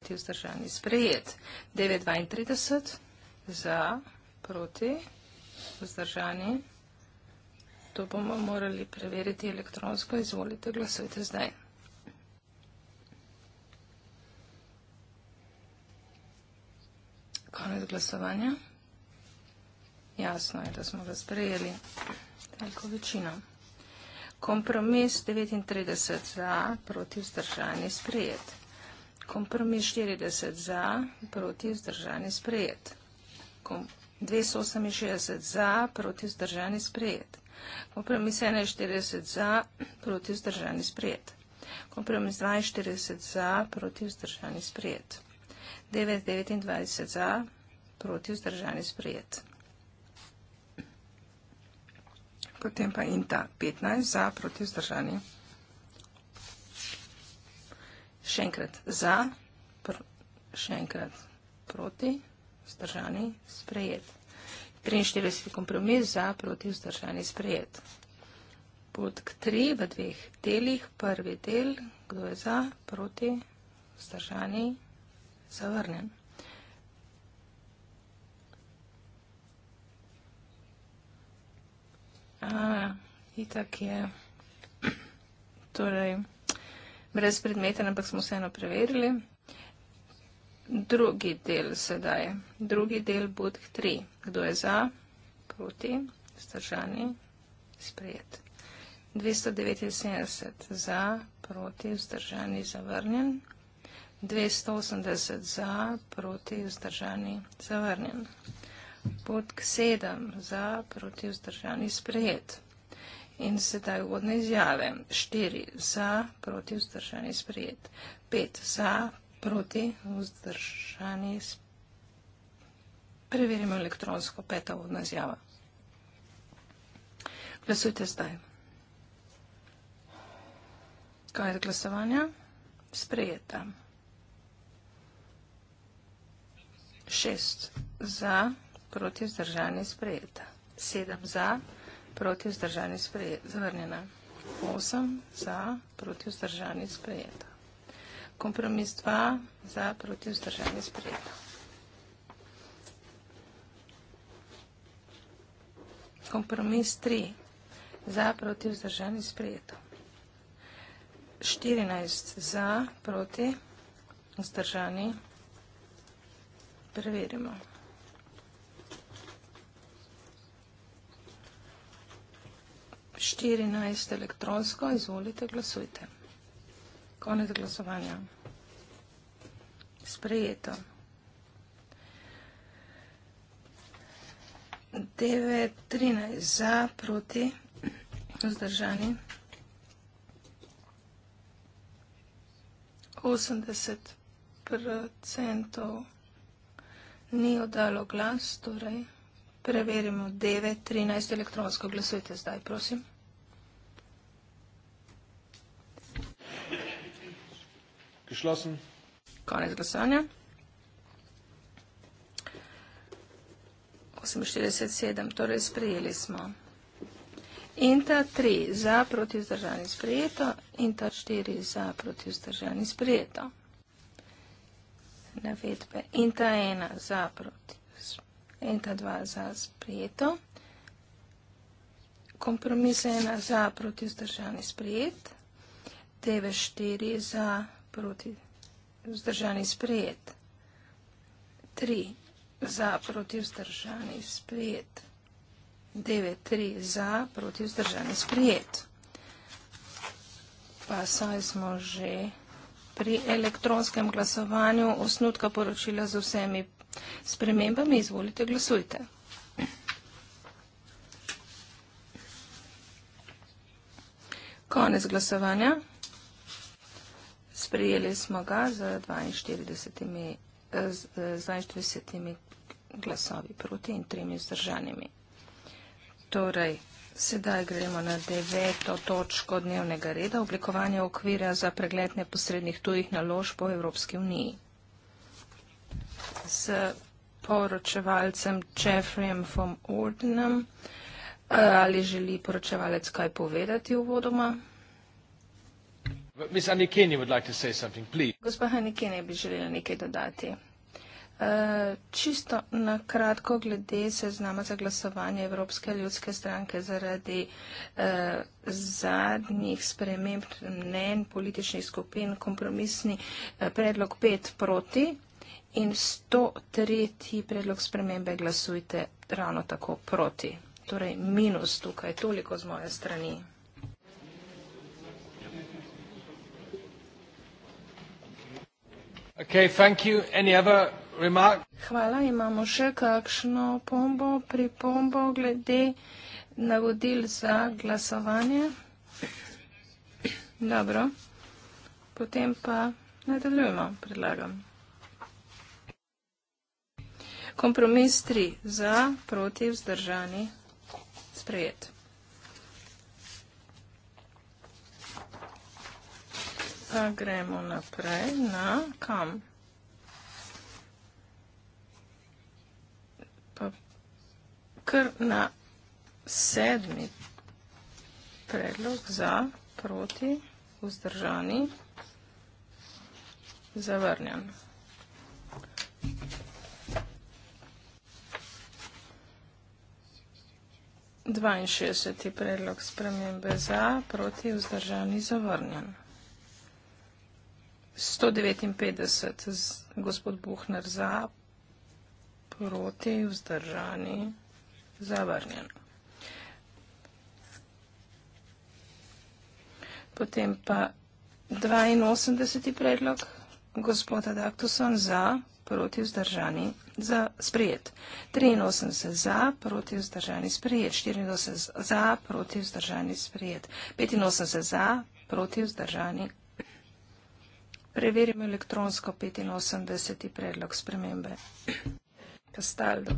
proti vzdržani sprejet. 932 za proti vzdržani. To bomo morali preveriti elektronsko. Izvolite, glasujte zdaj. Konec glasovanja. Jasno je, da smo ga sprejeli. Veliko večino. Kompromis 39 za proti vzdržanje sprejeti. Kompromis 40 za, proti vzdržani sprejet. 268 za, proti vzdržani sprejet. Kompromis 41 za, proti vzdržani sprejet. Kompromis 42 za, proti vzdržani sprejet. 929 za, proti vzdržani sprejet. Potem pa INTA 15 za, proti vzdržani sprejet še enkrat za, pr, še enkrat proti, vzdržani, sprejet. 43 kompromis za, proti, vzdržani, sprejet. Podk 3 v dveh delih, prvi del, kdo je za, proti, vzdržani, zavrnen. A, itak je. Torej brez predmeta, ampak smo vseeno preverili. Drugi del sedaj, drugi del budk 3. Kdo je za, proti, vzdržani, sprejet. 279 za, proti, vzdržani, zavrnjen. 280 za, proti, vzdržani, zavrnjen. Budk 7 za, proti, vzdržani, sprejet in sedaj uvodne izjave. 4. Za, proti, vzdržani, sprijet. 5. Za, proti, vzdržani, preverimo elektronsko. 5. Uvodna izjava. Glasujte zdaj. Kaj je glasovanja? Sprijeta. 6. Za, proti, vzdržani, sprijeta. 7. Za, proti, vzdržani, sprijeta proti vzdržani sprejet. Zavrnjena. 8 za, proti vzdržani sprejeta. Kompromis 2 za, proti vzdržani sprejeta. Kompromis 3 za, proti vzdržani sprejeta. 14 za, proti vzdržani preverimo. 14 za, proti vzdržani sprejeta. 14 elektronsko. Izvolite, glasujte. Konec glasovanja. Sprejeto. 9.13 za, proti, vzdržani. 80 procentov ni oddalo glas, torej preverimo 9.13 elektronsko. Glasujte zdaj, prosim. Geschlossen. Konec glasovanja. 47, torej sprejeli smo. Inta 3 za proti vzdržani sprejeto, inta 4 za proti vzdržani sprejeto. Navedbe inta 1 za proti, inta 2 za sprejeto, kompromis 1 za proti vzdržani sprejet, 9 4 za sprejeto proti vzdržani sprejet. 3 za proti vzdržani sprejet. 9 3 za proti vzdržani sprejet. Pa saj smo že pri elektronskem glasovanju osnutka poročila z vsemi spremembami. Izvolite, glasujte. Konec glasovanja. Sprejeli smo ga z 42, eh, z, eh, z 42 glasovi proti in tremi zdržanimi. Torej, sedaj gremo na deveto točko dnevnega reda, oblikovanje okvira za pregled neposrednih tujih naložb po Evropski uniji. S poročevalcem Jeffreyem von Ordenem, eh, ali želi poročevalec kaj povedati v vodoma? Ms. Anikeni would like to say something, please. Gospa Anikeni bi želela nekaj dodati. Eh, čisto na kratko glede seznama za glasovanje Evropske ljudske stranke zaradi eh, zadnjih sprememb mnen političnih skupin, kompromisni eh, predlog 5 proti in 103. predlog spremembe glasujte ravno tako proti. Torej minus tukaj, toliko z moje strani. Okay, thank you. Any other remark? Hvala. Imamo še kakšno pombo, pripombo glede navodil za glasovanje? Dobro. Potem pa nadaljujemo, predlagam. Kompromis 3 za, proti, vzdržani, sprejet. pa gremo naprej na kam. Pa kar na sedmi predlog za proti vzdržani zavrnjen. Dvainšestdeseti predlog spremembe za proti vzdržani zavrnjen. 159, gospod Buhner za, proti, vzdržani, zavrnjen. Potem pa 82. predlog, gospod Adaktuson za, proti vzdržani, za sprijet. 83 za, proti vzdržani, sprijet. 84 za, proti vzdržani, sprijet. 85 za, proti vzdržani, Preverimo elektronsko 85. predlog spremembe. Kastaldo.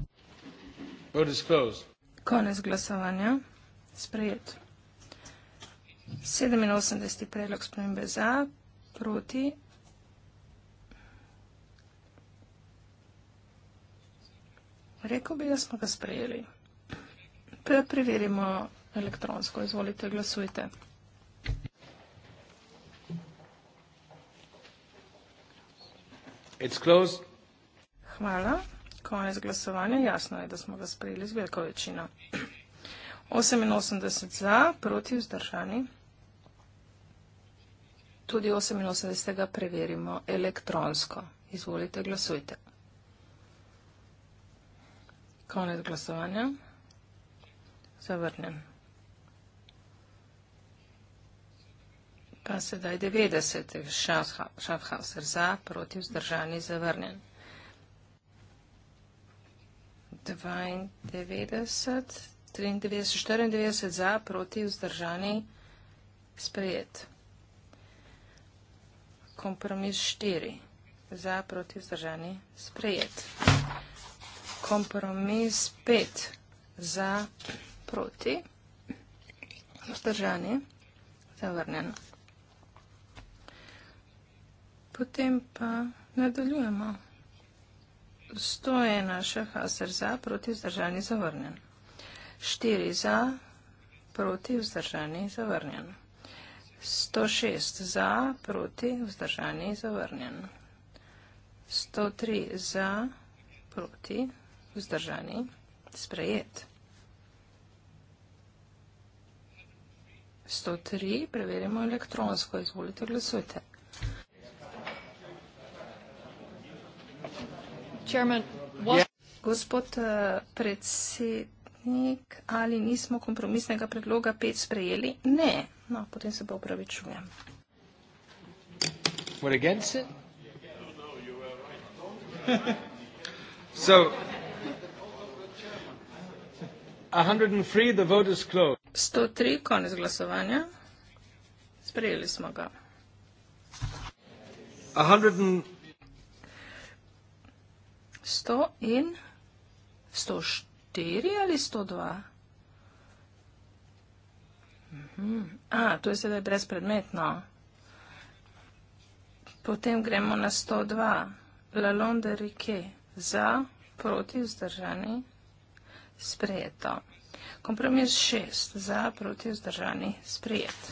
Konec glasovanja. Sprejet. 87. predlog spremembe za, proti. Rekl bi, da smo ga sprejeli. Preverimo elektronsko. Izvolite, glasujte. It's closed. Hvala. Konec glasovanja. Jasno je, da smo ga sprejeli z veliko večino. 88 za, proti vzdržani. Tudi 88 ga preverimo elektronsko. Izvolite, glasujte. Konec glasovanja. Zavrnem. ga sedaj 90. Schaffhauser za, proti vzdržani zavrnjen. 92, 93, 94 za, proti vzdržani sprejet. Kompromis 4 za, proti vzdržani sprejet. Kompromis 5 za, proti vzdržani zavrnjen. Potem pa nadaljujemo. 101 šah aser za, proti vzdržani zavrnjen. 4 za, proti vzdržani zavrnjen. 106 za, proti vzdržani zavrnjen. 103 za, proti vzdržani sprejet. 103, preverimo elektronsko, izvolite, glasujte. Ja. Gospod eh, predsednik, ali nismo kompromisnega predloga 5 sprejeli? Ne. No, potem se pa upravičujem. So, 103, 103, konec glasovanja. Sprejeli smo ga. 100 sto in sto štiri ali sto dva? Mhm. A, to je sedaj brezpredmetno. Potem gremo na sto dva. Lalon de Rike za proti vzdržani sprejeto. Kompromis šest za proti vzdržani sprejeto.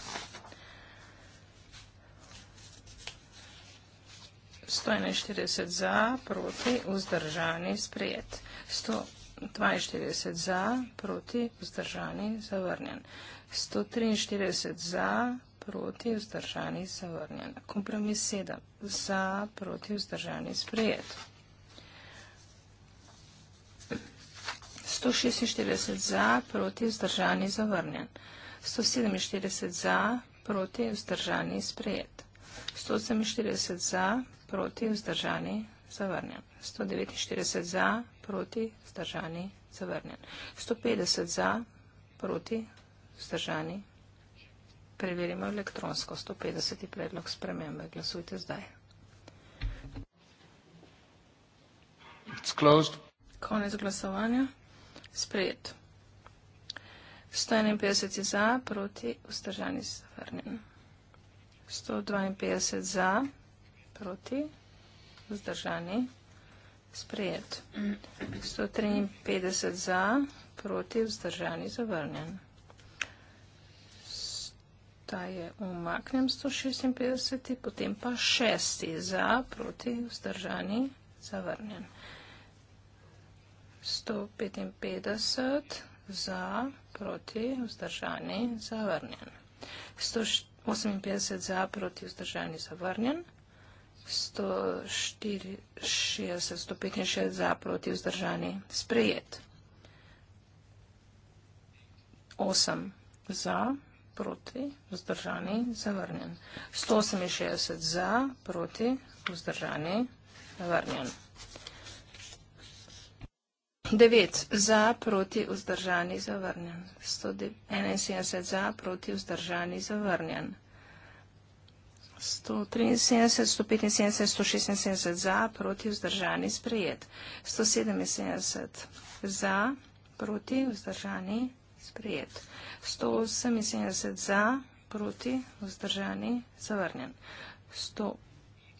141 za, proti, vzdržani, sprejet. 142 za, proti, vzdržani, zavrnjen. 143 za, proti, vzdržani, zavrnjen. Kompromis 7 za, proti, vzdržani, sprejet. 146 za, proti, vzdržani, zavrnjen. 147 za, proti, vzdržani, sprejet. 148 za, proti, vzdržani, sprejet. 148 za, proti, vzdržani, zavrnjen. 149 za, proti, vzdržani, zavrnjen. 150 za, proti, vzdržani. Preverimo elektronsko. 150 predlog spremembe. Glasujte zdaj. It's closed. Konec glasovanja. Sprejet. 151 za, proti, vzdržani, zavrnjen. 152 za, proti, vzdržani, zavrnjen proti, vzdržani, sprejet. 153 za, proti, vzdržani, zavrnjen. Ta je umaknem 156, potem pa šesti za, proti, vzdržani, zavrnjen. 155 za, proti, vzdržani, zavrnjen. 158 za, proti, vzdržani, zavrnjen. 165 za proti vzdržani sprejet. 8 za proti vzdržani zavrnjen. 168 za proti vzdržani zavrnjen. 9 za proti vzdržani zavrnjen. 171 za proti vzdržani zavrnjen. 173, 175, 176 za, proti vzdržani sprejet. 177 za, proti vzdržani sprejet. 178 za, proti vzdržani zavrnjen.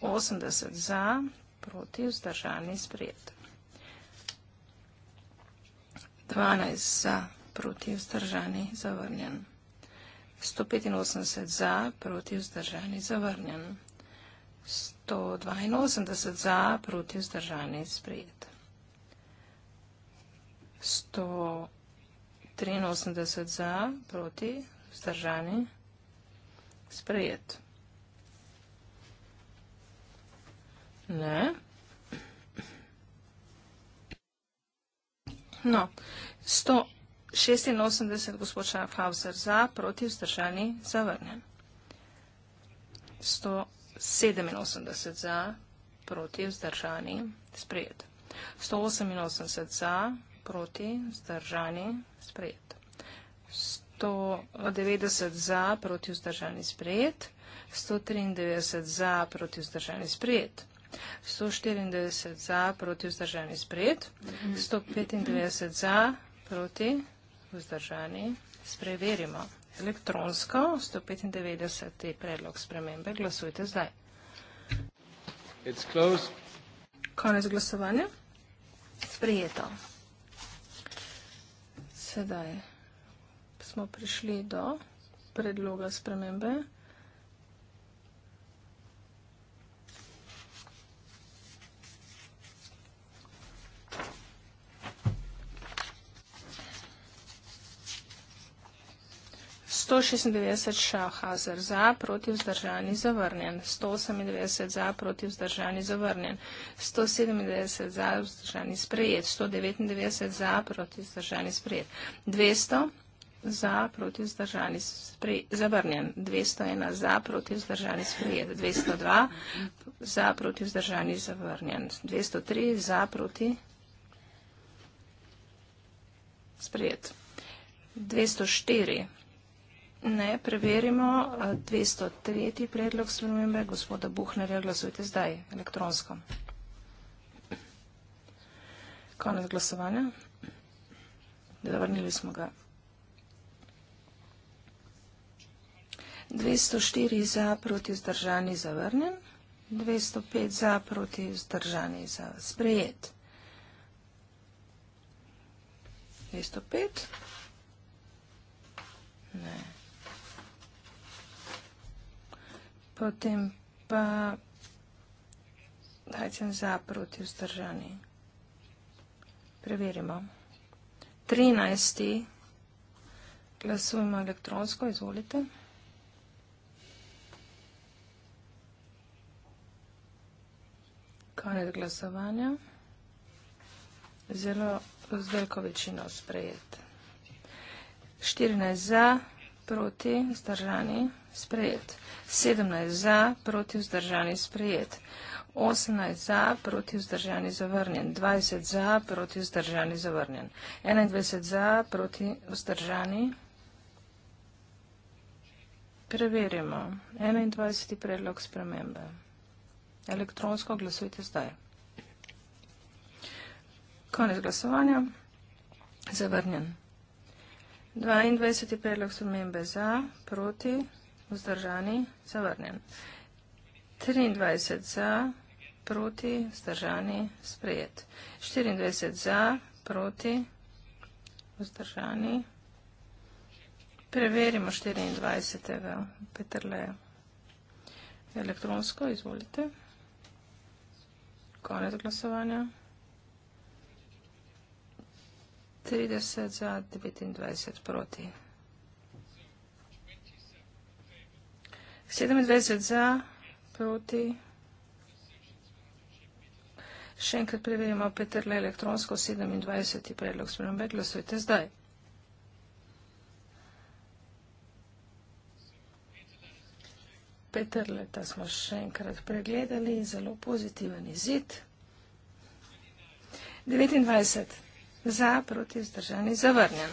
180 za, proti vzdržani sprejet. 12 za, proti vzdržani zavrnjen. 185 za, proti vzdržani, zavrnjen. 182 za, proti vzdržani, sprejet. 183 za, proti vzdržani, sprejet. Ne. No, 100. 86, gospoča Favzer za, proti vzdržani, zavrnjen. 187 za, proti vzdržani, sprejet. 188 za, proti vzdržani, sprejet. 190 za, proti vzdržani, sprejet. 193 za, proti vzdržani, sprejet. 194 za, proti vzdržani, sprejet. 195 za, proti vzdržani, sprejet vzdržani. Spreverimo. Elektronsko 195. predlog spremembe. Glasujte zdaj. Konec glasovanja. Sprijeto. Sedaj smo prišli do predloga spremembe. 196 Schaffhauser za, proti vzdržani zavrnjen. 198 za, proti vzdržani zavrnjen. 197 za, vzdržani sprejet. 199 za, proti vzdržani sprejet. 200 za, proti vzdržani sprejet. Zavrnjen. 201 za, proti vzdržani sprejet. 202 za, proti vzdržani zavrnjen. 203 za, proti sprejet. 204 Ne, preverimo. 203. predlog spremembe gospoda Buhnerja. Glasujte zdaj elektronsko. Konec glasovanja. Zavrnili smo ga. 204 za proti zdržani zavrnjen. 205 za proti zdržani za sprejet. 205. Ne. Potem pa dajcem za proti vzdržani. Preverimo. 13. Glasujmo elektronsko, izvolite. Konec glasovanja. Zelo z veliko večino sprejet. 14 za, proti, vzdržani, sprejet. 17 za, proti, vzdržani, sprejet. 18 za, proti, vzdržani, zavrnjen. 20 za, proti, vzdržani, zavrnjen. 21 za, proti, vzdržani. Preverimo. 21. predlog spremembe. Elektronsko glasujte zdaj. Konec glasovanja. Zavrnjen. 22. predlog spremembe za, proti, vzdržani, zavrnjen. 23 za, proti, vzdržani, sprejet. 24 za, proti, vzdržani. Preverimo 24. Petrle elektronsko, izvolite. Konec glasovanja. 30 za 29 proti. 27 za proti. Še enkrat preverimo, Peter le elektronsko 27. predlog spremembe, glasujte zdaj. Peter leta smo še enkrat pregledali, zelo pozitiven izid. 29. Za, proti, vzdržani, zavrnjen.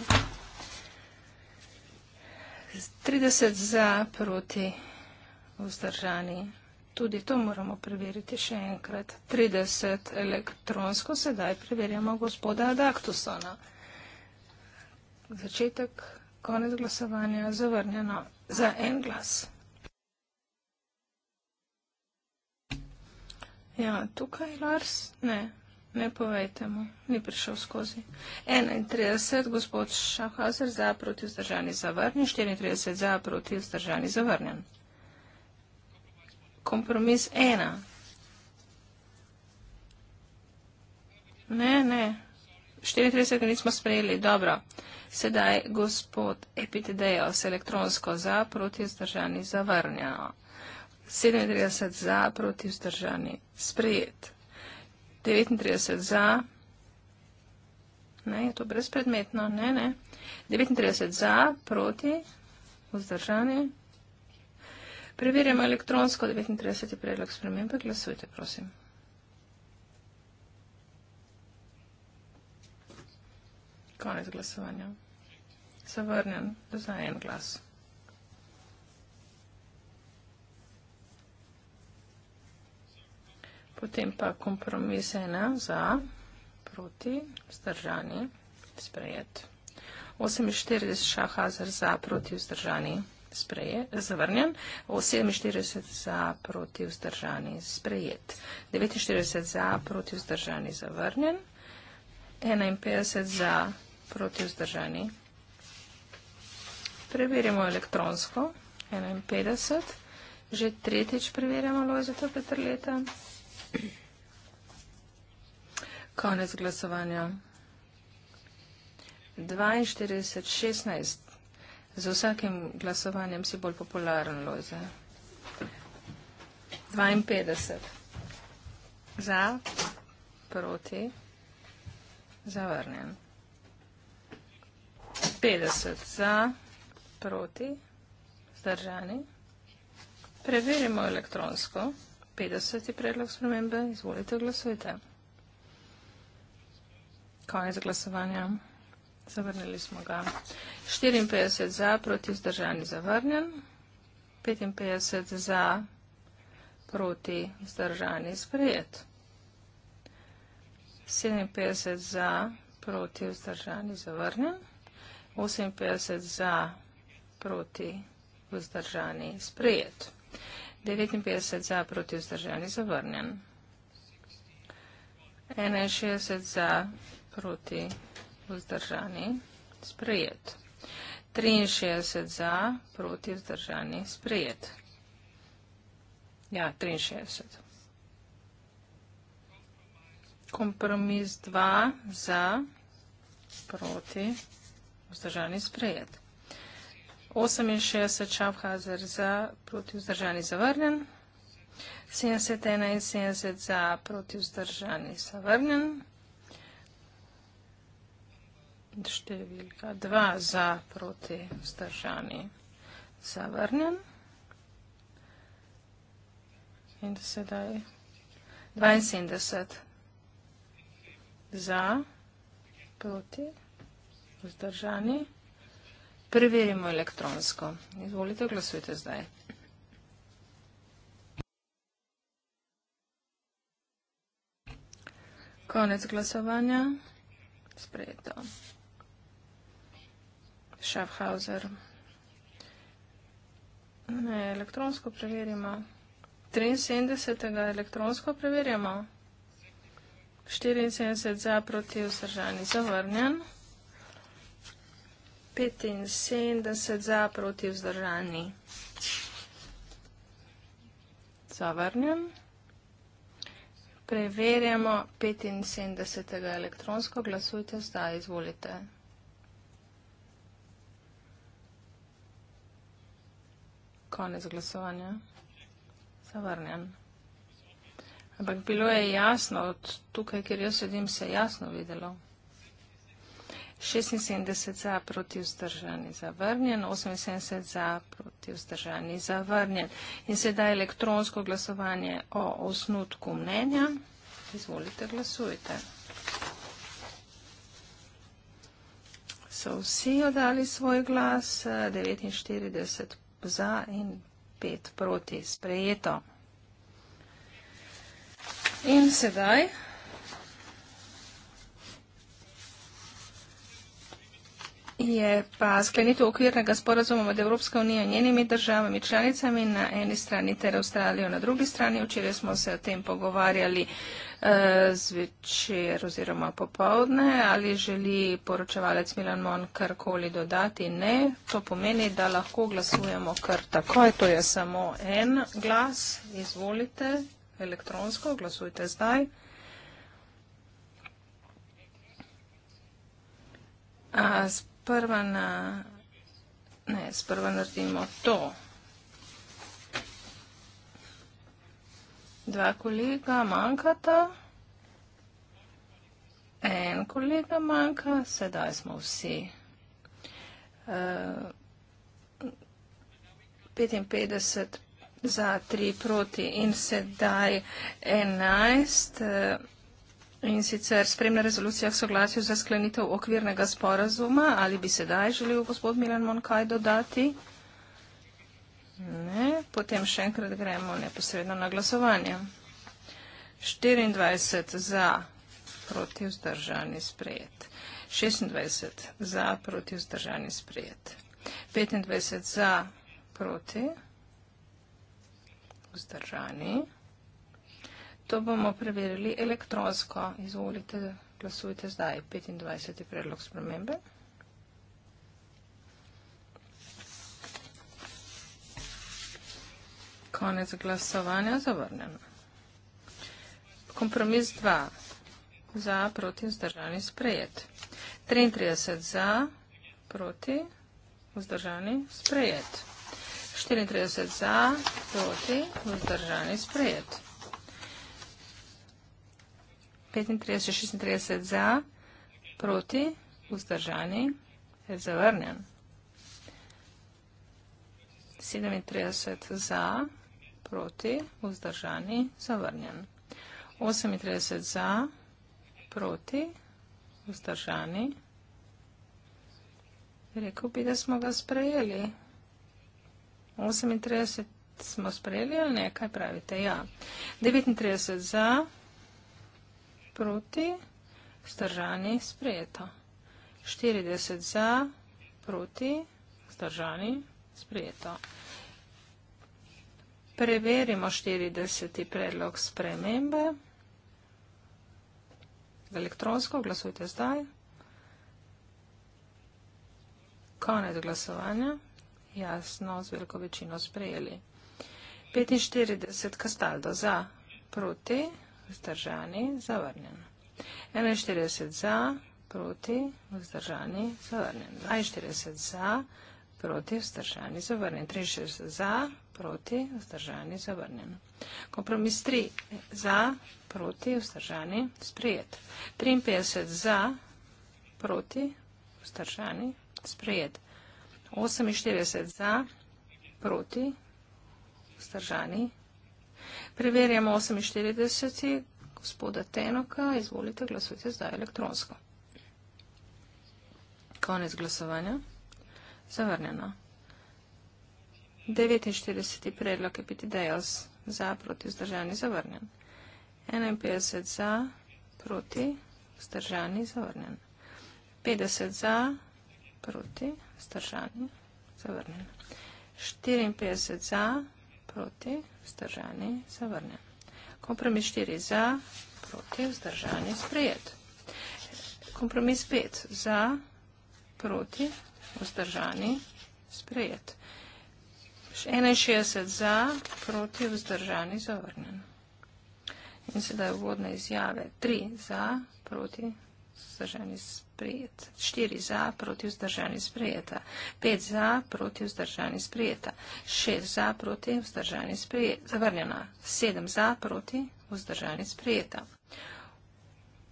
30 za, proti, vzdržani. Tudi to moramo preveriti še enkrat. 30 elektronsko, sedaj preverjamo gospoda Adaktusona. Začetek, konec glasovanja, zavrnjeno za en glas. Ja, tukaj, Lars? Ne, Ne povejte mu, ni prišel skozi. 31, gospod Šahazer, za proti vzdržani zavrnjen, 34, za proti vzdržani zavrnjen. Kompromis 1. Ne, ne, 34 nismo sprejeli, dobro. Sedaj gospod Epitedeos elektronsko za proti vzdržani zavrnjeno. 37 za proti vzdržani sprejeti. 39 za. Ne, je to brezpredmetno, ne, ne. 39 za, proti, vzdržani. Preverjamo elektronsko, 39 je predlog spremembe, glasujte, prosim. Konec glasovanja. Zavrnjen, dozna en glas. Potem pa kompromis ena za, proti, vzdržani, sprejet. 48 šahazer za, proti, vzdržani, sprejet, zavrnjen. 47 za, proti, vzdržani, sprejet. 49 za, proti, vzdržani, zavrnjen. 51 za, proti, vzdržani. Preverimo elektronsko. 51. Že tretjič preverjamo Lojzeta Petrleta. 51. Konec glasovanja. 42.16. Z vsakim glasovanjem si bolj popularen, Lojze. 52. Za, proti, zavrnjen. 50. Za, proti, zdržani. Preverimo elektronsko. 50. predlog spremembe. Izvolite, glasujte. Konec glasovanja. Zavrnili smo ga. 54 za, proti vzdržani zavrnjen. 55 za, proti vzdržani sprejet. 57 za, proti vzdržani zavrnjen. 58 za, proti vzdržani sprejet. 59 za, proti vzdržani, zavrnjen. 61 za, proti vzdržani, sprejet. 63 za, proti vzdržani, sprejet. Ja, 63. Kompromis 2 za, proti vzdržani, sprejet. 68, za, proti vzdržani zavrnjen. 71 in 70 za, proti vzdržani zavrnjen. Številka 2 za, proti vzdržani zavrnjen. In sedaj 72 za, proti vzdržani zavrnjen. Preverimo elektronsko. Izvolite, glasujte zdaj. Konec glasovanja. Sprejeto. Schaffhauser. Ne, elektronsko preverimo. 73. elektronsko preverjamo. 74 za proti vzdržani zavrnjen. 75 za proti vzdržani. Zavrnjem. Preverjamo 75. elektronsko. Glasujte zdaj, izvolite. Konec glasovanja. Zavrnjen. Ampak bilo je jasno, tukaj, kjer jaz sedim, se je jasno videlo. 76 za, proti vzdržani, zavrnjen, 78 za, proti vzdržani, zavrnjen. In sedaj elektronsko glasovanje o osnutku mnenja. Izvolite, glasujte. So vsi odali svoj glas, 49 za in 5 proti, sprejeto. In sedaj je pa sklenitev okvirnega sporazuma med Evropsko unijo in njenimi državami članicami na eni strani ter Avstralijo na drugi strani. Včeraj smo se o tem pogovarjali eh, zvečer oziroma popovdne. Ali želi poročevalec Milan Mon karkoli dodati? Ne. To pomeni, da lahko glasujemo kar takoj. To je samo en glas. Izvolite elektronsko, glasujte zdaj. A, sprva na, ne, sprva naredimo to. Dva kolega manjkata, en kolega manjka, sedaj smo vsi. Uh, eh, 55 za, 3 proti in sedaj 11. Uh, eh, In sicer spremna rezolucija v soglasju za sklenitev okvirnega sporazuma. Ali bi sedaj želel gospod Milan Monkaj dodati? Ne. Potem še enkrat gremo neposredno na glasovanje. 24 za, proti vzdržani sprejet. 26 za, proti vzdržani sprejet. 25 za, proti vzdržani sprejet. To bomo preverili elektronsko. Izvolite, glasujte zdaj. 25. predlog spremembe. Konec glasovanja, zavrnjen. Kompromis 2. Za, proti, vzdržani, sprejet. 33 za, proti, vzdržani, sprejet. 34 za, proti, vzdržani, sprejet. 36 za, proti, vzdržani, je zavrnjen. 37 za, proti, vzdržani, zavrnjen. 38 za, proti, vzdržani. Rekl bi, da smo ga sprejeli. 38 smo sprejeli ali ne, kaj pravite? Ja. 39 za, proti, vzdržani proti, vzdržani, sprejeto. 40 za, proti, vzdržani, sprejeto. Preverimo 40. predlog spremembe. Elektronsko glasujte zdaj. Konec glasovanja. Jasno, z veliko večino sprejeli. 45 Kastaldo za, proti, vzdržani, sprejeto vzdržani, zavrnjen. 41 za, proti, vzdržani, zavrnjen. 42 za, proti, vzdržani, zavrnjen. 63 za, proti, vzdržani, zavrnjen. Kompromis 3 za, proti, vzdržani, sprijet. 53 za, proti, vzdržani, sprijet. 48 za, proti, vzdržani, sprijet. Preverjamo 48. gospoda Tenoka. Izvolite, glasujte zdaj elektronsko. Konec glasovanja. Zavrnjeno. 49. predlog je piti dejals za proti zdržani zavrnjen. 51 za proti zdržani zavrnjen. 50 za proti zdržani zavrnjen. 54 za proti zdržani zavrnjen proti, vzdržani, zavrnjen. Kompromis 4 za, proti, vzdržani, sprejet. Kompromis 5 za, proti, vzdržani, sprejet. 61 za, proti, vzdržani, zavrnjen. In sedaj vodne izjave 3 za, proti, vzdržani, sprejet prijet. 4 za, proti vzdržani sprijeta. 5 za, proti vzdržani sprijeta. 6 za, proti vzdržani sprijeta. Zavrnjena. 7 za, proti vzdržani sprijeta.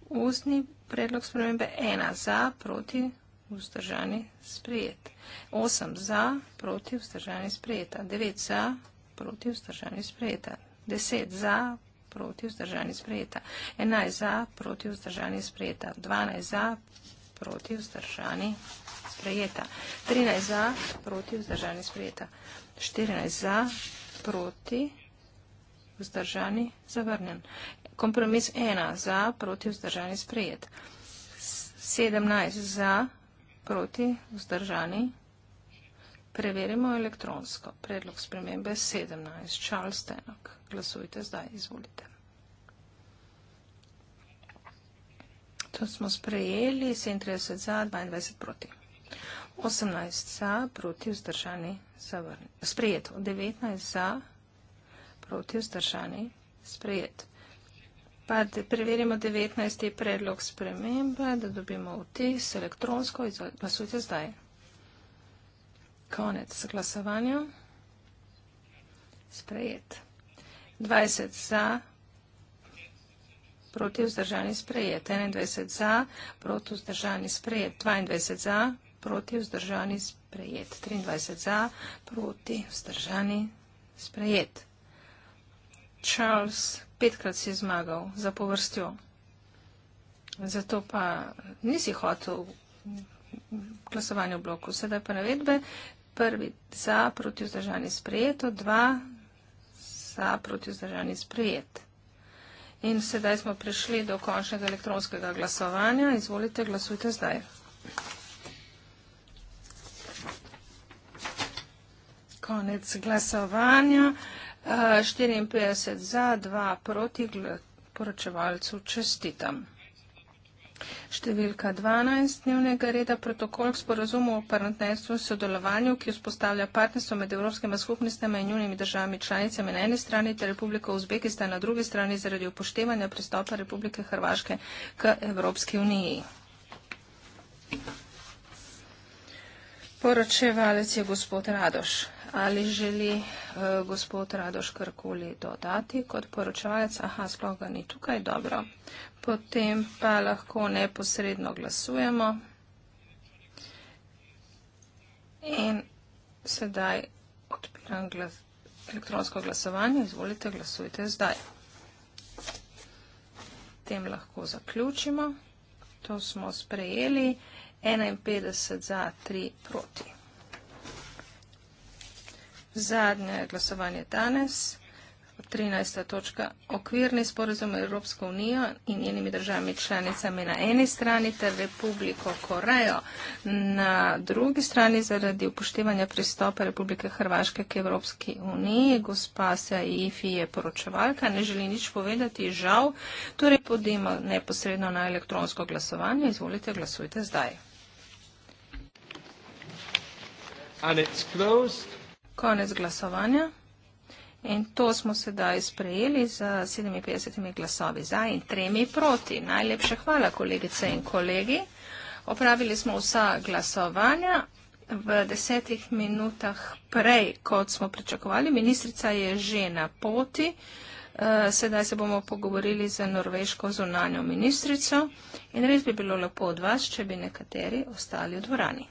Ustni predlog spremembe 1 za, proti vzdržani sprijet. 8 za, proti vzdržani sprijeta. 9 za, proti vzdržani sprijeta. 10 za, proti vzdržani sprijeta. 11 za, proti vzdržani sprijeta. 12 za, proti vzdržani sprijeta proti, vzdržani, sprejeta. 13 za, proti, vzdržani, sprejeta. 14 za, proti, vzdržani, zavrnjen. Kompromis 1 za, proti, vzdržani, sprejet. 17 za, proti, vzdržani, preverimo elektronsko. Predlog spremembe 17. Charles Tenok. Glasujte zdaj, izvolite. To smo sprejeli 37 za, 22 proti. 18 za, proti vzdržani, zavrnjen. Sprejeto. 19 za, proti vzdržani, sprejet. Pa da preverimo 19. predlog spremembe, da dobimo vtis elektronsko. Glasujte zdaj. Konec glasovanja. Sprejet. 20 za, proti vzdržani sprejet, 21 za, proti vzdržani sprejet, 22 za, proti vzdržani sprejet, 23 za, proti vzdržani sprejet. Charles petkrat si zmagal za povrstjo, zato pa nisi hotel glasovanju v bloku. Sedaj pa navedbe, prvi za, proti vzdržani sprejeto, dva za, proti vzdržani sprejeto. In sedaj smo prišli do končnega elektronskega glasovanja. Izvolite, glasujte zdaj. Konec glasovanja. 54 eh, za, 2 proti poročevalcu čestitam. Številka 12 dnevnega reda protokol k sporazumu o partnerstvu in sodelovanju, ki vzpostavlja partnerstvo med evropskimi skupnostmi in njunimi državami članicami na eni strani ter Republiko Uzbekistan na drugi strani zaradi upoštevanja pristopa Republike Hrvaške k Evropski uniji. Poročevalec je gospod Radoš. Ali želi uh, gospod Radoš karkoli dodati kot poročevalec? Aha, sploh ga ni tukaj, dobro. Potem pa lahko neposredno glasujemo. In sedaj odpiram glas elektronsko glasovanje. Izvolite, glasujte zdaj. Tem lahko zaključimo. To smo sprejeli. 51 za 3 proti zadnje glasovanje danes, 13. točka, okvirni sporozum Evropsko unijo in njenimi državami članicami na eni strani ter Republiko Korejo na drugi strani zaradi upoštevanja pristopa Republike Hrvaške k Evropski uniji. Gospa Sja Ifi je poročevalka, ne želi nič povedati, žal, torej podima neposredno na elektronsko glasovanje. Izvolite, glasujte zdaj. And it's closed. Konec glasovanja. In to smo sedaj sprejeli z 57 glasovi za in tremi proti. Najlepše hvala, kolegice in kolegi. Opravili smo vsa glasovanja v desetih minutah prej, kot smo pričakovali. Ministrica je že na poti. Eh, sedaj se bomo pogovorili z norveško zunanjo ministrico in res bi bilo lepo od vas, če bi nekateri ostali v dvorani.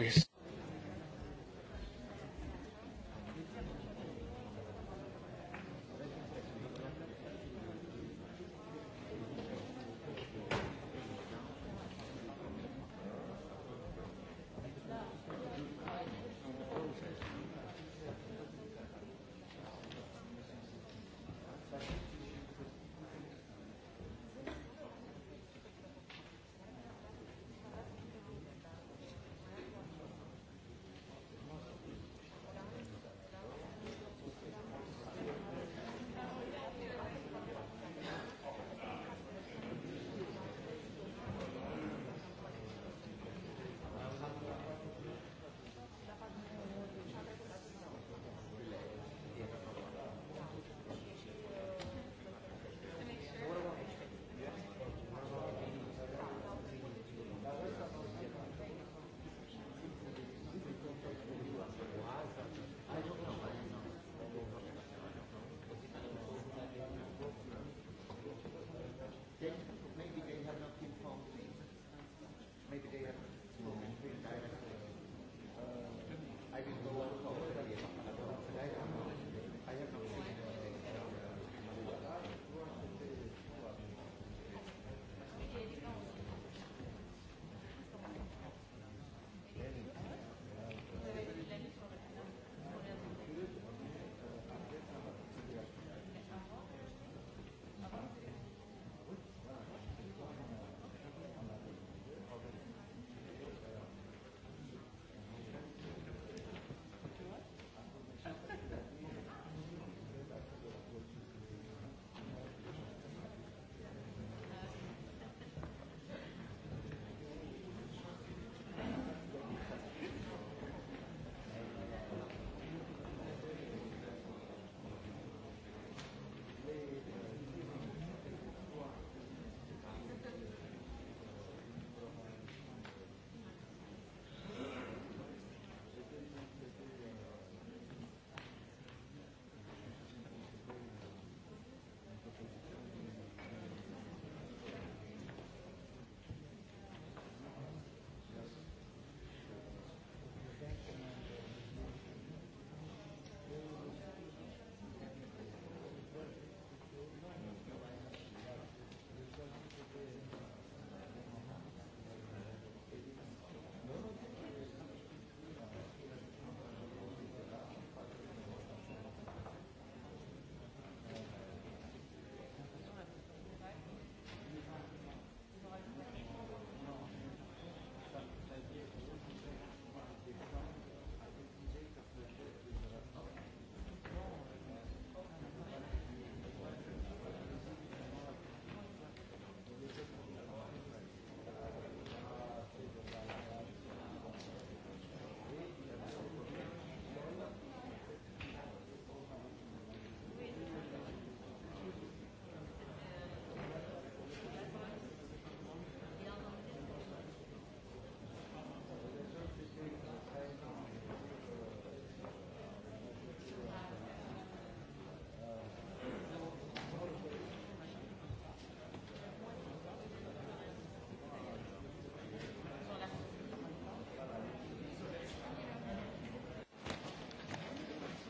We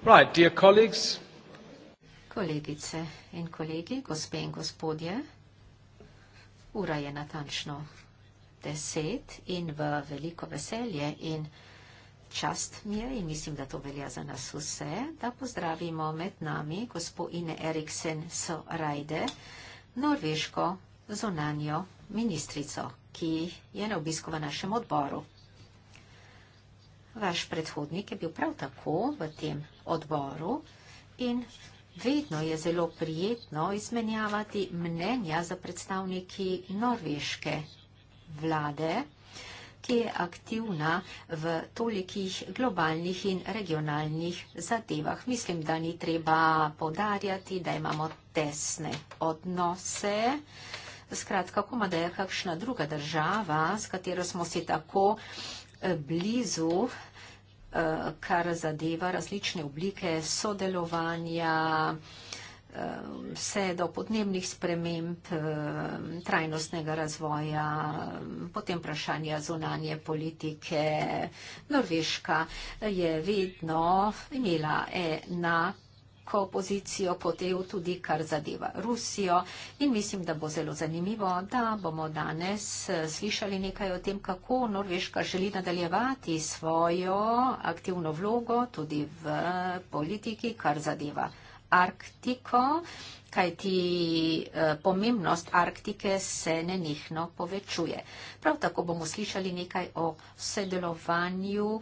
Right, dear colleagues. Kolegice in kolegi, gospe in gospodje, ura je natančno deset in v veliko veselje in čast mi je in mislim, da to velja za nas vse, da pozdravimo med nami gospodine Eriksen Sorajde, norveško zonanjo ministrico, ki je na obisku v našem odboru. Vaš predhodnik je bil prav tako v tem odboru in vedno je zelo prijetno izmenjavati mnenja za predstavniki norveške vlade, ki je aktivna v tolikih globalnih in regionalnih zadevah. Mislim, da ni treba podarjati, da imamo tesne odnose. Skratka, koma da je kakšna druga država, s katero smo si tako eh, blizu kar zadeva različne oblike sodelovanja, vse do podnebnih sprememb, trajnostnega razvoja, potem vprašanja zunanje politike. Norveška je vedno imela enak veliko opozicijo po teju tudi kar zadeva Rusijo in mislim, da bo zelo zanimivo, da bomo danes eh, slišali nekaj o tem, kako Norveška želi nadaljevati svojo aktivno vlogo tudi v politiki, kar zadeva Arktiko, kajti eh, pomembnost Arktike se nenihno povečuje. Prav tako bomo slišali nekaj o sodelovanju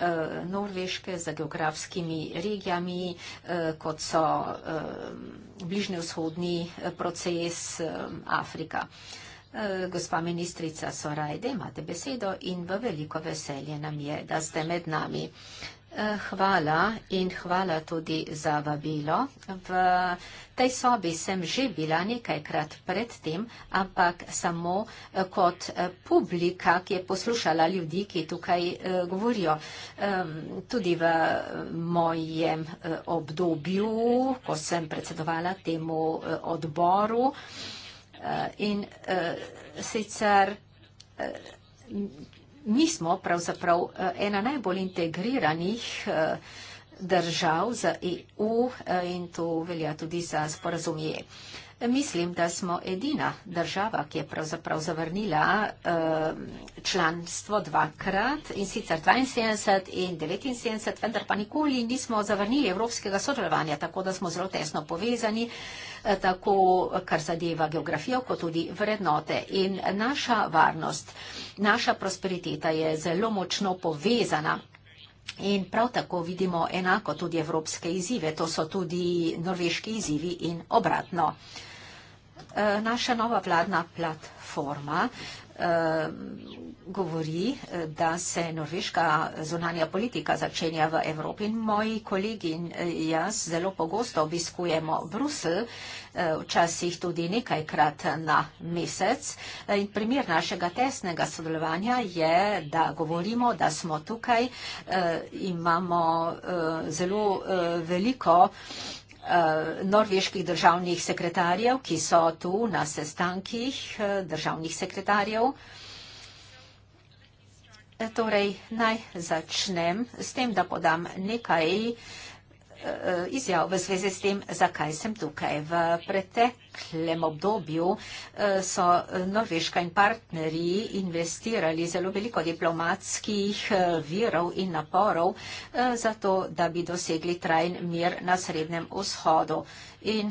Eh, Norveške za geografskimi regijami, eh, kot so eh, bližnje vzhodni proces Afrika. Gospa ministrica Sorajde, imate besedo in v veliko veselje nam je, da ste med nami. Eh, hvala in hvala tudi za vabilo. V tej sobi sem že bila nekajkrat predtem, ampak samo eh, kot eh, publika, ki je poslušala ljudi, ki tukaj govorijo. Tudi v mojem obdobju, ko sem predsedovala temu odboru in sicer Mi smo pravzaprav eh, ena najbolj integriranih eh, držav z EU eh, in to velja tudi za sporazumije. Mislim, da smo edina država, ki je pravzaprav zavrnila uh, članstvo dvakrat in sicer 72 in 79, vendar pa nikoli nismo zavrnili evropskega sodelovanja, tako da smo zelo tesno povezani, eh, tako kar zadeva geografijo, kot tudi vrednote. In naša varnost, naša prosperiteta je zelo močno povezana. In prav tako vidimo enako tudi evropske izzive, to so tudi norveški izzivi in obratno. Uh, Eh, naša nova vladna platforma eh, govori, eh, da se norveška zunanja politika začenja v Evropi in moji kolegi in jaz zelo pogosto obiskujemo Brusel, včasih tudi nekajkrat na mesec. In primer našega tesnega sodelovanja je, da govorimo, da smo tukaj, imamo zelo veliko vsega, Eh, norveških državnih sekretarjev, ki so tu na sestankih eh, državnih sekretarjev. Torej, naj začnem s tem, da podam nekaj Eh, izjav v zvezi s tem, zakaj sem tukaj. V preteklem obdobju eh, so eh, Norveška in partnerji investirali zelo veliko diplomatskih virov in naporov za to, da bi dosegli trajen mir na Srednjem vzhodu. In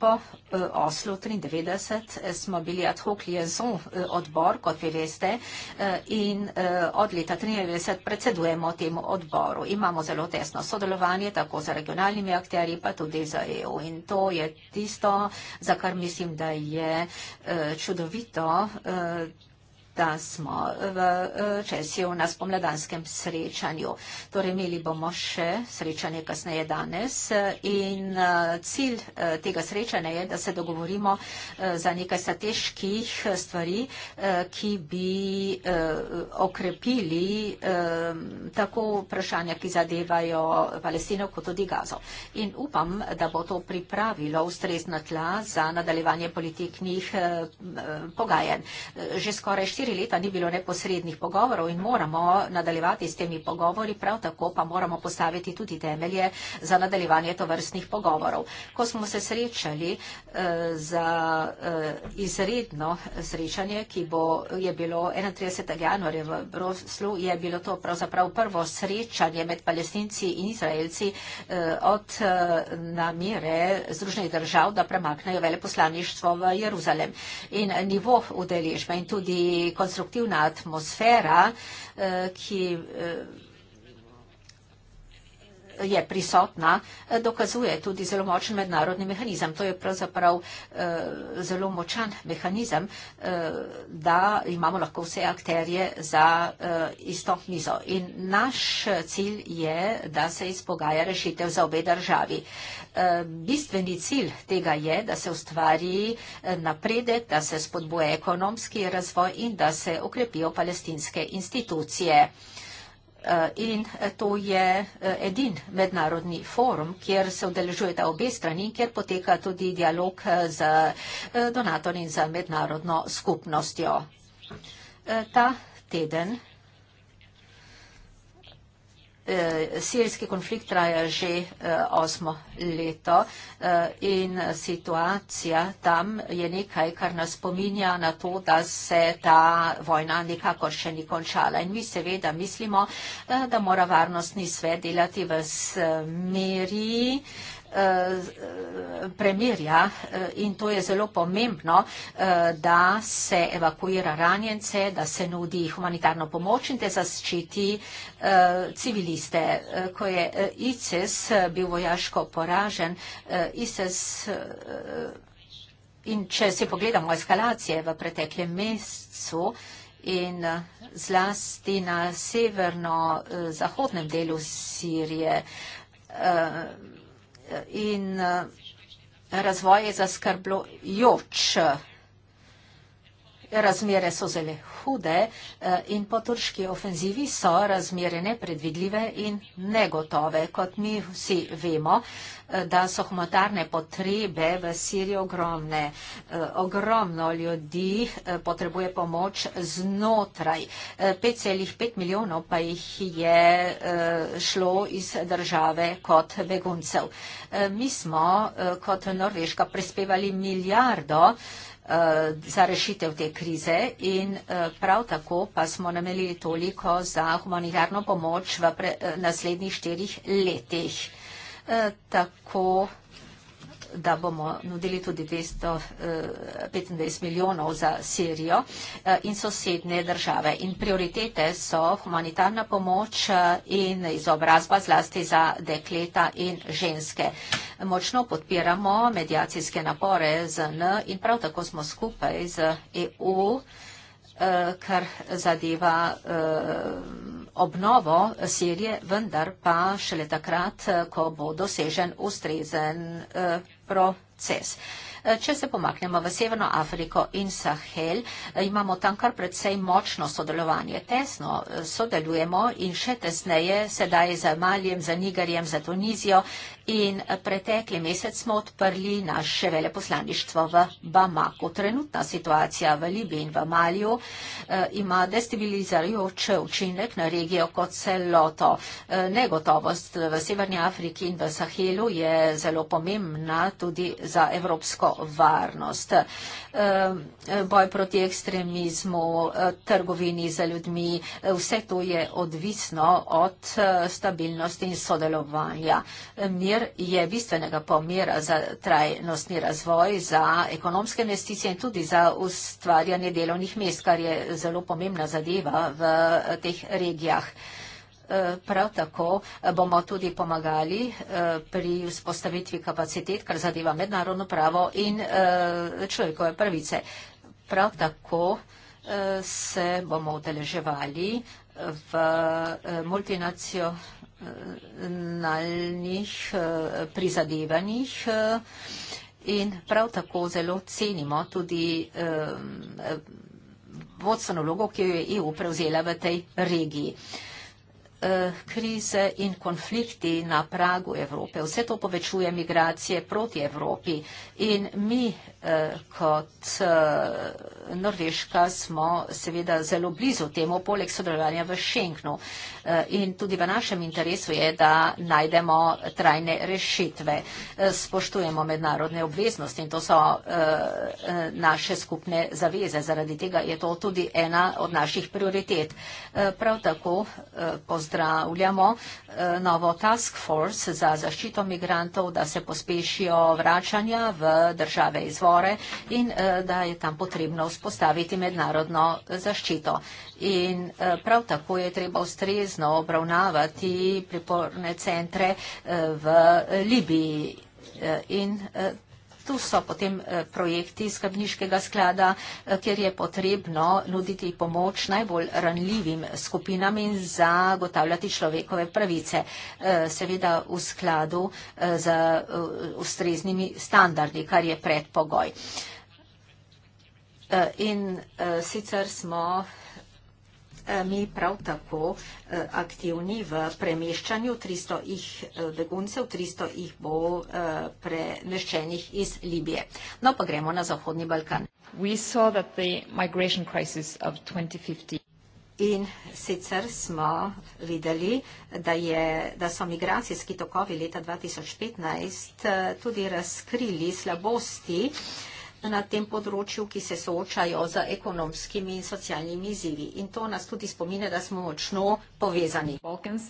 Po eh, Oslu 93 eh, smo bili ad hoc liaison eh, odbor, kot vi veste, in od leta 93 predsedujemo temu odboru. Imamo zelo tesno sodelovanje, tako za regionalnimi akterji, pa tudi za EU. In to je tisto, za kar mislim, da je čudovito da smo v eh, Česiju na spomladanskem srečanju. Torej imeli bomo še srečanje kasneje danes eh, in eh, cilj tega srečanja je, da se dogovorimo za nekaj strateških stvari, ki bi okrepili tako vprašanja, ki zadevajo Palestino kot tudi Gazo. In upam, da bo to pripravilo ustrezna tla za nadaljevanje politiknih pogajanj. Že skoraj štiri leta ni bilo neposrednih pogovorov in moramo nadaljevati s temi pogovori, prav tako pa moramo postaviti tudi temelje za nadaljevanje tovrstnih pogovorov. Ko smo se srečali eh, za eh, izredno srečanje, ki bo, je bilo 31. januarja v Broslu, je bilo to pravzaprav prvo srečanje med palestinci in izraelci eh, od eh, namere Združenih držav, da premaknejo veleposlaništvo v Jeruzalem. In nivo udeležbe in tudi konstruktivna atmosfera, eh, ki eh, je prisotna, eh, dokazuje tudi zelo močen mednarodni mehanizem. To je pravzaprav eh, zelo močan mehanizem, eh, da imamo lahko vse akterje za isto mizo. In naš cilj je, da se izpogaja rešitev za obe državi. Bistveni cilj tega je, da se ustvari napredek, da se spodboje ekonomski razvoj in da se okrepijo palestinske institucije. Eh, in eh, to je eh, edin mednarodni forum, kjer se vdeležuje ta obe strani, kjer poteka tudi dialog z donatorji in z mednarodno skupnostjo. Ta teden Eh, sirski konflikt traja že eh, osmo leto eh, in situacija tam je nekaj, kar nas spominja na to, da se ta vojna nekako še ni končala. In mi seveda mislimo, da mora varnostni svet delati v smeri Eh, premirja eh, in to je zelo pomembno, eh, da se evakuira ranjence, da se nudi humanitarno pomoč in da zaščiti civiliste. Ko je ICES bil vojaško poražen, ICES in če se pogledamo eskalacije v preteklem mesecu in zlasti na severno-zahodnem delu Sirije, in eh, razvoj je zaskrbljujoč razmere so zelo hude eh, in po turški ofenzivi so razmere nepredvidljive in negotove. Kot mi vsi vemo, eh, da so humanitarne potrebe v Siriji ogromne. Eh, ogromno ljudi potrebuje pomoč znotraj. 5,5 milijonov pa jih je šlo iz države kot beguncev. Mi smo kot Norveška prispevali milijardo Eh, za rešitev te krize in eh, prav tako pa smo namenili toliko za humanitarno pomoč v eh, naslednjih štirih letih. Tako da bomo nudili tudi 225 eh, milijonov za Sirijo eh, in sosedne države. In prioritete so humanitarna pomoč eh, in izobrazba zlasti za dekleta in ženske. Močno podpiramo medijacijske napore ZN in prav tako smo skupaj z EU Eh, kar zadeva eh, obnovo Sirije, vendar pa šele takrat, eh, ko bo dosežen ustrezen proces. Če se pomaknemo v Severno Afriko in Sahel, imamo tam kar predvsej močno sodelovanje. Tesno sodelujemo in še tesneje sedaj z Maljem, z Nigerjem, z Tunizijo, in pretekli mesec smo odprli naše veleposlaništvo v Bamako. Trenutna situacija v Libiji in v Maliju eh, ima destabilizirajoč učinek na regijo kot celoto. Eh, negotovost v Severni Afriki in v Sahelu je zelo pomembna tudi za evropsko varnost boj proti ekstremizmu, eh, trgovini za ljudmi, eh, vse to je odvisno od eh, stabilnosti in sodelovanja. Mir je bistvenega pomera za trajnostni razvoj, za ekonomske investicije in tudi za ustvarjanje delovnih mest, kar je zelo pomembna zadeva v teh regijah. Eh, prav tako eh, bomo tudi pomagali eh, pri vzpostavitvi kapacitet, kar zadeva mednarodno pravo in človekove pravice. Prav tako se bomo udeleževali v multinacionalnih prizadevanjih in prav tako zelo cenimo tudi vodstveno vlogo, ki jo je EU prevzela v tej regiji. Eh, krize in konflikti na pragu Evrope. Vse to povečuje migracije proti Evropi in mi kot eh, Norveška smo seveda zelo blizu temu, poleg sodelovanja v Šenknu. Eh, in tudi v našem interesu je, da najdemo trajne rešitve. Eh, spoštujemo mednarodne obveznosti in to so naše skupne zaveze. Zaradi tega je to tudi ena od naših prioritet. Prav tako pozdravljamo novo task force za zaščito migrantov, da se pospešijo vračanja v države izvora gore in eh, da je tam potrebno vzpostaviti mednarodno zaščito. In eh, prav tako je treba ustrezno obravnavati priporne centre eh, v Libiji in tako. Tu so potem eh, projekti skrbniškega sklada, eh, kjer je potrebno nuditi pomoč najbolj ranljivim skupinam in zagotavljati človekove pravice, eh, seveda v skladu z ustreznimi standardi, kar je predpogoj. In sicer smo Eh, mi prav tako eh, aktivni v premeščanju 300 jih eh, beguncev, 300 jih bo premeščenih iz Libije. No pa gremo na Zahodni Balkan. In sicer smo videli, da, je, da so migracijski tokovi leta 2015 tudi razkrili slabosti uh, na tem področju, ki se soočajo z ekonomskimi in socialnimi izzivi. In to nas tudi spomine, da smo močno povezani. Balkans.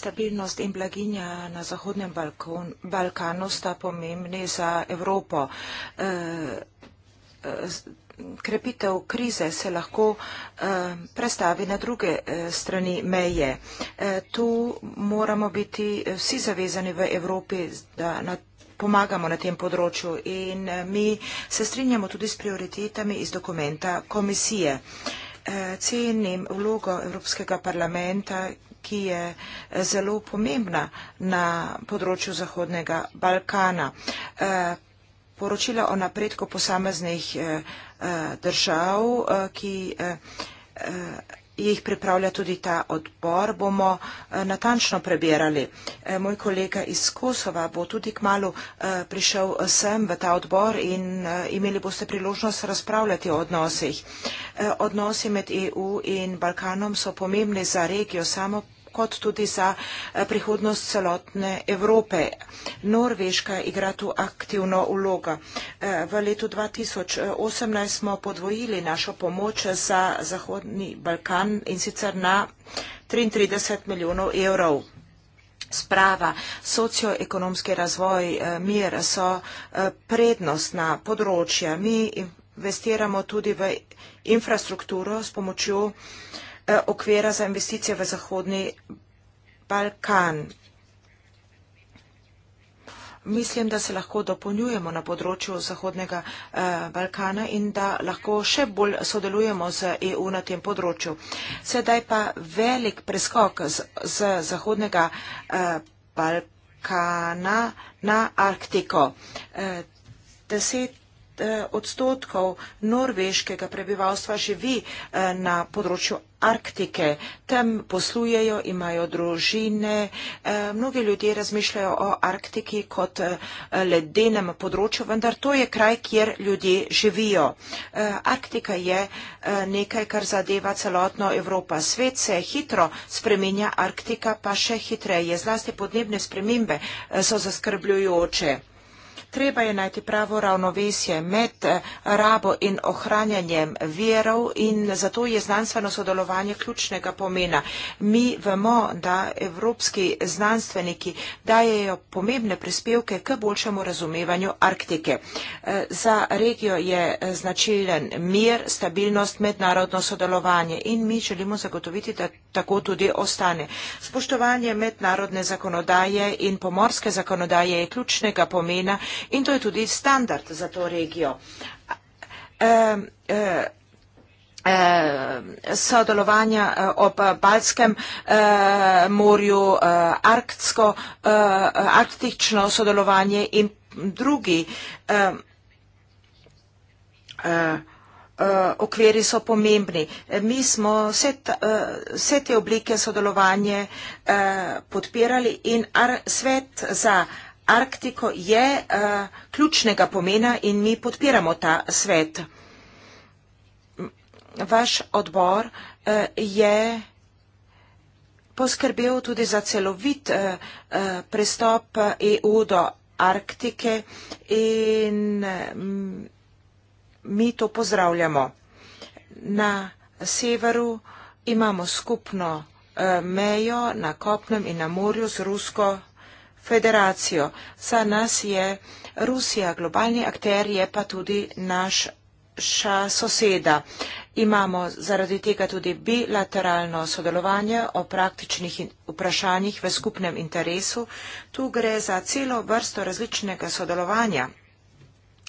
Stabilnost in blaginja na Zahodnem Balkon, Balkanu sta pomembni za Evropo. E, krepitev krize se lahko eh, prestavi na druge eh, strani meje. Eh, tu moramo biti eh, vsi zavezani v Evropi, da na pomagamo na tem področju in eh, mi se strinjamo tudi s prioritetami iz dokumenta komisije. Eh, cenim vlogo Evropskega parlamenta, ki je eh, zelo pomembna na področju Zahodnega Balkana. Poročila o napredku posameznih držav, ki jih pripravlja tudi ta odbor, bomo eh, natančno prebirali. Eh, moj kolega iz Kosova bo tudi k malu eh, prišel sem v ta odbor in imeli boste priložnost razpravljati o odnosih. Odnosi med EU in Balkanom so pomembni za regijo samo kot tudi za eh, prihodnost celotne Evrope. Norveška igra tu aktivno vlogo. Eh, v letu 2018 smo podvojili našo pomoč za Zahodni Balkan in sicer na 33 milijonov evrov. Sprava, socioekonomski razvoj, eh, mir so prednostna področja. Mi investiramo tudi v infrastrukturo s pomočjo Eh, okvira za investicije v Zahodni Balkan. Mislim, da se lahko dopolnjujemo na področju Zahodnega eh, Balkana in da lahko še bolj sodelujemo z EU na tem področju. Sedaj pa velik preskok z, z Zahodnega eh, Balkana na Arktiko. Eh, deset Eh, odstotkov norveškega prebivalstva živi eh, na področju Arktike. Tam poslujejo, imajo družine. Eh, mnogi ljudje razmišljajo o Arktiki kot ledenem področju, vendar to je kraj, kjer ljudje živijo. Arktika je nekaj, kar zadeva celotno Evropa. Svet se hitro spreminja, Arktika pa še hitreje. Zlasti podnebne spremembe so zaskrbljujoče. Treba je najti pravo ravnovesje med eh, rabo in ohranjanjem verov in zato je znanstveno sodelovanje ključnega pomena. Mi vemo, da evropski znanstveniki dajejo pomembne prispevke k boljšemu razumevanju Arktike. Eh, za regijo je eh, značilen mir, stabilnost, mednarodno sodelovanje in mi želimo zagotoviti, da tako tudi ostane. Spoštovanje mednarodne zakonodaje in pomorske zakonodaje je ključnega pomena in to je tudi standard za to regijo. E, e, sodelovanja ob Balskem morju, arktsko, arktično sodelovanje in drugi okviri so pomembni. Mi smo vse, ta, vse te oblike sodelovanja podpirali in Ar svet za Arktiko je uh, ključnega pomena in mi podpiramo ta svet. Vaš odbor uh, je poskrbel tudi za celovit uh, uh, prestop EU do Arktike in um, mi to pozdravljamo. Na severu imamo skupno uh, mejo na kopnem in na morju s Rusko federacijo. Za nas je Rusija globalni akter, je pa tudi naša soseda. Imamo zaradi tega tudi bilateralno sodelovanje o praktičnih vprašanjih v skupnem interesu. Tu gre za celo vrsto različnega sodelovanja.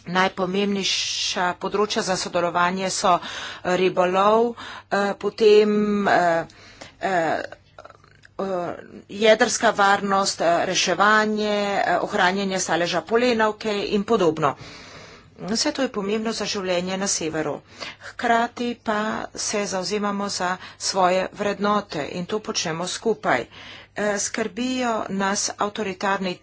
Najpomembnejša področja za sodelovanje so ribolov, eh, potem eh, eh, Eh, jedrska varnost, eh, reševanje, eh, ohranjanje staleža polenavke in podobno. Vse to je pomembno za življenje na severu. Hkrati pa se zauzemamo za svoje vrednote in to počnemo skupaj. Skrbijo nas avtoritarni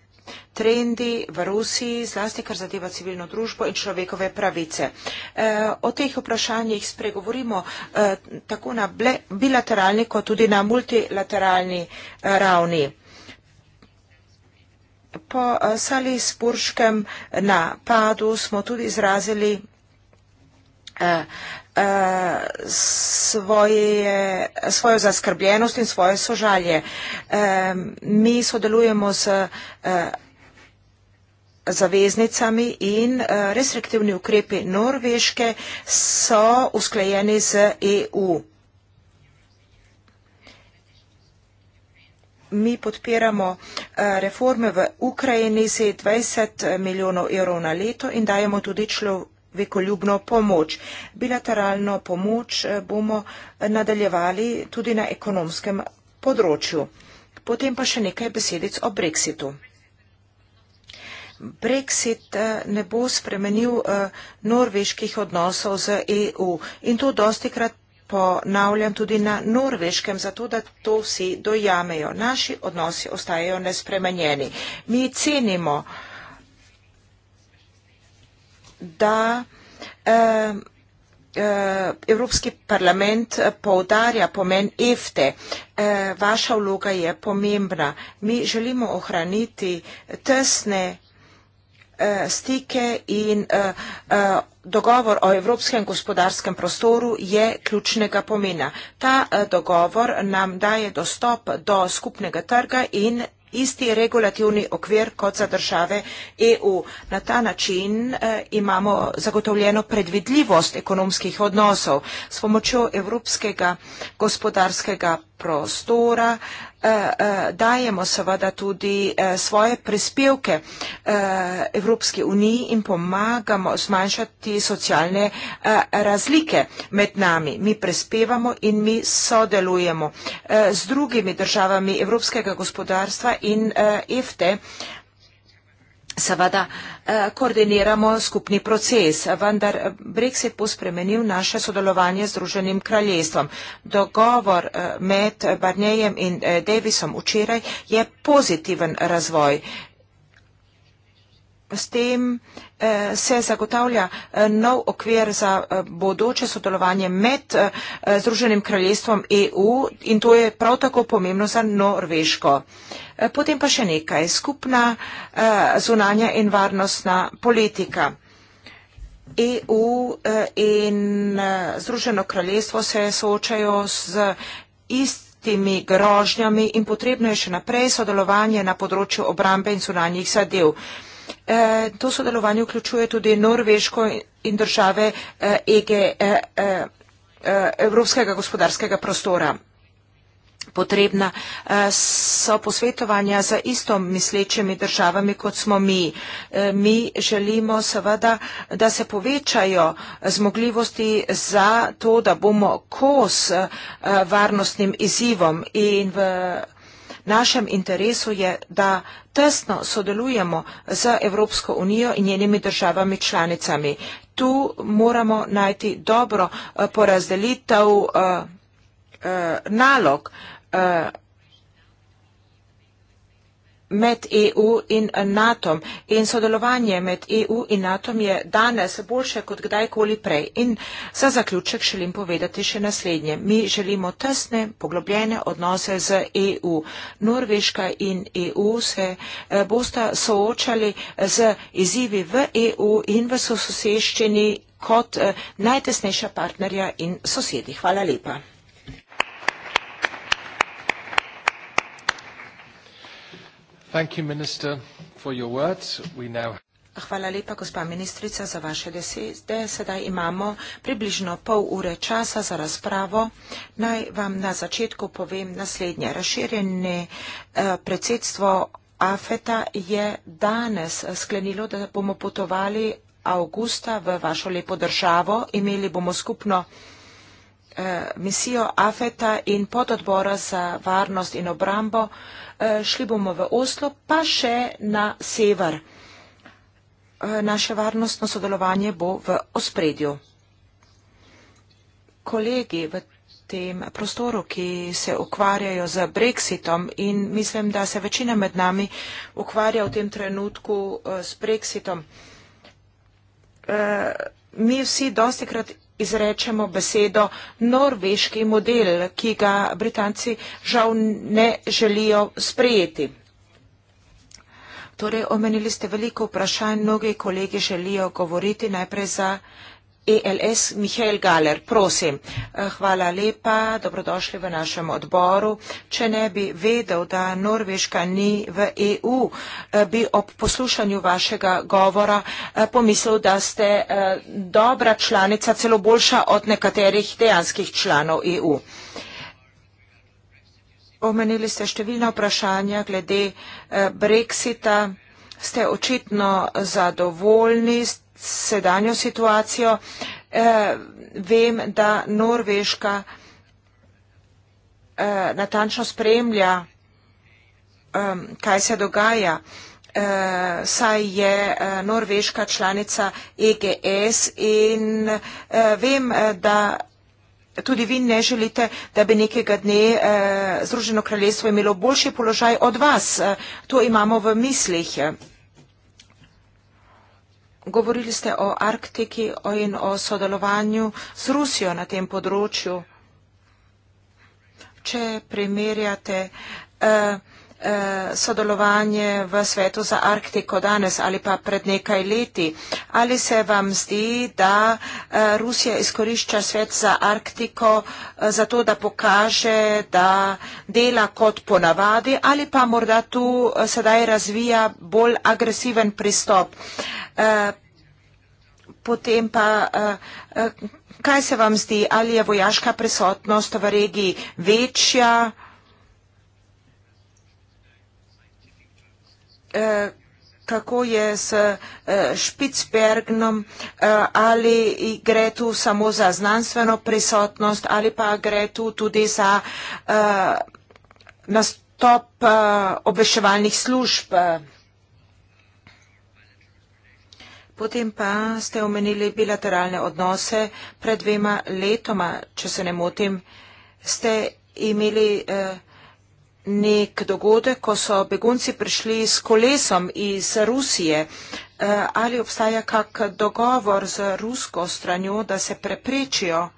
trendi v Rusiji, zlasti kar zadeva civilno družbo in človekove pravice. E, o teh vprašanjih spregovorimo e, tako na bilateralni kot tudi na multilateralni e, ravni. Po Salisburškem napadu smo tudi izrazili Eh, svoje, svojo zaskrbljenost in svoje sožalje. Eh, mi sodelujemo z eh, zaveznicami in restriktivni ukrepi Norveške so usklajeni z EU. Mi podpiramo reforme v Ukrajini z 20 milijonov evrov na leto in dajemo tudi člov, vekoljubno pomoč. Bilateralno pomoč eh, bomo eh, nadaljevali tudi na ekonomskem področju. Potem pa še nekaj besedic o Brexitu. Brexit eh, ne bo spremenil norveških odnosov z EU in to dosti krat ponavljam tudi na norveškem, zato da to vsi dojamejo. Naši odnosi ostajajo nespremenjeni. Mi cenimo uh, da eh, eh, Evropski parlament eh, poudarja pomen EFTE. Vaša vloga je pomembna. Mi želimo ohraniti tesne stike in dogovor o evropskem gospodarskem prostoru je ključnega pomena. Ta dogovor nam daje dostop do skupnega trga in isti regulativni okvir kot za države EU. Na ta način eh, imamo zagotovljeno predvidljivost ekonomskih odnosov s pomočjo evropskega gospodarskega prostora Eh, eh, dajemo seveda tudi eh, svoje prispevke Evropske unije in pomagamo zmanjšati socialne razlike med nami. Mi prispevamo in mi sodelujemo z drugimi državami Evropskega gospodarstva in EFTE. Seveda eh, koordiniramo skupni proces, vendar Brexit bo spremenil naše sodelovanje z Združenim kraljestvom. Dogovor eh, med Barnejem in eh, Davisom včeraj je pozitiven razvoj. S tem eh, se zagotavlja eh, nov okvir za eh, bodoče sodelovanje med eh, eh Združenim kraljestvom EU in to je prav tako pomembno za Norveško. Eh, potem pa še nekaj. Skupna eh, zunanja in varnostna politika. EU eh, in eh, Združeno kraljestvo se soočajo z ist temi grožnjami in potrebno je še naprej sodelovanje na področju obrambe in zunanjih zadev. Eh, Eh, to sodelovanje vključuje tudi Norveško in države EG, eh, e eh, Evropskega gospodarskega prostora. Potrebna so posvetovanja za isto mislečimi državami, kot smo mi. Mi želimo seveda, da se povečajo zmogljivosti za to, da bomo kos varnostnim izzivom in v našem interesu je, da tesno sodelujemo z Evropsko unijo in njenimi državami članicami. Tu moramo najti dobro eh, porazdelitev eh, eh, nalog med EU in NATO. In sodelovanje med EU in NATO je danes boljše kot kdajkoli prej. In za zaključek želim povedati še naslednje. Mi želimo tesne, poglobljene odnose z EU. Norveška in EU se eh, bosta soočali eh, z izzivi v EU in v sosedščini kot eh, najtesnejša partnerja in sosedi. Hvala lepa. Hvala lepa, gospa ministrica, za vaše desede. Sedaj imamo približno pol ure časa za razpravo. Naj vam na začetku povem naslednje. Razširjene eh, predsedstvo AFETA je danes sklenilo, da bomo potovali avgusta v vašo lepo državo. Imeli bomo skupno Eh, misijo AFETA in pododbora za varnost in obrambo, eh, šli bomo v Oslo, pa še na sever. Eh, naše varnostno sodelovanje bo v ospredju. Kolegi v tem prostoru, ki se ukvarjajo z Brexitom in mislim, da se večina med nami ukvarja v tem trenutku s Brexitom. Mi vsi dostikrat izrečemo besedo norveški model, ki ga Britanci žal ne želijo sprejeti. Torej, omenili ste veliko vprašanj, mnogi kolegi želijo govoriti najprej za ELS Mihael Galer, prosim. Eh, hvala lepa, dobrodošli v našem odboru. Če ne bi vedel, da Norveška ni v EU, eh, bi ob poslušanju vašega govora eh, pomislil, da ste dobra članica, celo boljša od nekaterih dejanskih članov EU. Omenili ste številna vprašanja glede Brexita. Ste očitno zadovoljni, sedanjo situacijo. Eh, vem, da Norveška eh, natančno spremlja, eh, kaj se dogaja. Uh, saj je uh, Norveška članica EGS in uh, vem, da tudi vi ne želite, da bi nekega dne uh, Združeno kraljestvo imelo boljši položaj od vas. Uh, to imamo v mislih. Uh, Govorili ste o Arktiki in o sodelovanju z Rusijo na tem področju. Če primerjate eh, eh, sodelovanje v svetu za Arktiko danes ali pa pred nekaj leti. Ali se vam zdi, da eh, Rusija izkorišča svet za Arktiko eh, zato, da pokaže, da dela kot ponavadi ali pa morda tu eh, sedaj razvija bolj agresiven pristop? Eh, potem pa. Eh, eh, Kaj se vam zdi, ali je vojaška prisotnost v regiji večja? Eh, kako je s Špicbergnom, eh, eh, ali gre tu samo za znanstveno prisotnost, ali pa gre tu tudi za nastop obveševalnih služb. Potem pa ste omenili bilateralne odnose. Pred dvema letoma, če se ne motim, ste imeli nek dogodek, ko so begunci prišli s kolesom iz Rusije. Eh, ali obstaja kak dogovor z rusko stranjo, da se preprečijo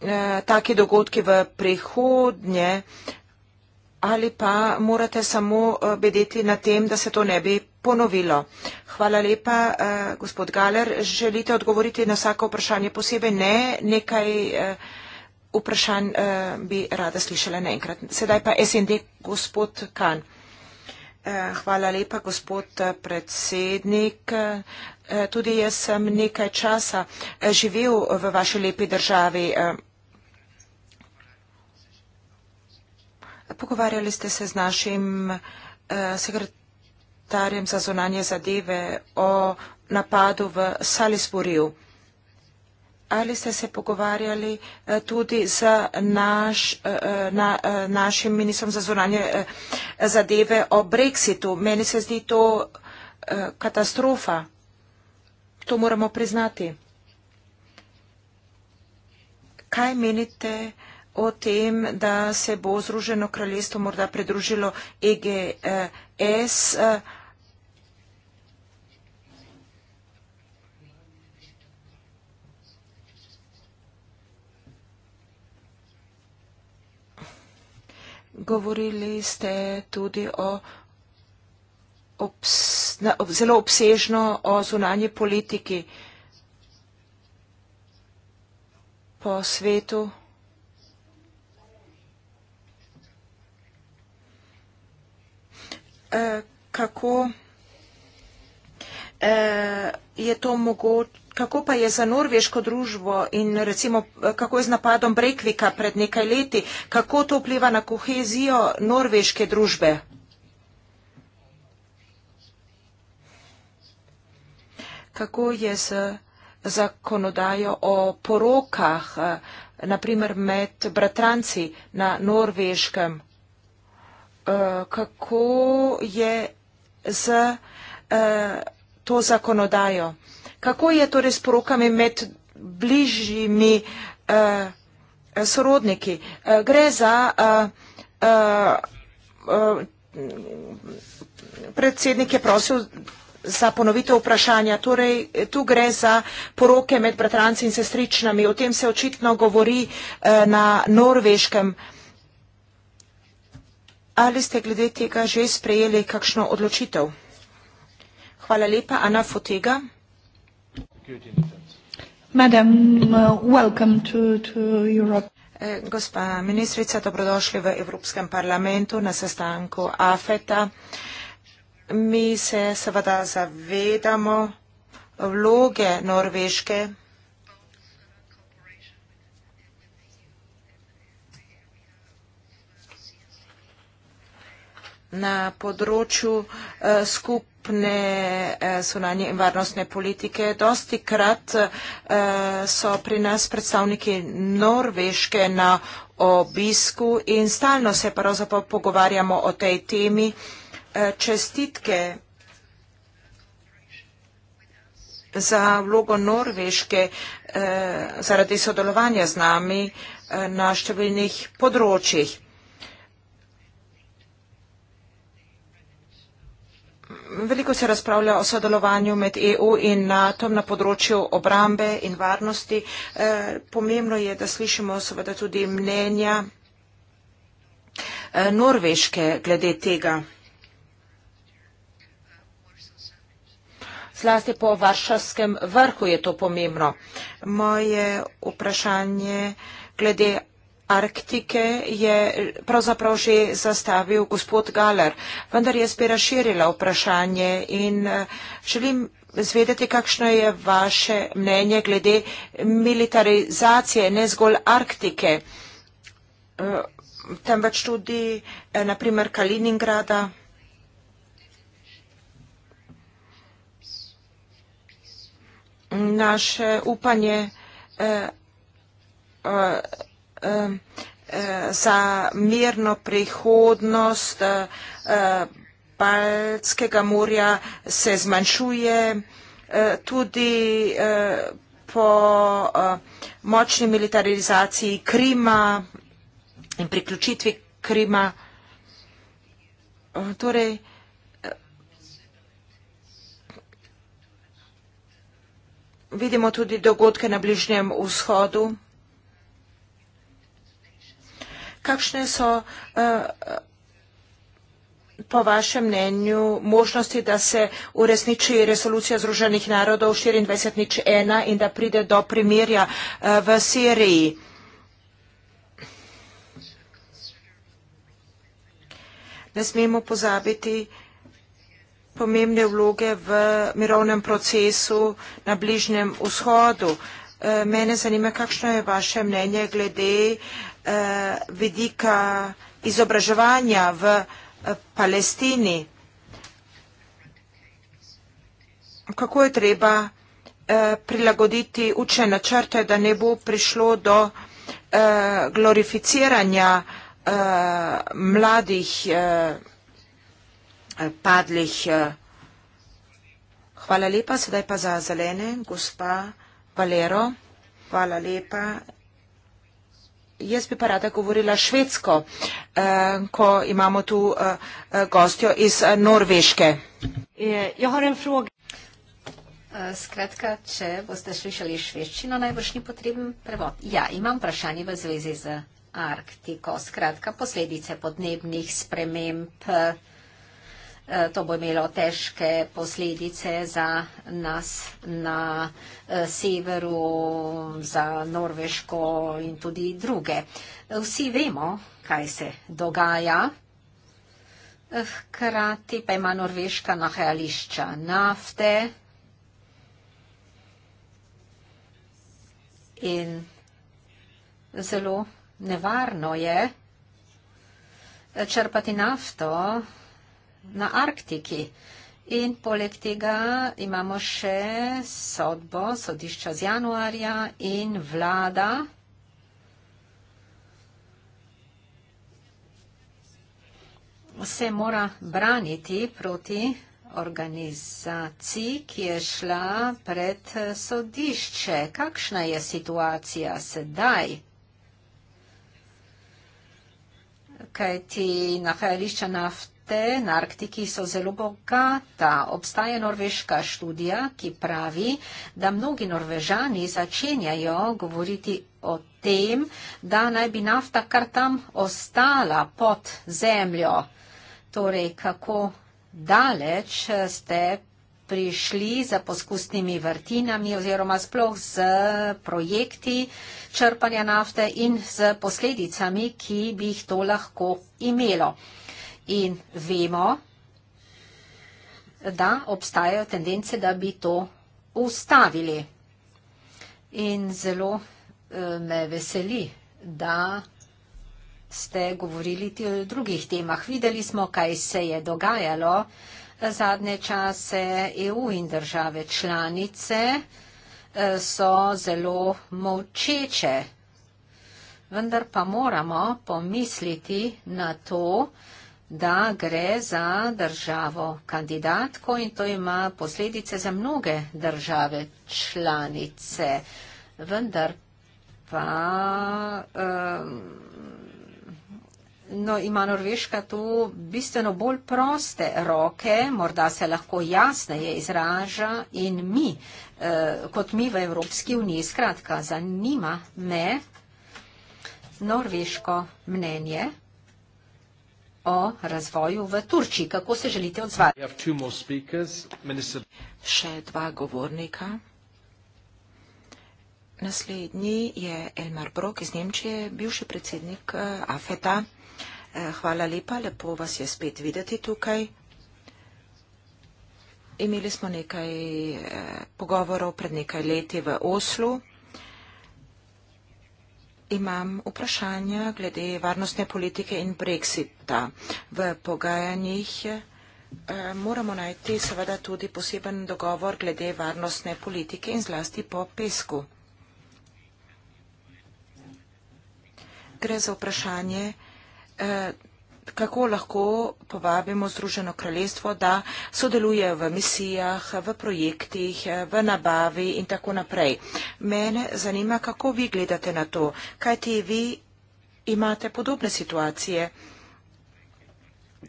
eh, taki dogodki v prihodnje? Ali pa morate samo bedeti eh, na tem, da se to ne bi ponovilo? Hvala lepa, gospod Galer. Želite odgovoriti na vsako vprašanje posebej? Ne, nekaj vprašanj eh, bi rada slišala naenkrat. Sedaj pa SND, gospod Kan. Eh, hvala lepa, gospod eh, predsednik. Tudi jaz sem nekaj časa živel v vaši lepi državi. Pogovarjali ste se z našim sekretarjem za zonanje zadeve o napadu v Salisburju. Ali ste se pogovarjali eh, tudi z naš, eh, eh, na, našim ministrom za zvonanje zadeve o Brexitu? Meni se zdi to katastrofa. To moramo priznati. Kaj menite o tem, da se bo Združeno kraljestvo morda pridružilo EGS? E eh, Govorili ste tudi o obs, na, zelo obsežno o zunanje politiki po svetu. E, kako e, je to mogoče? Kako pa je za norveško družbo in recimo kako je z napadom Brekvika pred nekaj leti, kako to vpliva na kohezijo norveške družbe? Kako je z zakonodajo o porokah, naprimer med bratranci na norveškem? Kako je z eh, to zakonodajo? kako je torej s porokami med bližjimi uh, sorodniki. Uh, gre za uh, uh, predsednik je prosil za ponovitev vprašanja. Torej, tu gre za poroke med bratranci in sestričnami. O tem se očitno govori eh, na norveškem. Ali ste glede tega že sprejeli kakšno odločitev? Hvala lepa, Ana Fotega. Uh, eh, gospa ministrica, dobrodošli v Evropskem parlamentu na sestanku AFETA. Mi se seveda zavedamo vloge Norveške na področju skupnosti eh, skupne sonanje eh, in varnostne politike. Dosti krat eh, so pri nas predstavniki Norveške na obisku in stalno se pravzaprav pogovarjamo o tej temi. Eh, čestitke za vlogo Norveške zaradi sodelovanja z nami na številnih področjih. veliko se razpravlja o sodelovanju med EU in NATO na področju obrambe in varnosti. Eh, pomembno je, da slišimo seveda tudi mnenja eh, Norveške glede tega. Zlasti po varšavskem vrhu je to pomembno. Moje vprašanje glede Arktike je pravzaprav že zastavil gospod Galer, vendar jaz bi razširila vprašanje in eh, želim zvedeti, kakšno je vaše mnenje glede militarizacije ne zgolj Arktike, eh, temveč tudi eh, naprimer Kaliningrada. Naše upanje Um, eh, za mirno prihodnost eh, Baltskega morja se zmanjšuje eh, tudi po močni militarizaciji Krima in priključitvi Krima. Torej, vidimo tudi dogodke na Bližnjem vzhodu kakšne so uh, po vašem mnenju možnosti, da se uresniči resolucija Združenih narodov 24.1 in da pride do primirja uh, v Siriji. Ne smemo pozabiti pomembne vloge v mirovnem procesu na Bližnjem vzhodu. Mene zanima, kakšno je vaše mnenje glede uh, Eh, vidika izobraževanja v eh, Palestini, kako je treba eh, prilagoditi učne načrte, da ne bo prišlo do glorificiranja mladih padlih. Hvala lepa, sedaj pa za zelene, gospa Valero. Hvala lepa Jaz bi pa rada govorila švedsko, eh, ko imamo tu eh, eh gostjo iz eh, Norveške. Eh, ja, skratka, če boste slišali švedščino, najbrž ni potreben prevod. Ja, imam vprašanje v zvezi z Arktiko. Skratka, posledice podnebnih sprememb. Eh, Eh, to bo imelo težke posledice za nas na eh, severu, za Norveško in tudi druge. Eh, vsi vemo, kaj se dogaja. Hkrati pa ima Norveška nahajališča nafte in zelo nevarno je črpati nafto na Arktiki. In poleg tega imamo še sodbo, sodišča z januarja in vlada. se mora braniti proti organizaciji, ki je šla pred sodišče. Kakšna je situacija sedaj? Kaj ti nahajališča naft veste, na Arktiki so zelo bogata. Obstaja norveška študija, ki pravi, da mnogi norvežani začenjajo govoriti o tem, da naj bi nafta kar tam ostala pod zemljo. Torej, kako daleč ste prišli za poskusnimi vrtinami oziroma sploh z projekti črpanja nafte in z posledicami, ki bi jih to lahko imelo. In vemo, da obstajajo tendence, da bi to ustavili. In zelo eh, me veseli, da ste govorili o drugih temah. Videli smo, kaj se je dogajalo zadnje čase. EU in države članice eh, so zelo močeče. Vendar pa moramo pomisliti na to, da gre za državo kandidatko in to ima posledice za mnoge države članice. Vendar pa um, no, ima Norveška tu bistveno bolj proste roke, morda se lahko jasneje izraža in mi, uh, kot mi v Evropski uniji. Skratka, zanima me norveško mnenje o razvoju v Turčiji. Kako se želite odzvati? Minister... Še dva govornika. Naslednji je Elmar Brok iz Nemčije, bivši predsednik eh, AFETA. Eh, hvala lepa, lepo vas je spet videti tukaj. Imeli smo nekaj eh, pogovorov pred nekaj leti v Oslu. Imam vprašanja glede varnostne politike in Brexita. V pogajanjih eh, moramo najti seveda tudi poseben dogovor glede varnostne politike in zlasti po pesku. Gre za vprašanje eh, kako lahko povabimo Združeno kraljestvo, da sodeluje v misijah, v projektih, v nabavi in tako naprej. Mene zanima, kako vi gledate na to, kajti vi imate podobne situacije.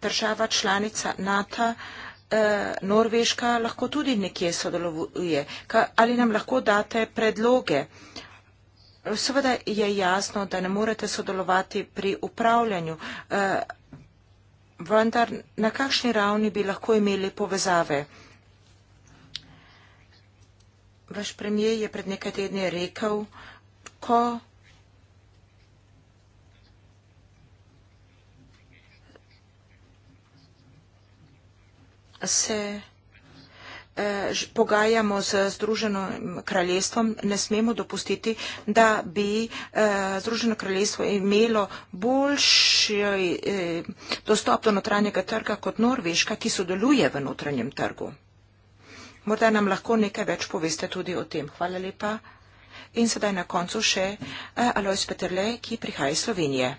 Država članica NATO, eh, Norveška lahko tudi nekje sodeluje. Ali nam lahko date predloge? Seveda je jasno, da ne morete sodelovati pri upravljanju, eh, vendar na kakšni ravni bi lahko imeli povezave? Vaš premijer je pred nekaj tedni rekel, ko se eh, pogajamo z Združenim kraljestvom, ne smemo dopustiti, da bi eh, Združeno kraljestvo imelo boljši eh, dostop do notranjega trga kot Norveška, ki sodeluje v notranjem trgu. Morda nam lahko nekaj več poveste tudi o tem. Hvala lepa. In sedaj na koncu še eh, Alois Peterle, ki prihaja iz Slovenije.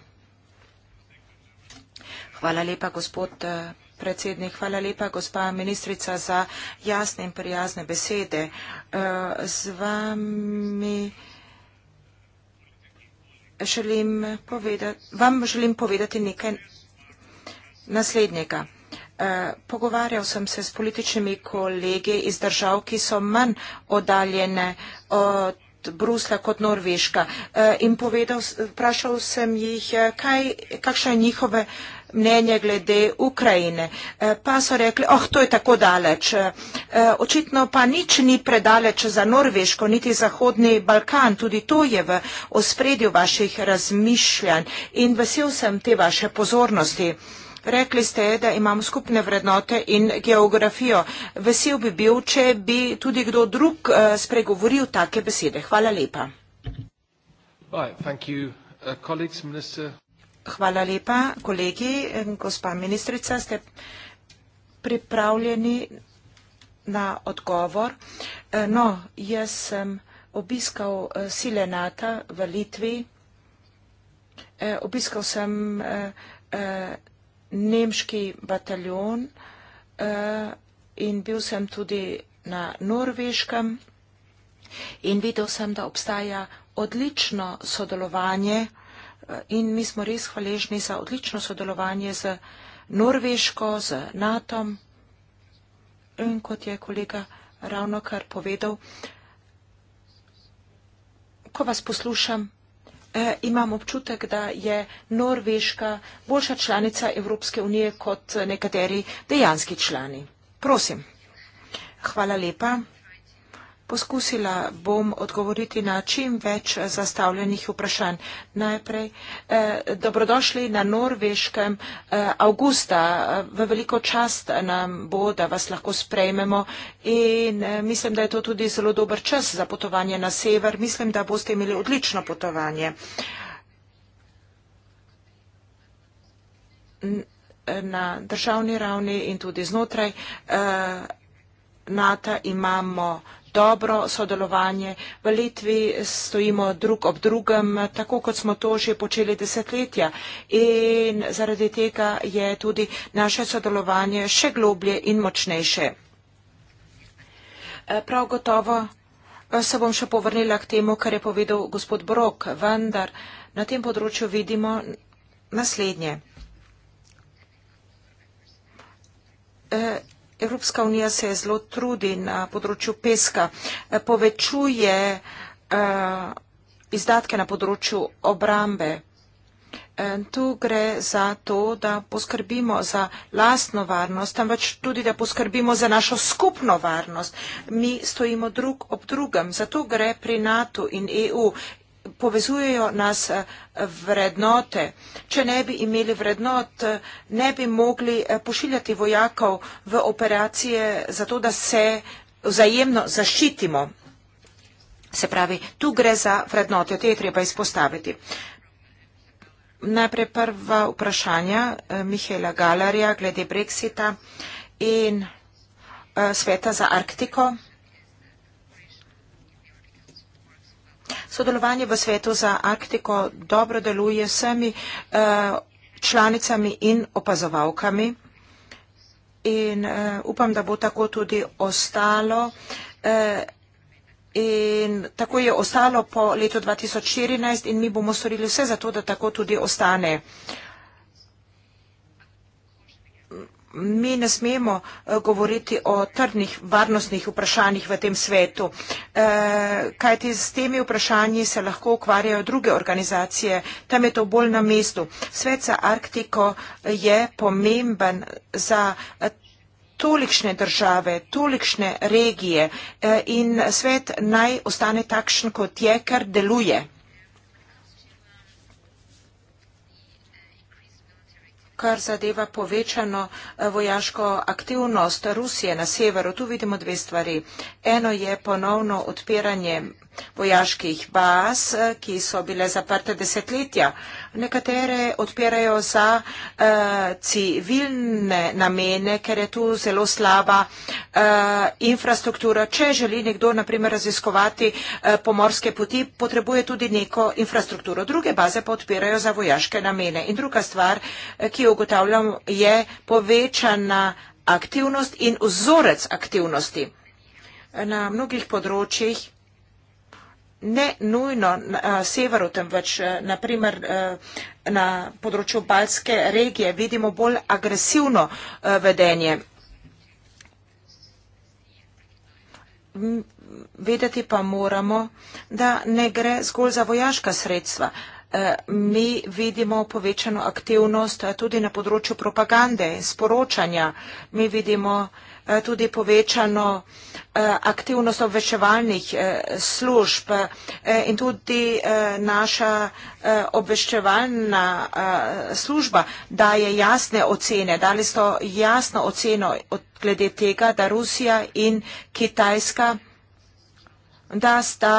Hvala lepa, gospod. Eh, predsednik. Hvala lepa, gospa ministrica, za jasne in prijazne besede. Eh, z vami želim povedati, vam želim povedati nekaj naslednjega. Eh, pogovarjal sem se s političnimi kolegi iz držav, ki so manj oddaljene od Brusla kot Norveška eh, in povedal, vprašal sem jih, kaj, kakšna je njihove uh, mnenje glede Ukrajine. Eh, pa so rekli, oh, to je tako daleč. Eh, eh, očitno pa nič ni predaleč za Norveško, niti Zahodni Balkan. Tudi to je v ospredju vaših razmišljanj in vesel sem te vaše pozornosti. Rekli ste, da imamo skupne vrednote in geografijo. Vesel bi bil, če bi tudi kdo drug spregovoril take besede. Hvala lepa. Right, thank you, uh, colleagues, Minister. Hvala lepa. Kolegi, gospa ministrica, ste pripravljeni na odgovor. Eh, no, jaz sem obiskal eh, sile NATO v Litvi, eh, obiskal sem nemški bataljon in bil sem tudi na norveškem in videl sem, da obstaja odlično sodelovanje in mi smo res hvaležni za odlično sodelovanje z Norveško, z NATO. In kot je kolega ravno kar povedal, ko vas poslušam, eh, imam občutek, da je Norveška boljša članica Evropske unije kot nekateri dejanski člani. Prosim. Hvala lepa. Poskusila bom odgovoriti na čim več zastavljenih vprašanj. Najprej, eh, dobrodošli na norveškem eh, avgusta. V veliko čast nam bo, da vas lahko sprejmemo in eh, mislim, da je to tudi zelo dober čas za potovanje na sever. Mislim, da boste imeli odlično potovanje. Na državni ravni in tudi znotraj eh, NATO imamo dobro sodelovanje. V Litvi stojimo drug ob drugem, tako kot smo to že počeli desetletja. In zaradi tega je tudi naše sodelovanje še globlje in močnejše. Eh, prav gotovo eh, se bom še povrnila k temu, kar je povedal gospod Brok, vendar na tem področju vidimo naslednje. Eh, Evropska unija se zelo trudi na področju peska, eh, povečuje eh, izdatke na področju obrambe. Eh, tu gre za to, da poskrbimo za lastno varnost, temveč tudi, da poskrbimo za našo skupno varnost. Mi stojimo drug ob drugem, zato gre pri NATO in EU povezujejo nas eh, vrednote. Če ne bi imeli vrednot, eh, ne bi mogli eh, pošiljati vojakov v operacije zato, da se vzajemno zaščitimo. Se pravi, tu gre za vrednote, te je treba izpostaviti. Najprej prva vprašanja Mihela Galarja glede Brexita in sveta za Arktiko. Sodelovanje v svetu za Arktiko dobro deluje vsemi eh, članicami in opazovalkami in eh, upam, da bo tako tudi ostalo. Eh, in tako je ostalo po letu 2014 in mi bomo storili vse za to, da tako tudi ostane mi ne smemo eh, govoriti o trdnih varnostnih vprašanjih v tem svetu, eh, kajti s temi vprašanji se lahko ukvarjajo druge organizacije, tam je to bolj na mestu. Svet za Arktiko je pomemben za eh, tolikšne države, tolikšne regije in svet naj ostane takšen, kot je, ker deluje. kar zadeva povečano eh, vojaško aktivnost Rusije na severu. Tu vidimo dve stvari. Eno je ponovno odpiranje vojaških baz, eh, ki so bile zaprte desetletja. Nekatere odpirajo za uh, civilne namene, ker je tu zelo slaba uh, infrastruktura. Če želi nekdo, na primer, raziskovati uh, pomorske poti, potrebuje tudi neko infrastrukturo. Druge baze pa odpirajo za vojaške namene. In druga stvar, ki jo ugotavljam, je povečana aktivnost in vzorec aktivnosti. Na mnogih področjih ne nujno na eh, severu, temveč eh, naprimer eh, na področju Balske regije vidimo bolj agresivno vedenje. Vedeti pa moramo, da ne gre zgolj za vojaška sredstva. Mi vidimo povečano aktivnost tudi na področju propagande in sporočanja. Mi vidimo tudi povečano aktivnost Eh, aktivnost obveščevalnih eh, služb eh, in tudi naša obveščevalna služba daje jasne ocene, dali so jasno oceno glede tega, da Rusija in Kitajska, da sta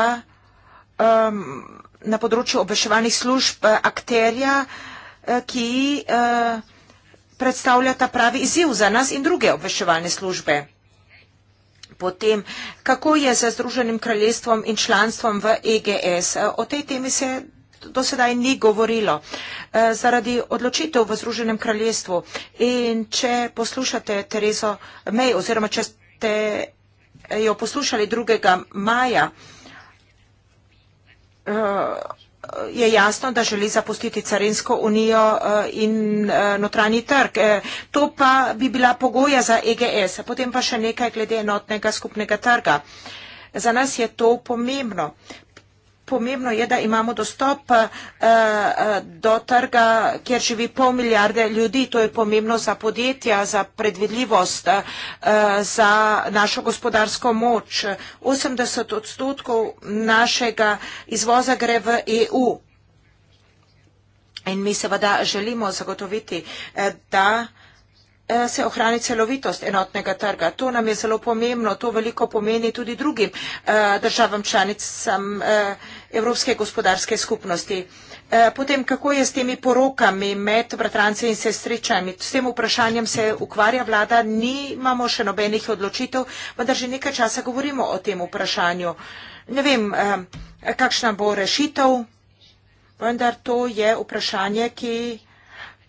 na področju obveščevalnih služb akterja, ki predstavlja ta pravi izziv za nas in druge obveščevalne službe po tem, kako je z Združenim kraljestvom in članstvom v EGS. O tej temi se do sedaj ni govorilo e, zaradi odločitev v Združenem kraljestvu. In če poslušate Terezo May oziroma če ste jo poslušali 2. maja, e, je jasno, da želi zapustiti carinsko unijo eh, in eh, notranji trg. Eh, to pa bi bila pogoja za EGS. Potem pa še nekaj glede enotnega skupnega trga. Za nas je to pomembno pomembno je, da imamo dostop eh, eh, do trga, kjer živi pol milijarde ljudi. To je pomembno za podjetja, za predvidljivost, eh, za našo gospodarsko moč. 80 odstotkov našega izvoza gre v EU. In mi seveda želimo zagotoviti, da se ohrani celovitost enotnega trga. To nam je zelo pomembno, to veliko pomeni tudi drugim državam članicam. Evropske gospodarske skupnosti. Eh, potem, kako je s temi porokami med bratranci in sestričami? S tem vprašanjem se ukvarja vlada, nimamo še nobenih odločitev, vendar že nekaj časa govorimo o tem vprašanju. Ne vem, eh, kakšna bo rešitev, vendar to je vprašanje, ki,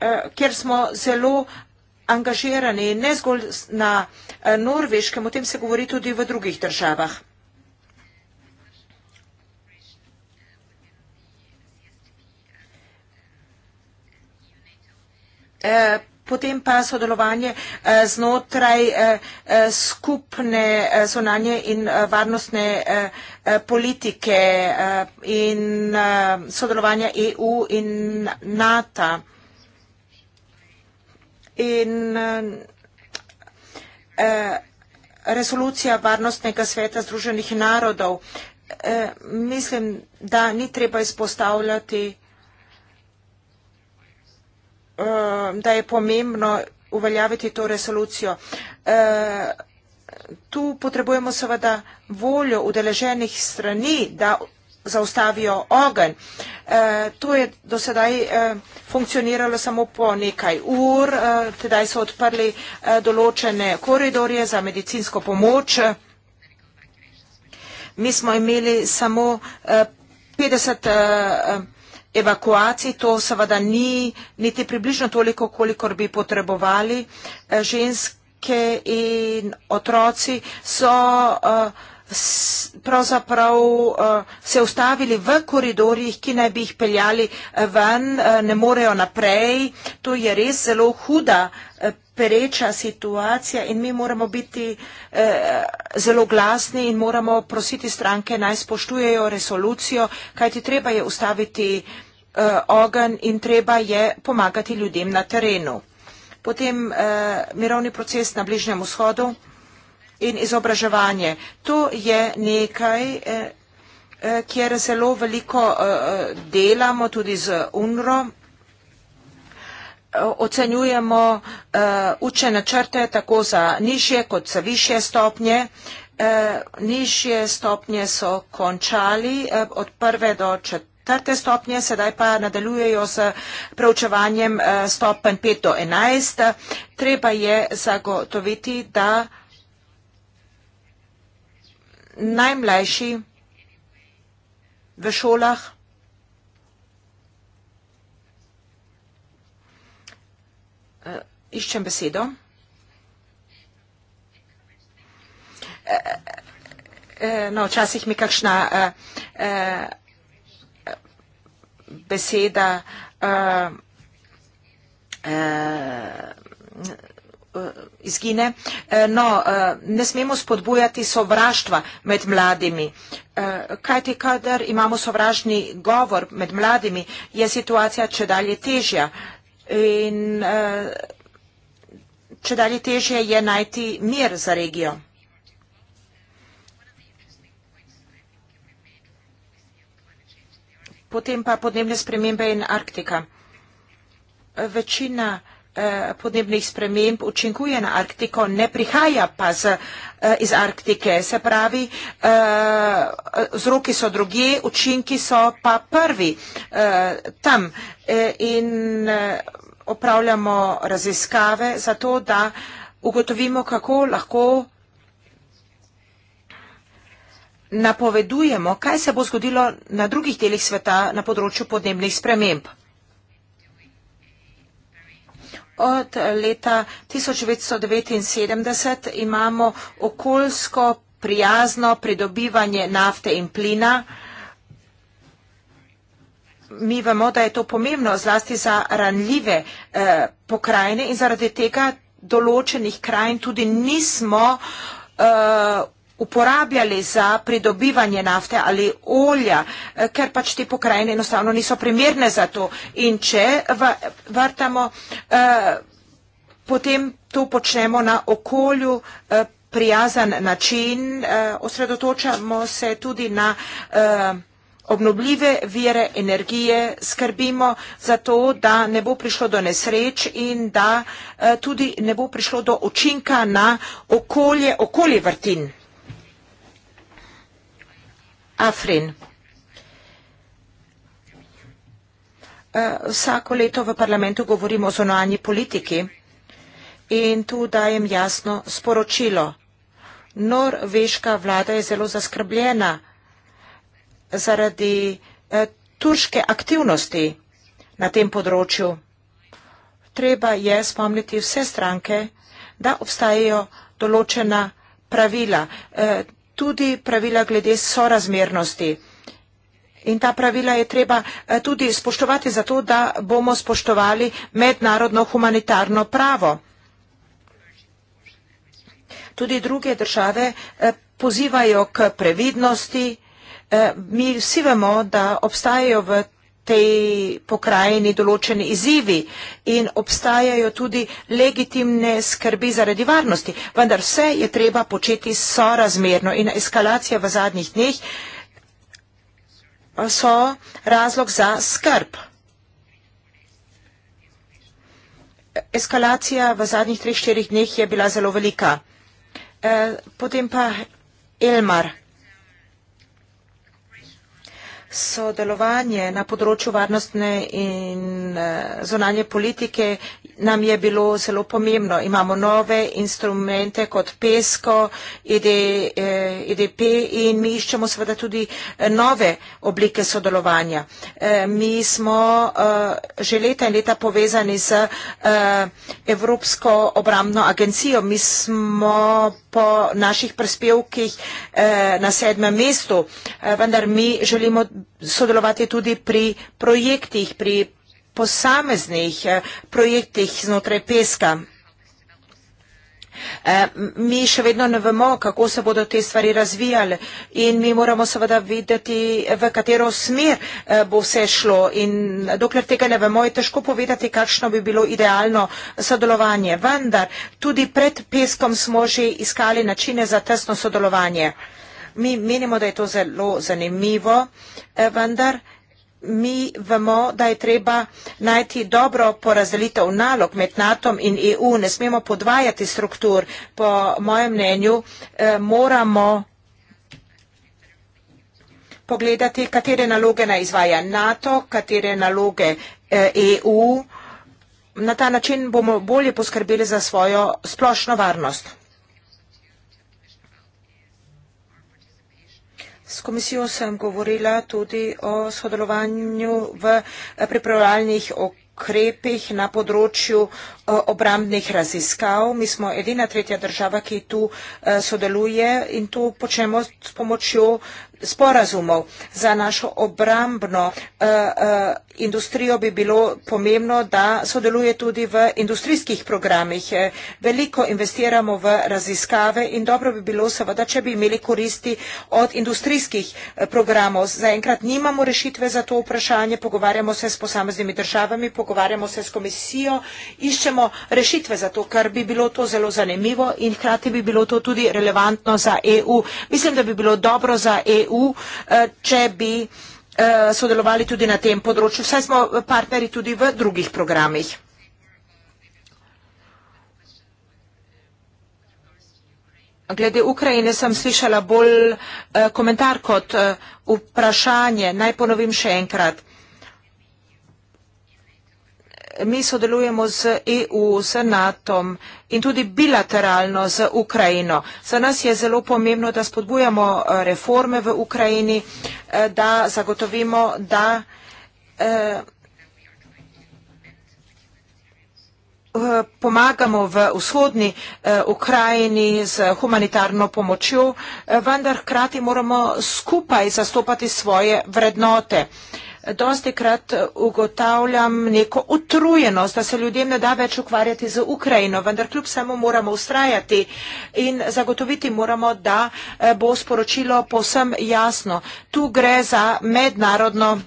eh, kjer smo zelo angažirani, ne zgolj na norveškem, o tem se govori tudi v drugih državah. Eh, potem pa sodelovanje eh, znotraj eh, skupne zonanje in varnostne politike in sodelovanja EU in NATO. In resolucija Varnostnega sveta Združenih narodov. Mislim, da ni treba izpostavljati Um, da je pomembno uveljaviti to resolucijo. Uh, tu potrebujemo seveda voljo udeleženih strani, da zaustavijo ogen. Uh, to je do sedaj uh, funkcioniralo samo po nekaj ur, tedaj so odprli določene koridorje za medicinsko pomoč. Mi smo imeli samo 50 evakuaciji. To seveda ni niti približno toliko, kolikor bi potrebovali. Eh, ženske in otroci so eh, pravzaprav eh, se ustavili v koridorjih, ki naj bi jih peljali ven, ne morejo naprej. To je res zelo huda pereča situacija in mi moramo biti eh, zelo glasni in moramo prositi stranke naj spoštujejo resolucijo, kajti treba je ustaviti eh, ogen in treba je pomagati ljudem na terenu. Potem eh, mirovni proces na Bližnjem vzhodu in izobraževanje. To je nekaj, eh, eh kjer zelo veliko eh, eh, delamo tudi z UNRO ocenjujemo uh, učne načrte tako za nižje kot za višje stopnje. Uh, nižje stopnje so končali uh, od prve do četrte stopnje, sedaj pa nadaljujejo z preučevanjem uh, stopen 5 do 11. Treba je zagotoviti, da najmlajši v šolah Iščem besedo. E, e, no, včasih mi kakšna e, beseda izgine. No, ne smemo spodbujati sovraštva med mladimi. Kaj ti, kadar imamo sovražni govor med mladimi, je situacija če dalje težja. In, če dalje težje je najti mir za regijo. Potem pa podnebne spremembe in Arktika. Večina eh, podnebnih sprememb učinkuje na Arktiko, ne prihaja pa z, eh, iz Arktike. Se pravi, eh, vzroki so druge, učinki so pa prvi tam. In opravljamo raziskave za to, da ugotovimo, kako lahko napovedujemo, kaj se bo zgodilo na drugih delih sveta na področju podnebnih sprememb. Od leta 1979 imamo okoljsko prijazno pridobivanje nafte in plina, mi vemo, da je to pomembno zlasti za ranljive eh, pokrajine in zaradi tega določenih krajin tudi nismo eh, uporabljali za pridobivanje nafte ali olja, eh, ker pač te pokrajine enostavno niso primerne za to. In če vrtamo, eh, potem to počnemo na okolju. Eh, prijazan način, eh, osredotočamo se tudi na eh, obnovljive vire energije, skrbimo za to, da ne bo prišlo do nesreč in da eh, tudi ne bo prišlo do učinka na okolje, okolje vrtin. Afrin. Eh, vsako leto v parlamentu govorimo o zonanji politiki in tu dajem jasno sporočilo. Norveška vlada je zelo zaskrbljena zaradi eh, turške aktivnosti na tem področju. Treba je spomniti vse stranke, da obstajajo določena pravila, eh, tudi pravila glede sorazmernosti. In ta pravila je treba eh, tudi spoštovati zato, da bomo spoštovali mednarodno humanitarno pravo. Tudi druge države pozivajo k previdnosti, Eh, mi vsi vemo, da obstajajo v tej pokrajini določeni izzivi in obstajajo tudi legitimne skrbi zaradi varnosti, vendar vse je treba početi sorazmerno in eskalacija v zadnjih dneh so razlog za skrb. Eskalacija v zadnjih treh, štirih dneh je bila zelo velika. Eh, potem pa Elmar sodelovanje na področju varnostne in eh, zonanje politike nam je bilo zelo pomembno. Imamo nove instrumente kot PESCO, ED, EDP eh, e in mi iščemo seveda tudi eh, nove oblike sodelovanja. Mi smo že leta in leta povezani z Evropsko obramno agencijo. Mi smo po naših prispevkih na sedmem mestu, vendar mi želimo sodelovati tudi pri projektih, pri posameznih eh, projektih znotraj peska. Eh, mi še vedno ne vemo, kako se bodo te stvari razvijali in mi moramo seveda videti, v katero smer eh, bo vse šlo in dokler tega ne vemo, je težko povedati, kakšno bi bilo idealno sodelovanje. Vendar tudi pred peskom smo že iskali načine za tesno sodelovanje. Mi menimo, da je to zelo zanimivo, eh, vendar mi vemo, da je treba najti dobro porazdelitev nalog med NATO in EU. Ne smemo podvajati struktur. Po mojem mnenju eh, moramo pogledati, katere naloge naj izvaja NATO, katere naloge EU. Eh, e Na ta način bomo bolje poskrbeli za svojo splošno varnost. S komisijo sem govorila tudi o sodelovanju v pripravljalnih okrepih na področju Eh, obrambnih raziskav. Mi smo edina tretja država, ki tu eh, sodeluje in tu počnemo s pomočjo sporazumov. Za našo obrambno eh, industrijo bi bilo pomembno, da sodeluje tudi v industrijskih programih. Veliko investiramo v raziskave in dobro bi bilo seveda, če bi imeli koristi od industrijskih programov. Zaenkrat nimamo rešitve za to vprašanje, pogovarjamo se s posameznimi državami, pogovarjamo se s komisijo, iščemo iščemo rešitve za to, ker bi bilo to zelo zanimivo in hkrati bi bilo to tudi relevantno za EU. Mislim, da bi bilo dobro za EU, eh, če bi eh, sodelovali tudi na tem področju. Vse smo partneri tudi v drugih programih. Glede Ukrajine sem slišala bolj eh, komentar kot vprašanje. Naj ponovim še enkrat mi sodelujemo z EU, z NATO-om in tudi bilateralno z Ukrajino. Za nas je zelo pomembno, da spodbujamo eh, reforme v Ukrajini, eh, da zagotovimo, da eh, pomagamo v vzhodni Ukrajini z humanitarno pomočjo, vendar hkrati moramo skupaj zastopati svoje vrednote dosti krat ugotavljam neko utrujenost, da se ljudem ne da več ukvarjati z Ukrajino, vendar kljub samo moramo ustrajati in zagotoviti moramo, da eh, bo sporočilo posem jasno. Tu gre za mednarodno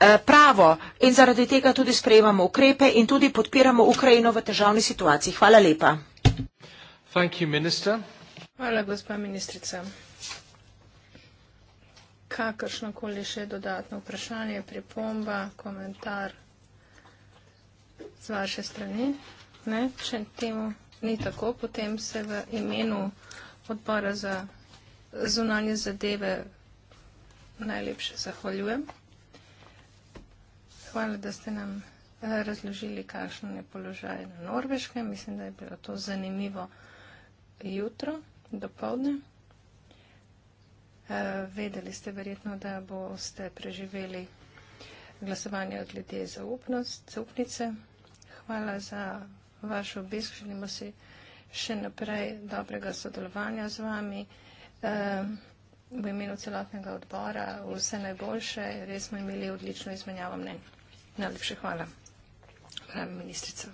eh, pravo in zaradi tega tudi sprejemamo ukrepe in tudi podpiramo Ukrajino v težavni situaciji. Hvala lepa. Hvala, gospa ministrica kakršnokoli še dodatno vprašanje, pripomba, komentar z vaše strani. Ne? Če temu ni tako, potem se v imenu odbora za zunanje zadeve najlepše zahvaljujem. Hvala, da ste nam eh, razložili, kakšno je položaj na Norveškem. Mislim, da je bilo to zanimivo jutro, do povdne. Eh, vedeli ste verjetno, da boste preživeli glasovanje od glede zaupnice. Hvala za vaš obisk. Želimo si še naprej dobrega sodelovanja z vami. Eh, v imenu celotnega odbora vse najboljše. Res smo imeli odlično izmenjavo mnen. Najlepše hvala. Hvala, ministrica.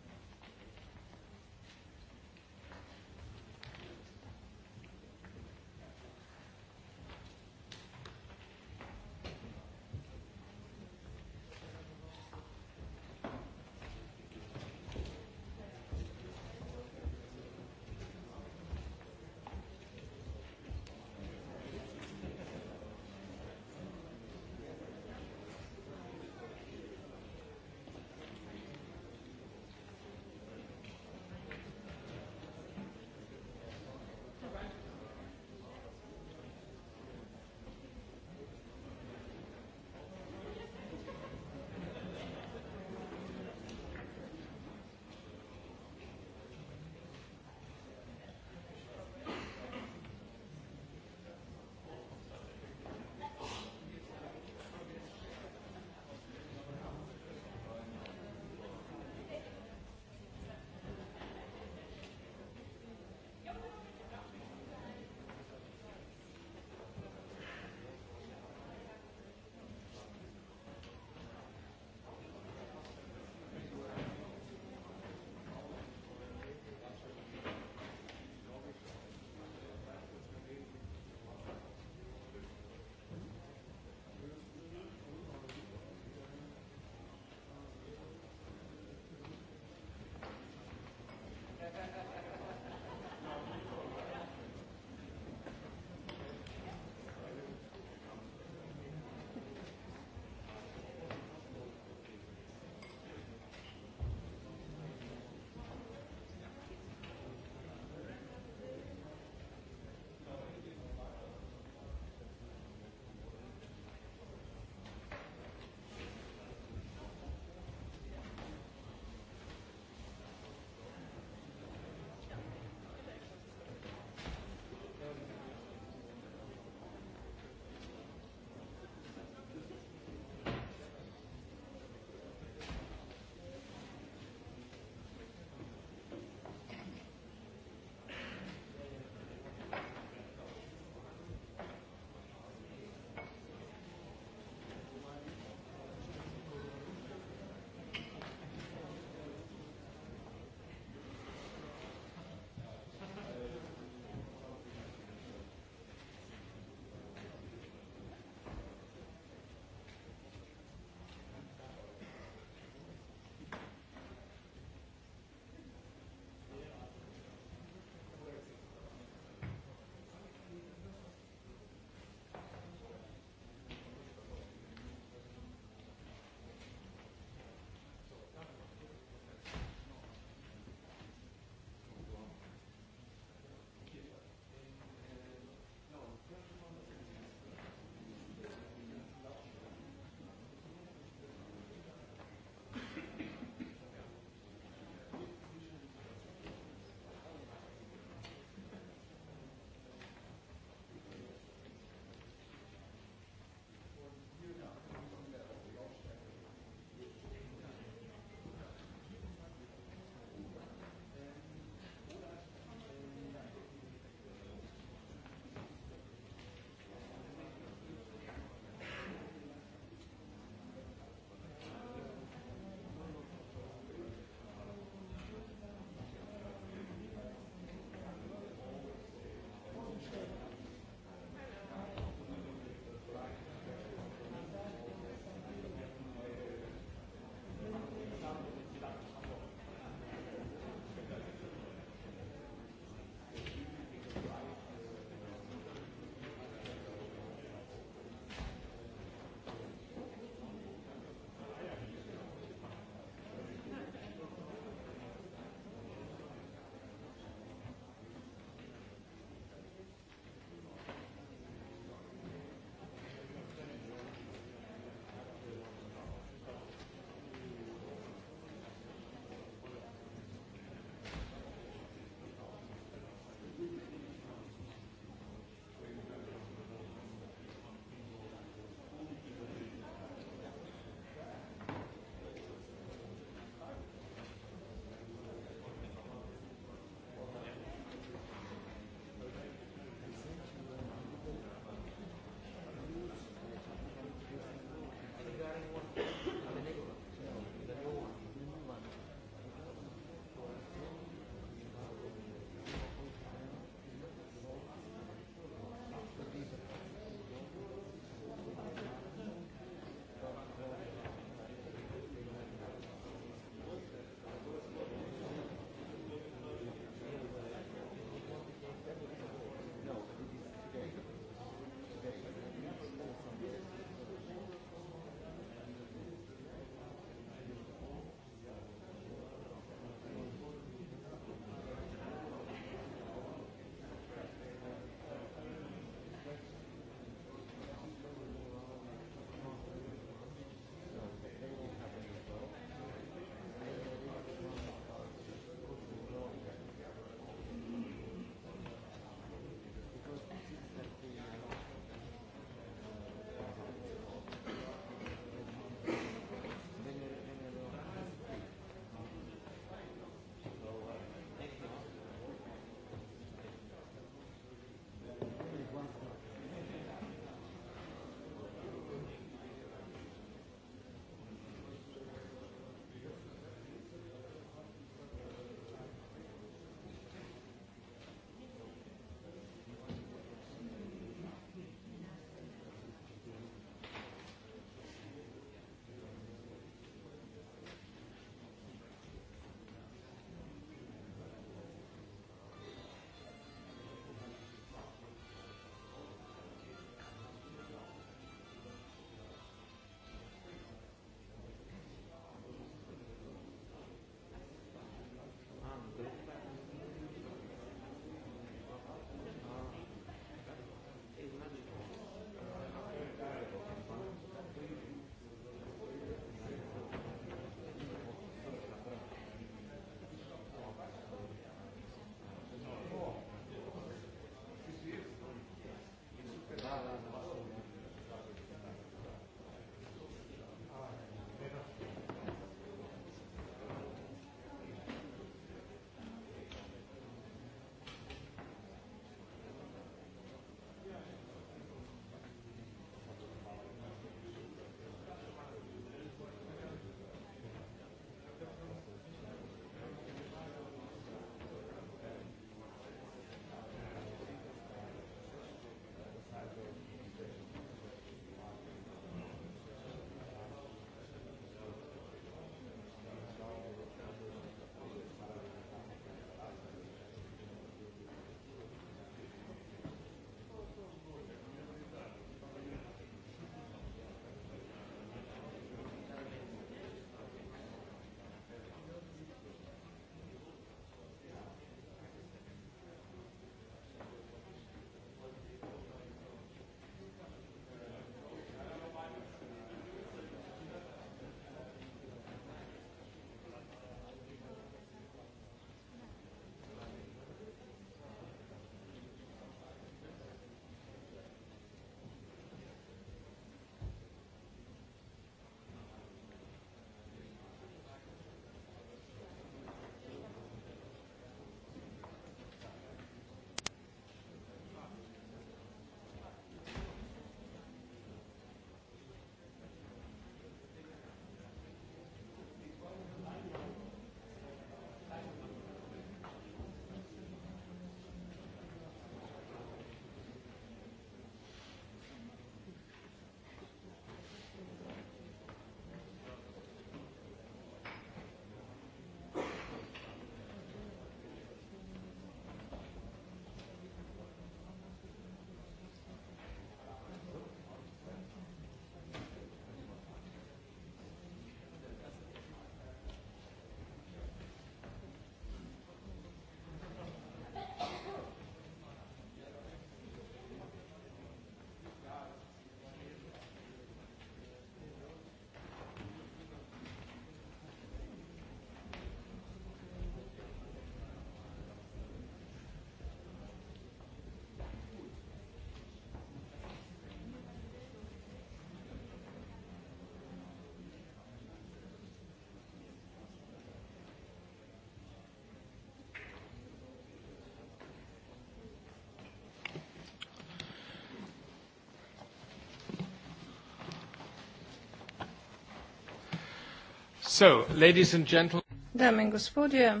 Dame in gospodje,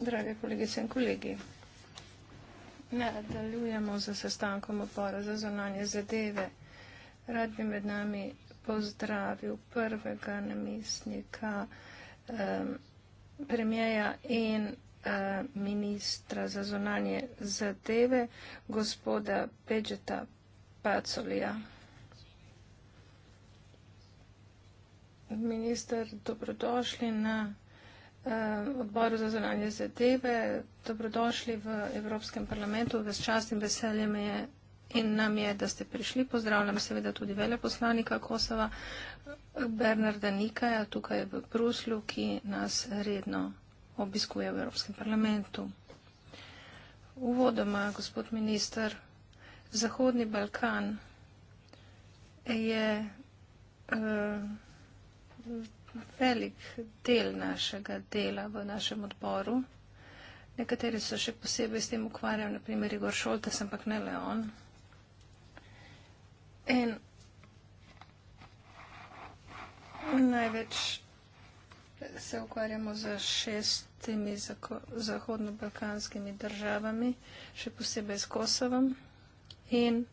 drage kolegice in kolegi, nadaljujemo za sestankom opora za zonanje zadeve. Rad bi med nami pozdravil prvega namestnika um, premijeja in um, ministra za zonanje zadeve, gospoda Pedžeta Pacolija. minister, dobrodošli na eh, odboru za zvonanje zadeve, dobrodošli v Evropskem parlamentu, ves čast in veselje me je in nam je, da ste prišli. Pozdravljam seveda tudi veleposlanika Kosova, Bernarda Nikaja, tukaj v Bruslju, ki nas redno obiskuje v Evropskem parlamentu. Uvodoma, gospod minister, Zahodni Balkan je eh, velik del našega dela v našem odboru. Nekateri so še posebej s tem ukvarjali, naprimer Igor Šoltes, ampak ne Leon. In največ se ukvarjamo z šestimi zahodno-balkanskimi državami, še posebej s Kosovom. In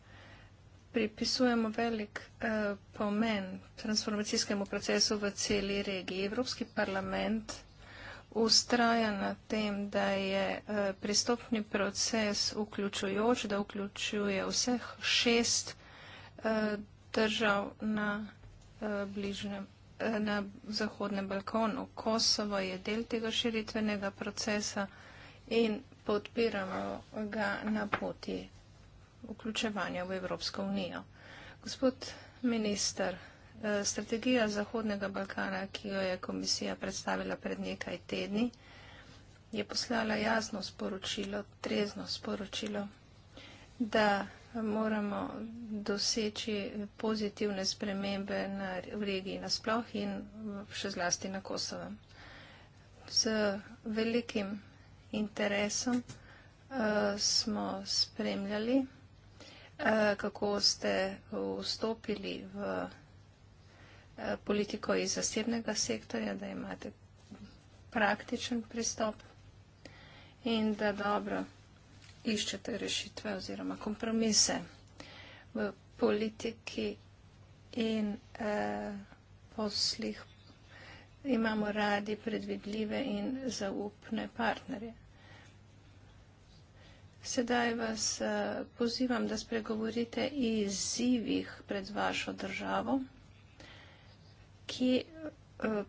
pripisujemo velik uh, pomen transformacijskemu procesu v celi regiji. Evropski parlament ustraja na tem, da je uh, pristopni proces vključujoč, da vključuje vseh šest uh, držav na, uh, bližnem, uh, na Zahodnem Balkonu. Kosovo je del tega širitvenega procesa in podpiramo ga na poti vključevanja v Evropsko unijo. Gospod minister, eh, strategija Zahodnega Balkana, ki jo je komisija predstavila pred nekaj tedni, je poslala jasno sporočilo, trezno sporočilo, da moramo doseči pozitivne spremembe na, v regiji nasploh in še zlasti na Kosovem. Z velikim interesom uh, smo spremljali Eh, kako ste vstopili v eh, politiko iz zasebnega sektorja, da imate praktičen pristop in da dobro iščete rešitve oziroma kompromise v politiki in eh, poslih imamo radi predvidljive in zaupne partnerje. Sedaj vas eh, pozivam, da spregovorite izzivih pred vašo državo, ki eh,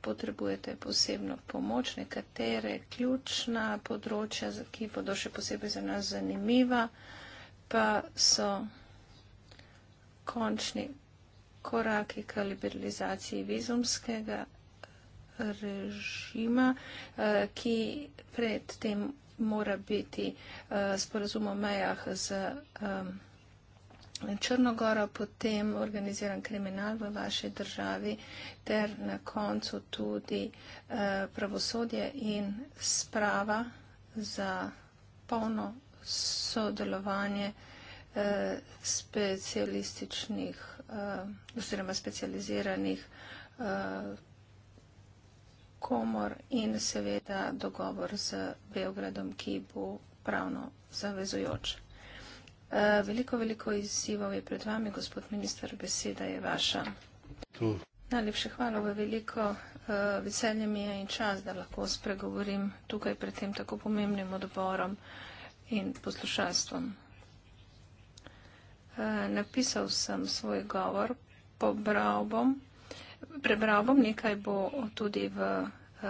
potrebujete posebno pomoč, nekatere ključna področja, ki bodo še posebej za nas zanimiva, pa so končni koraki k liberalizaciji vizumskega eh, režima, ki pred tem mora biti eh, sporazum o mejah z eh, Črnogoro, potem organiziran kriminal v vaši državi ter na koncu tudi eh, pravosodje in sprava za polno sodelovanje specialističnih oziroma specializiranih komor in seveda dogovor z Beogradom, ki bo pravno zavezujoč. Eh, veliko, veliko izzivov je pred vami, gospod minister, beseda je vaša. Tu. Najlepše hvala, veliko eh, veselje mi je in čas, da lahko spregovorim tukaj pred tem tako pomembnim odborom in poslušalstvom. Eh, napisal sem svoj govor, pobral bom. Prebral bom nekaj bo tudi v uh,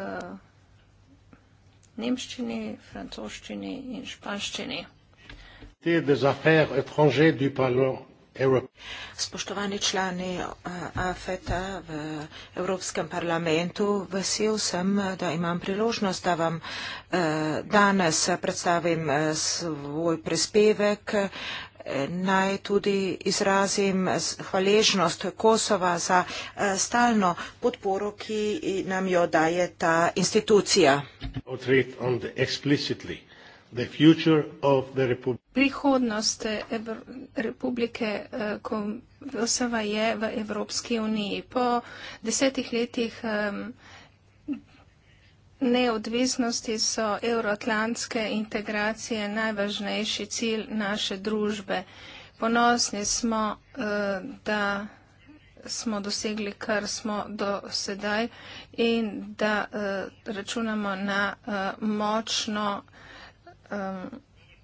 nemščini, francoščini in španščini. Spoštovani člani eh, AFETA v Evropskem parlamentu, vesel sem, da imam priložnost, da vam eh, danes predstavim svoj prispevek naj tudi izrazim hvaležnost Kosova za eh, stalno podporo, ki nam jo daje ta institucija. Prihodnost eh, Republike eh, Kosova je v Evropski uniji. Po desetih letih um, neodvisnosti so euroatlantske integracije najvažnejši cilj naše družbe. Ponosni smo, eh, da smo dosegli, kar smo do sedaj in da eh, računamo na eh, močno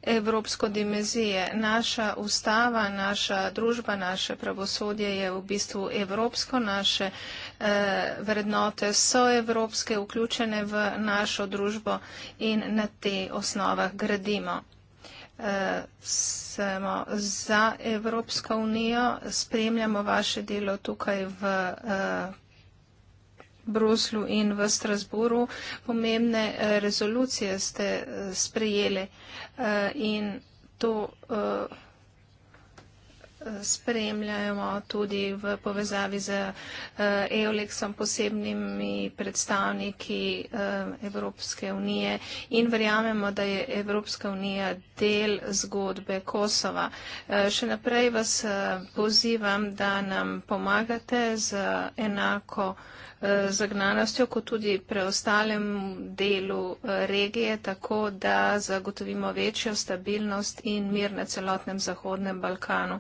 evropsko dimenzije. Naša ustava, naša družba, naše pravosodje je v bistvu evropsko, naše evropsko, Eh, vrednote so evropske, vključene v našo družbo in na te osnovah gradimo. Eh, smo za Evropsko unijo, spremljamo vaše delo tukaj v eh, Bruslu in v Strasburu. Pomembne rezolucije ste sprejeli in to spremljamo tudi v povezavi z eh, EOLEX-om, posebnimi predstavniki eh, Evropske unije in verjamemo, da je Evropska unija del zgodbe Kosova. Eh, še naprej vas pozivam, da nam pomagate z enako zagnanostjo, kot tudi preostalem delu regije, tako da zagotovimo večjo stabilnost in mir na celotnem Zahodnem Balkanu.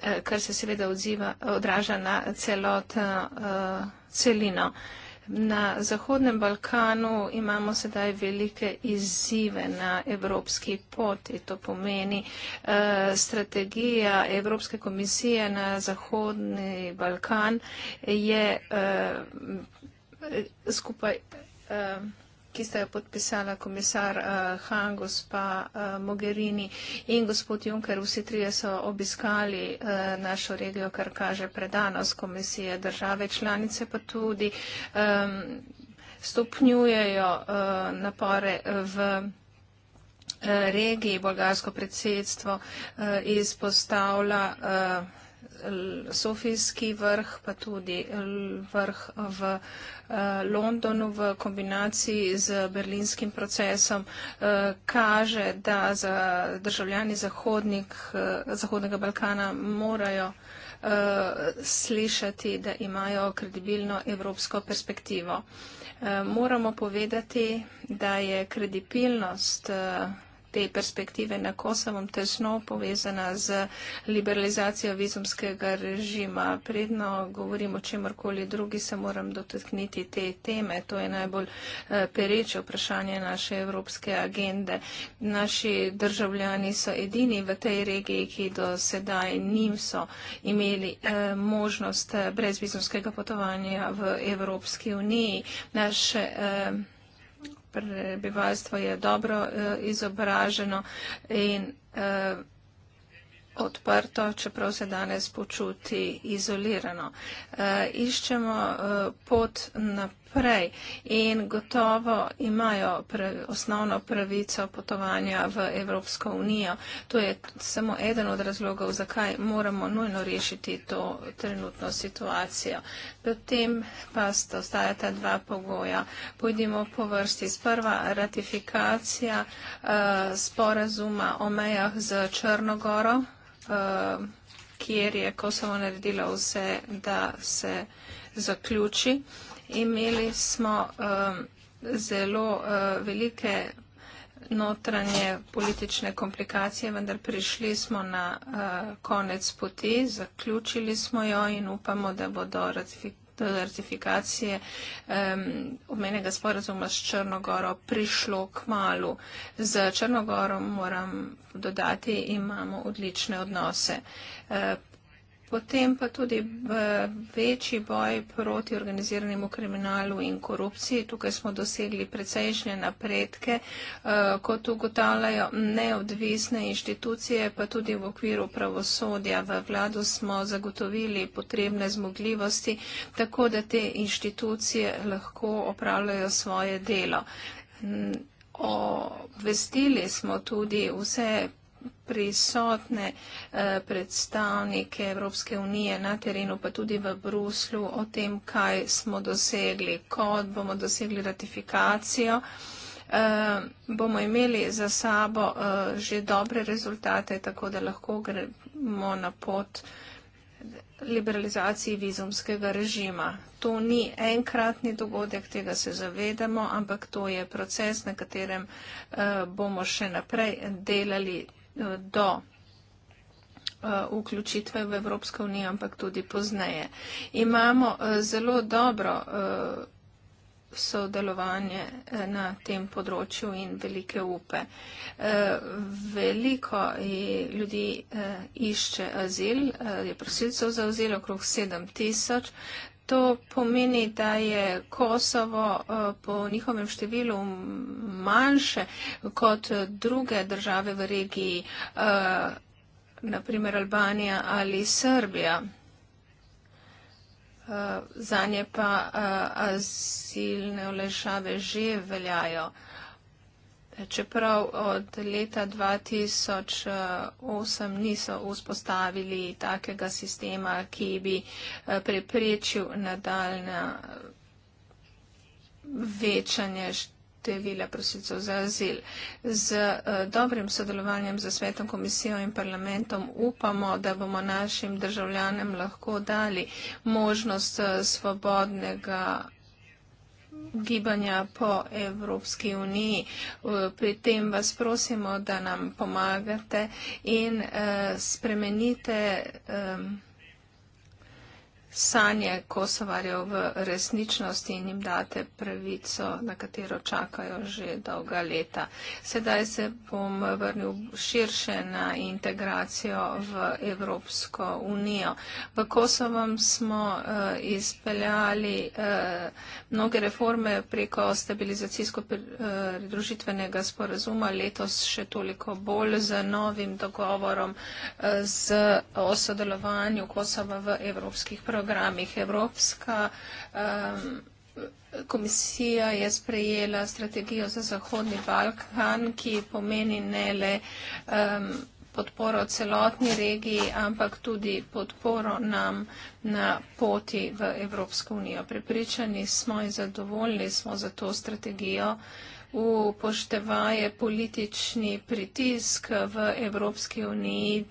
Eh, kar se seveda odziva, odraža na celota eh, celino. Na Zahodnem Balkanu imamo sedaj velike izzive na evropski poti. To pomeni eh, strategija Evropske komisije na Zahodni Balkan je eh, skupaj. Eh, ki sta jo podpisala komisar uh, Han, gospa uh, Mogherini in gospod Juncker. Vsi trije so obiskali uh, našo regijo, kar kaže predanost komisije države članice, pa tudi um, stopnjujejo uh, napore v regiji. Bolgarsko predsedstvo uh, izpostavlja. Uh, sofijski vrh, pa tudi vrh v eh, Londonu v kombinaciji z berlinskim procesom, eh, kaže, da za državljani Zahodnik, eh, Zahodnega Balkana morajo slišati, da imajo kredibilno evropsko perspektivo. Moramo povedati, da je kredibilnost te perspektive na Kosovom tesno povezana z liberalizacijo vizumskega režima. Predno govorim o čemorkoli drugi, se moram dotakniti te teme. To je najbolj eh, pereče vprašanje naše evropske agende. Naši državljani so edini v tej regiji, ki do sedaj niso imeli eh, možnost eh, brez vizumskega potovanja v Evropski uniji. Naš, prebivalstvo je dobro eh, izobraženo in eh, odprto, čeprav se danes počuti izolirano. Eh, iščemo pot naprej naprej. In gotovo imajo pre, osnovno pravico potovanja v Evropsko unijo. To je samo eden od razlogov, zakaj moramo nujno rešiti to trenutno situacijo. Potem pa sta ostajata dva pogoja. Pojdimo po vrsti. Sprva ratifikacija uh, sporazuma o mejah z Črnogoro. Uh, kjer je Kosovo naredilo vse, da se zaključi. Uh, imeli smo um, zelo uh, velike notranje politične komplikacije, vendar prišli smo na uh, konec poti, zaključili smo jo in upamo, da bodo ratifikacije do ratifikacije um, omenjega sporazuma s Črnogoro prišlo k malu. Z Črnogorom moram dodati, imamo odlične odnose. Uh, Potem pa tudi eh, večji boj proti organiziranemu kriminalu in korupciji. Tukaj smo dosegli precejšnje napredke, eh, kot ugotavljajo neodvisne inštitucije, pa tudi v okviru pravosodja. V vladu smo zagotovili potrebne zmogljivosti, tako da te inštitucije lahko opravljajo svoje delo. Obvestili smo tudi vse prisotne eh, predstavnike Evropske unije na terenu, pa tudi v Bruslu, o tem, kaj smo dosegli, ko bomo dosegli ratifikacijo. Uh, bomo imeli za sabo uh, že dobre rezultate, tako da lahko gremo na pot liberalizaciji vizumskega režima. To ni enkratni dogodek, tega se zavedamo, ampak to je proces, na katerem uh, bomo še naprej delali do eh, vključitve v Evropsko unijo, ampak tudi pozneje. Imamo eh, zelo dobro eh, sodelovanje na tem področju in velike upe. Veliko ljudi išče azil, je prosilcev za azil, okrog 7 tisoč to pomeni, da je Kosovo eh, po njihovem številu manjše kot druge države v regiji, eh, naprimer Albanija ali Srbija. Eh, zanje pa azilne olešave že veljajo čeprav od leta 2008 niso vzpostavili takega sistema, ki bi eh, preprečil nadaljne večanje števila prosilcev za azil. Z eh, dobrim sodelovanjem za svetom komisijo in parlamentom upamo, da bomo našim državljanem lahko dali možnost eh, svobodnega gibanja po Evropski uniji. Pri tem vas prosimo, da nam pomagate in eh, spremenite sanje Kosovarjev v resničnosti in jim date pravico, na katero čakajo že dolga leta. Sedaj se bom vrnil širše na integracijo v Evropsko unijo. V Kosovom smo uh, izpeljali uh, mnoge reforme preko stabilizacijsko-pridružitvenega eh, uh, sporazuma, letos še toliko bolj z novim dogovorom uh, z, o sodelovanju Kosova v evropskih programih programih. Evropska um, komisija je sprejela strategijo za Zahodni Balkan, ki pomeni ne le um, podporo celotni regiji, ampak tudi podporo nam na poti v Evropsko unijo. Pripričani smo in zadovoljni smo za to strategijo. Uh, upoštevaje politični pritisk v Evropski uniji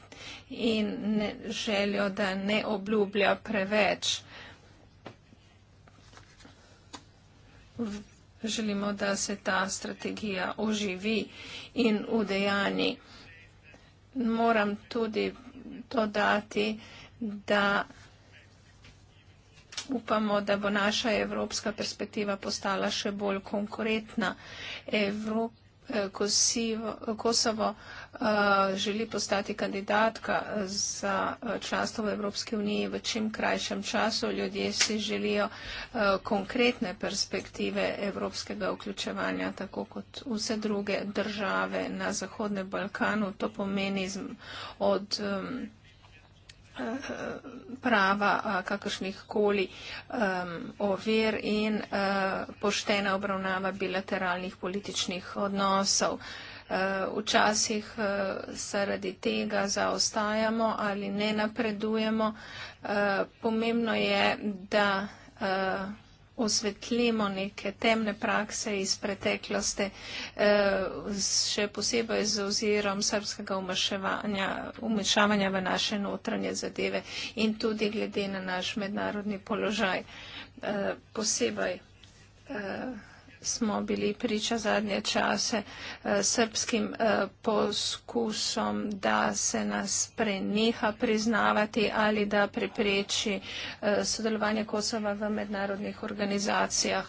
in ne, željo, da ne obljublja preveč. V, želimo, da se ta strategija oživi in udejani. Moram tudi dodati, da upamo, da bo naša evropska perspektiva postala še bolj konkurentna. Eh, Kosovo eh, želi postati kandidatka eh, za članstvo v Evropski uniji v čim krajšem času. Ljudje si želijo konkretne perspektive evropskega vključevanja, tako kot vse druge države na Zahodnem Balkanu. To pomeni od Eh, prava eh, kakršnih koli um, ovir in uh, poštena obravnava bilateralnih političnih odnosov. Uh, včasih uh, zaradi tega zaostajamo ali ne napredujemo. Uh, pomembno je, da uh, osvetlimo neke temne prakse iz preteklosti, eh, še posebej z ozirom srpskega umešavanja v naše notranje zadeve in tudi glede na naš mednarodni položaj. Eh, posebej eh, smo bili priča zadnje čase eh, srpskim eh, poskusom, da se nas preniha priznavati ali da prepreči eh, sodelovanje Kosova v mednarodnih organizacijah.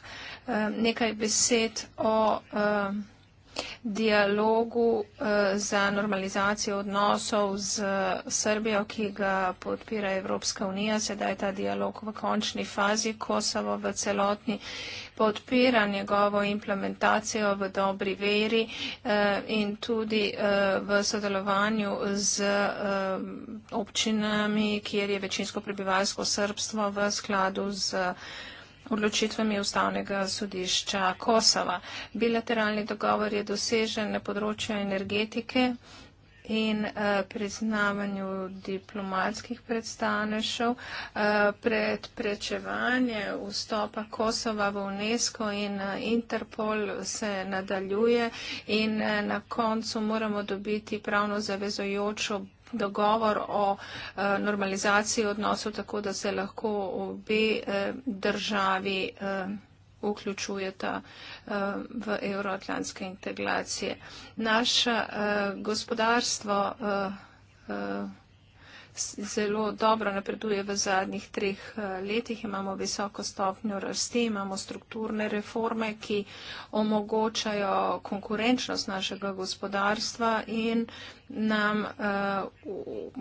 Nekaj besed o dialogu eh, za normalizacijo odnosov z Srbijo, ki ga podpira Evropska unija. Sedaj je ta dialog v končni fazi. Kosovo v celotni podpira njegovo implementacijo v dobri veri eh, in tudi eh, v sodelovanju z občinami, kjer je večinsko prebivalsko srbstvo v skladu z odločitvami ustavnega sodišča Kosova. Bilateralni dogovor je dosežen na področju energetike in eh, priznavanju diplomatskih predstavnešev eh, pred prečevanje vstopa Kosova v UNESCO in eh, Interpol se nadaljuje in eh, na koncu moramo dobiti pravno zavezojočo dogovor o eh, normalizaciji odnosov, tako da se lahko obe eh, državi eh, vključujeta v euroatlantske integracije. Naše gospodarstvo zelo dobro napreduje v zadnjih treh eh, letih. Imamo visoko stopnjo rasti, imamo strukturne reforme, ki omogočajo konkurenčnost našega gospodarstva in nam uh,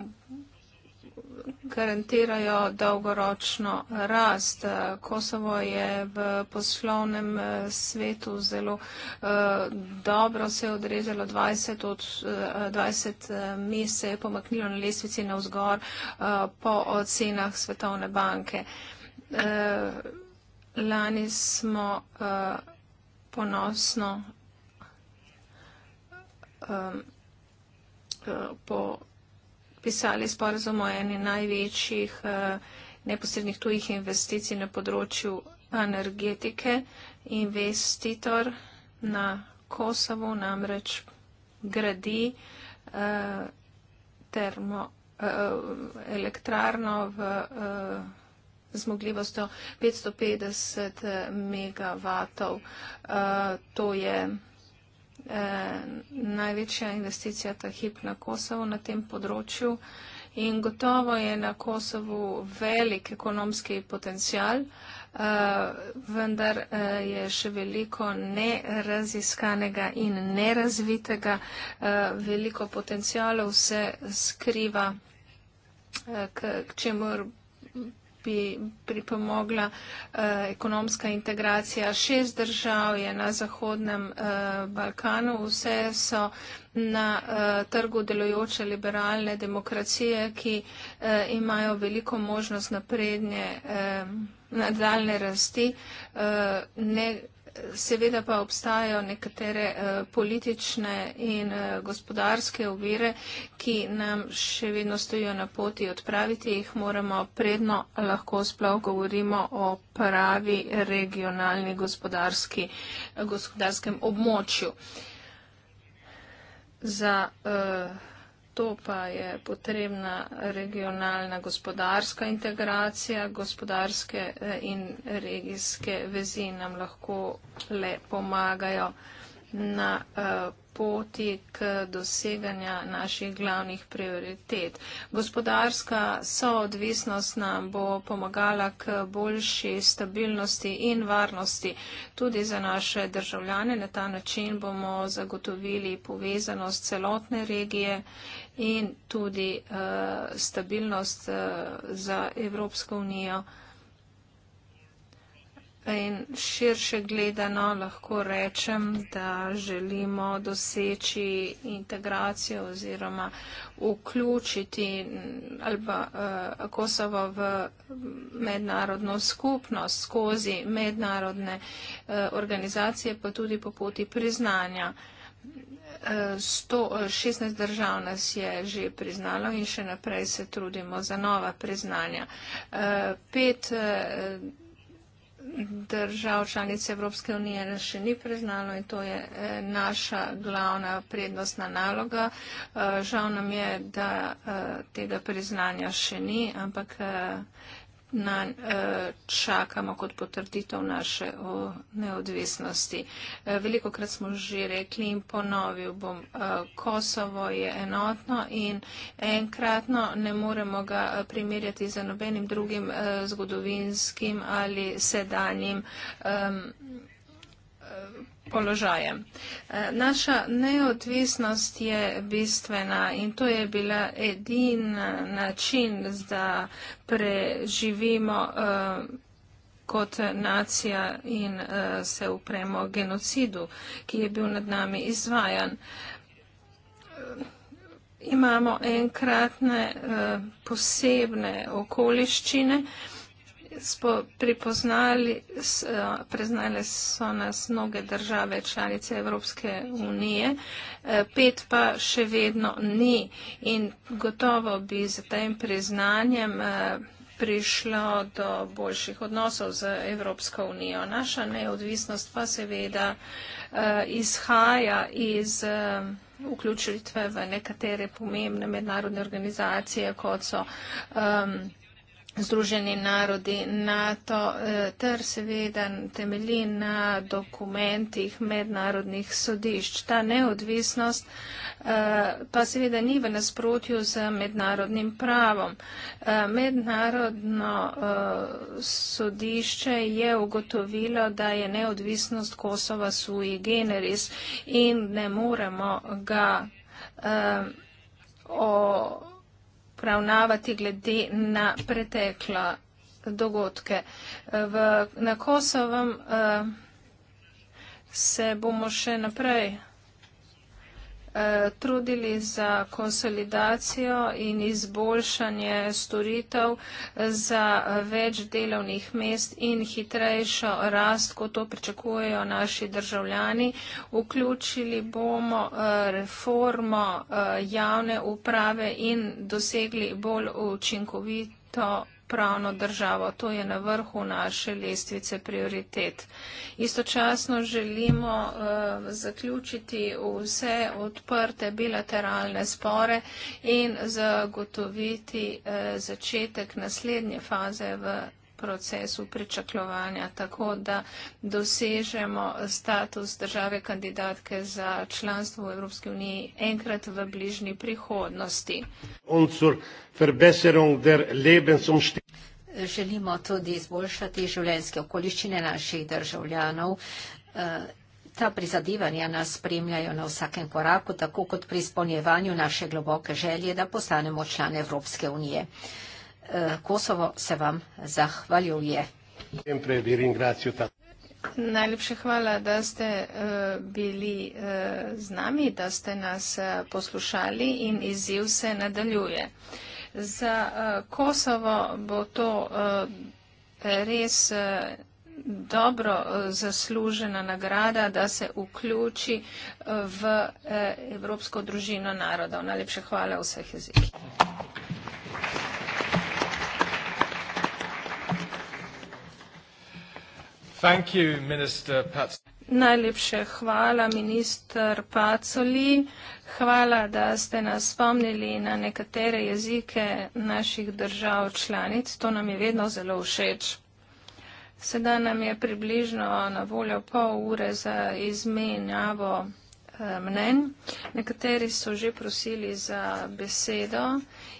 garantirajo dolgoročno rast. Kosovo je v poslovnem eh, svetu zelo eh, dobro se je odrezalo, 20, od, 20 eh, mest se je pomaknilo na lesvici na vzgor po ocenah Svetovne banke. Lani smo ponosno po podpisali sporazum o eni največjih eh, neposrednih tujih investicij na področju energetike. Investitor na Kosovo namreč gradi eh, termoelektrarno eh, v zmogljivost do 550 megavatov. To je Eh, največja investicija ta hip na Kosovo na tem področju. In gotovo je na Kosovu velik ekonomski potencial, eh, vendar eh, je še veliko neraziskanega in nerazvitega. Veliko potencijalov se skriva, k čemu bi pripomogla eh, ekonomska integracija. Šest držav je na Zahodnem eh, Balkanu, vse so na eh, trgu delujoče liberalne demokracije, ki imajo veliko možnost naprednje nadaljne rasti. Ne, seveda pa obstajajo nekatere uh, politične in uh, gospodarske ovire, ki nam še vedno stojijo na poti odpraviti. Jih moramo predno lahko sploh govorimo o pravi regionalni gospodarski, eh, gospodarskem območju. Za uh, to pa je potrebna regionalna gospodarska integracija, gospodarske eh, in regijske vezi nam lahko le pomagajo na eh, poti k doseganja naših glavnih prioritet. Gospodarska soodvisnost nam bo pomagala k boljši stabilnosti in varnosti tudi za naše državljane. Na ta način bomo zagotovili povezanost celotne regije in tudi uh, stabilnost uh, za Evropsko unijo. In širše gledano lahko rečem, da želimo doseči integracijo oziroma vključiti Alba, uh, eh, Kosovo v mednarodno skupnost skozi mednarodne uh, organizacije, pa tudi po poti priznanja sto, 16 držav nas je že priznalo in še naprej se trudimo za nova priznanja. Eh, pet eh, držav članice Evropske unije nas še ni priznalo in to je eh, naša glavna prednostna naloga. Žal nam je, da tega priznanja še ni, ampak na, eh, čakamo kot potrditev naše o neodvisnosti. Eh, veliko krat smo že rekli in ponovil bom, eh, Kosovo je enotno in enkratno ne moremo ga primerjati z nobenim drugim zgodovinskim ali sedanjim položajem. E, naša neodvisnost je bistvena in to je bila edin način, da preživimo e, kot nacija in e, se upremo genocidu, ki je bil nad nami izvajan. Imamo enkratne posebne okoliščine, ki je bilo nad nami izvajan smo pripoznali, eh, priznali so nas mnoge države članice Evropske unije, eh, pet pa še vedno ni in gotovo bi z tem priznanjem eh, prišlo do boljših odnosov z Evropsko unijo. Naša neodvisnost pa seveda izhaja iz vključitve v nekatere pomembne mednarodne organizacije, kot so um, Združeni narodi NATO eh, ter seveda temelji na dokumentih mednarodnih sodišč. Ta neodvisnost eh, pa seveda ni v nasprotju z mednarodnim pravom. Eh, mednarodno sodišče je ugotovilo, da je neodvisnost Kosova sui generis in ne moremo ga o obravnavati glede na pretekla dogodke. V, na Kosovem uh, se bomo še naprej Eh, trudili za konsolidacijo in izboljšanje storitev za več delovnih mest in hitrejšo rast, kot to pričakujejo naši državljani. Vključili bomo eh, reformo eh, javne uprave in dosegli bolj učinkovito pravno državo. To je na vrhu naše lestvice prioritet. Istočasno želimo uh, zaključiti vse odprte bilateralne spore in zagotoviti uh, začetek naslednje faze v procesu pričakovanja, tako da dosežemo status države kandidatke za članstvo v Evropski uniji enkrat v bližnji prihodnosti. Želimo tudi izboljšati življenjske okoliščine naših državljanov. Eh, ta prizadevanja nas spremljajo na vsakem koraku, tako kot pri izpolnjevanju naše globoke želje, da postanemo član Evropske unije. Eh, Kosovo se vam zahvaljuje. Najlepše hvala, da ste eh, bili eh, z nami, da ste nas poslušali in izziv se nadaljuje. Za Kosovo bo to res dobro zaslužena nagrada, da se vključi v Evropsko družino narodov. Najlepše hvala vseh jezikih. Thank you, minister Najlepše hvala, minister Pacoli. Hvala, da ste nas spomnili na nekatere jezike naših držav članic. To nam je vedno zelo všeč. Sedaj nam je približno na voljo pol ure za izmenjavo eh, mnen. Nekateri so že prosili za besedo.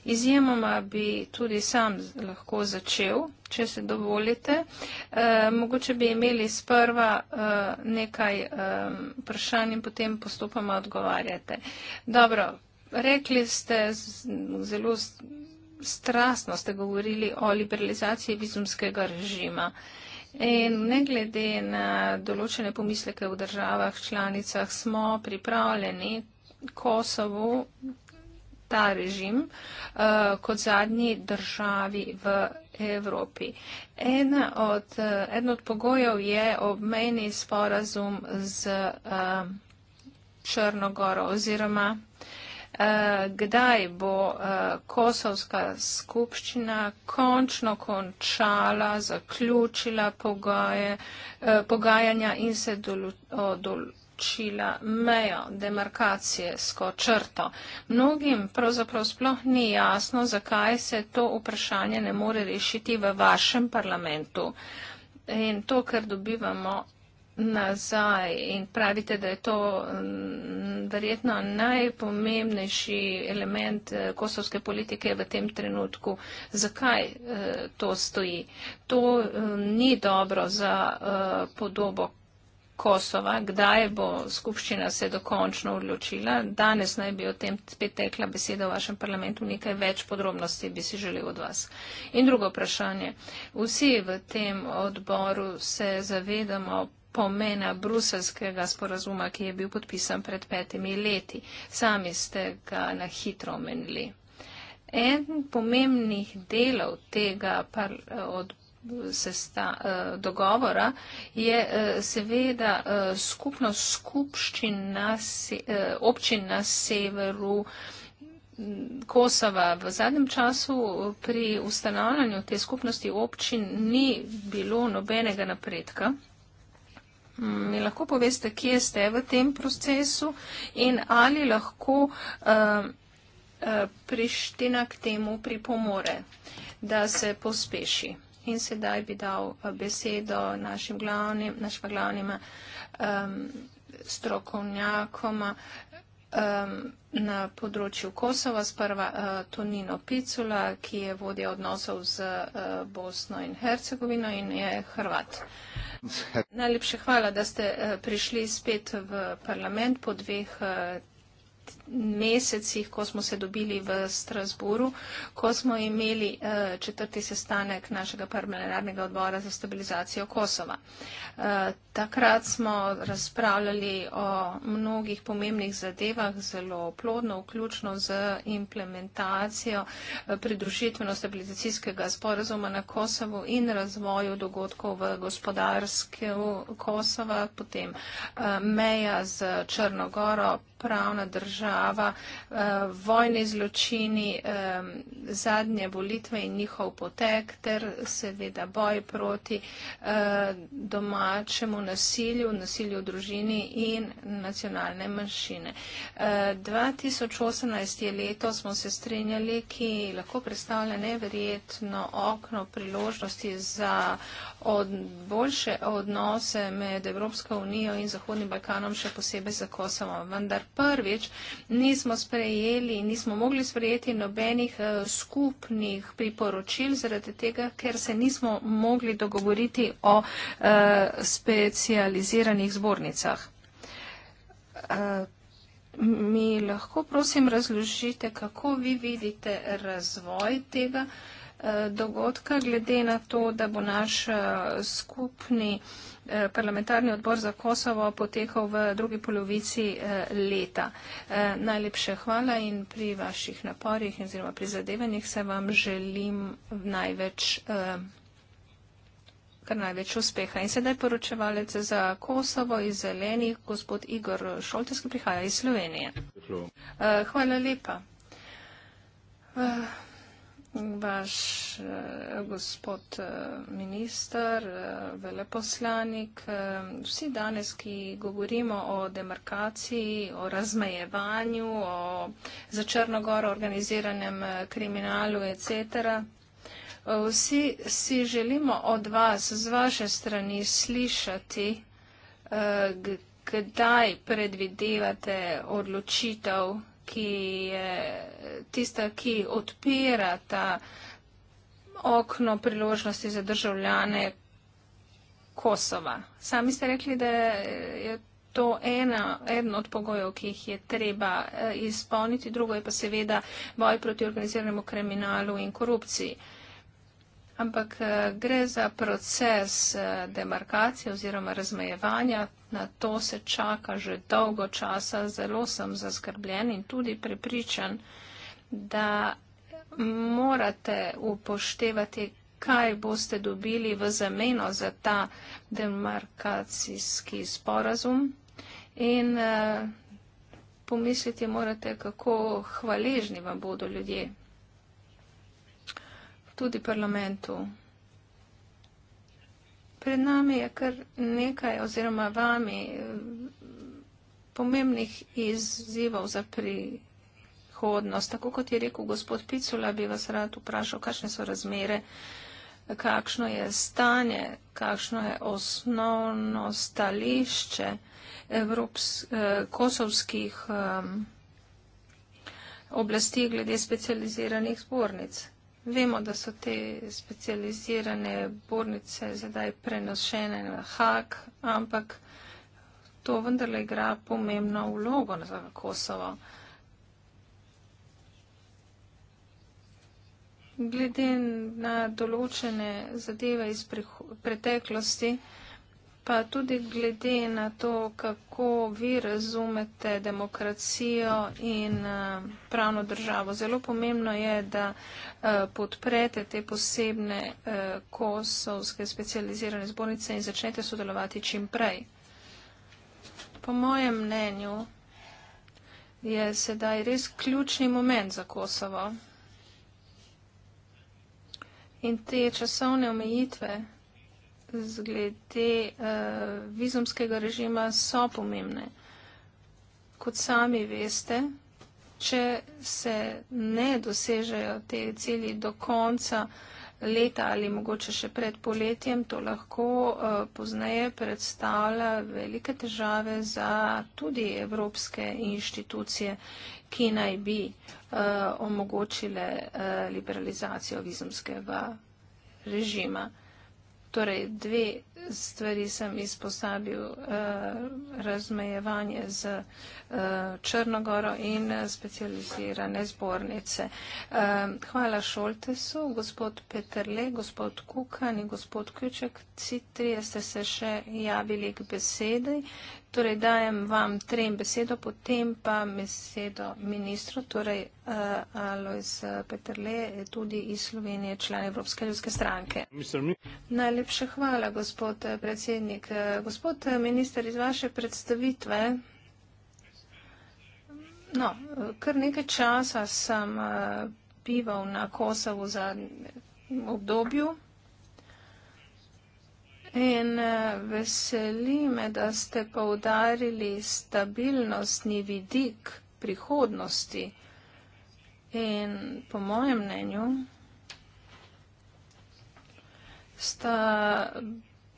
Izjemoma bi tudi sam lahko začel, če se dovolite. E, mogoče bi imeli sprva e, nekaj e, vprašanj in potem postopoma odgovarjate. Dobro, rekli ste zelo strastno, ste govorili o liberalizaciji vizumskega režima. In ne glede na določene pomisleke v državah, članicah, smo pripravljeni Kosovu ta režim eh, kot zadnji državi v Evropi. Ena od, eh, eno od pogojev je obmejni sporazum z eh, Črnogoro oziroma kdaj bo Kosovska skupščina končno končala, zaključila pogaje, pogajanja in se dolučila določila mejo demarkacije s črto. Mnogim pravzaprav sploh ni jasno, zakaj se to vprašanje ne more rešiti v vašem parlamentu. In to, kar dobivamo nazaj in pravite, da je to mm, verjetno najpomembnejši element eh, kosovske politike v tem trenutku. Zakaj eh, to stoji? To eh, ni dobro za podobo Kosova, kdaj bo skupščina se dokončno odločila. Danes naj bi o tem spet tekla beseda v vašem parlamentu, nekaj več podrobnosti bi si želel od vas. In drugo vprašanje. Vsi v tem odboru se zavedamo pomena bruselskega sporazuma, ki je bil podpisan pred petimi leti. Sami ste ga na hitro omenili. En pomembnih delov tega odboru sesta, eh, dogovora, je eh, seveda eh, skupnost skupščin na se, občin na severu mm, Kosova. V zadnjem času pri ustanavljanju te skupnosti občin ni bilo nobenega napredka. Mi mm, lahko poveste, kje ste v tem procesu in ali lahko uh, uh, Priština k temu pripomore, da se pospeši in sedaj bi dal eh, besedo našim glavnim, našima glavnima um, strokovnjakoma um, na področju Kosova, sprva uh, Tonino Picula, ki je vodja odnosov z uh, Bosno in Hercegovino in je Hrvat. Najlepše hvala, da ste uh, prišli spet v parlament po dveh uh, mesecih, ko smo se dobili v Strasburu, ko smo imeli eh, četrti sestanek našega parlamentarnega odbora za stabilizacijo Kosova. Eh, takrat smo razpravljali o mnogih pomembnih zadevah, zelo plodno, vključno z implementacijo eh, pridružitveno stabilizacijskega sporazuma na Kosovo in razvoju dogodkov v gospodarskem Kosova, potem meja z Črnogoro, pravna država, država, eh, vojni zločini, eh, zadnje volitve in njihov potek ter seveda boj proti eh, domačemu nasilju, nasilju v družini in nacionalne manjšine. 2018 je leto, smo se strinjali, ki lahko predstavlja neverjetno okno priložnosti za od boljše odnose med Evropsko unijo in Zahodnim Balkanom, še posebej za Kosovo. Vendar prvič nismo sprejeli, nismo mogli sprejeti nobenih eh, skupnih priporočil zaradi tega, ker se nismo mogli dogovoriti o eh, specializiranih zbornicah. Eh, mi lahko prosim razložite, kako vi vidite razvoj tega, Eh, dogodka, glede na to, da bo naš eh, skupni eh, parlamentarni odbor za Kosovo potekal v drugi polovici leta. Najlepše hvala in pri vaših naporih oziroma prizadevanjih se vam želim največ kar največ uspeha. In sedaj poročevalec za Kosovo iz Zelenih, gospod Igor Šoltes, ki prihaja iz Slovenije. Hvala lepa. Uh vaš uh, gospod uh, minister, uh, veleposlanik, uh, vsi danes, ki govorimo o demarkaciji, o razmejevanju, o za Črnogoro organiziranem uh, kriminalu, etc. Vsi si želimo od vas, z vaše strani, slišati, kdaj predvidevate odločitev ki je tista, ki odpira ta okno priložnosti za državljane Kosova. Sami ste rekli, da je to ena, eden od pogojev, ki jih je treba eh, izpolniti, drugo je pa seveda boj proti organiziranemu kriminalu in korupciji. Uh, ampak eh, gre za proces eh, demarkacije oziroma razmejevanja. Na to se čaka že dolgo časa. Zelo sem zaskrbljen in tudi prepričan, da morate upoštevati, kaj boste dobili v zameno za ta demarkacijski sporazum. In eh, pomisliti morate, kako hvaležni vam bodo ljudje tudi parlamentu. Pred nami je kar nekaj oziroma vami eh, pomembnih izzivov za prihodnost. Tako kot je rekel gospod Picula, bi vas rad vprašal, kakšne so razmere, kakšno je stanje, kakšno je osnovno stališče Evrops, eh, kosovskih eh, oblasti glede specializiranih zbornic. Vemo, da so te specializirane bornice zdaj prenošene na Hak, ampak to vendarle igra pomembno vlogo za Kosovo. Glede na določene zadeve iz preteklosti, pa tudi glede na to, kako vi razumete demokracijo in eh, pravno državo. Zelo pomembno je, da eh, podprete te posebne eh, kosovske specializirane zbornice in začnete sodelovati čim prej. Po mojem mnenju je sedaj res ključni moment za Kosovo. In te časovne omejitve, zglede eh, vizumskega režima so pomembne. Kot sami veste, če se ne dosežejo te cilji do konca leta ali mogoče še pred poletjem, to lahko eh, pozneje predstavlja velike težave za tudi evropske inštitucije, ki naj bi eh, omogočile eh, liberalizacijo vizumskega režima torej dve stvari sem izpostavil eh, razmejevanje z eh, Črnogoro in eh, specializirane zbornice. Hvala Šoltesu, gospod Peterle, gospod Kukan in gospod Ključek. Citrije ste se še javili k besedi. Torej dajem vam trem besedo, potem pa besedo ministru. Torej Alois Peterle je tudi iz Slovenije član Evropske ljudske stranke. Najlepša hvala, gospod gospod eh, predsednik. Eh, gospod eh, minister, iz vaše predstavitve, no, kar nekaj časa sem bival na Kosovu za obdobju in veseli me, da ste poudarili stabilnostni vidik prihodnosti in po mojem mnenju sta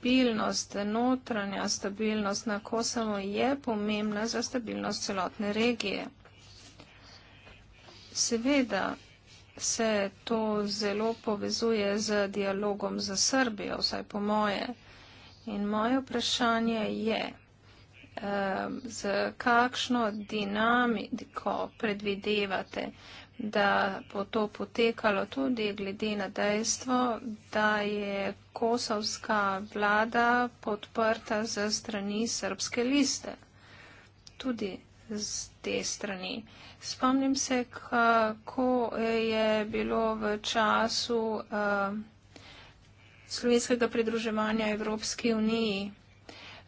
stabilnost, notranja stabilnost na Kosovo je pomembna za stabilnost celotne regije. Seveda se to zelo povezuje z dialogom za Srbijo, vsaj po moje. In moje vprašanje je, eh, z kakšno dinamiko predvidevate, da bo to potekalo tudi glede na dejstvo, da je kosovska vlada podprta z strani srpske liste, tudi z te strani. Spomnim se, kako je bilo v času uh, slovenskega pridruževanja Evropski uniji.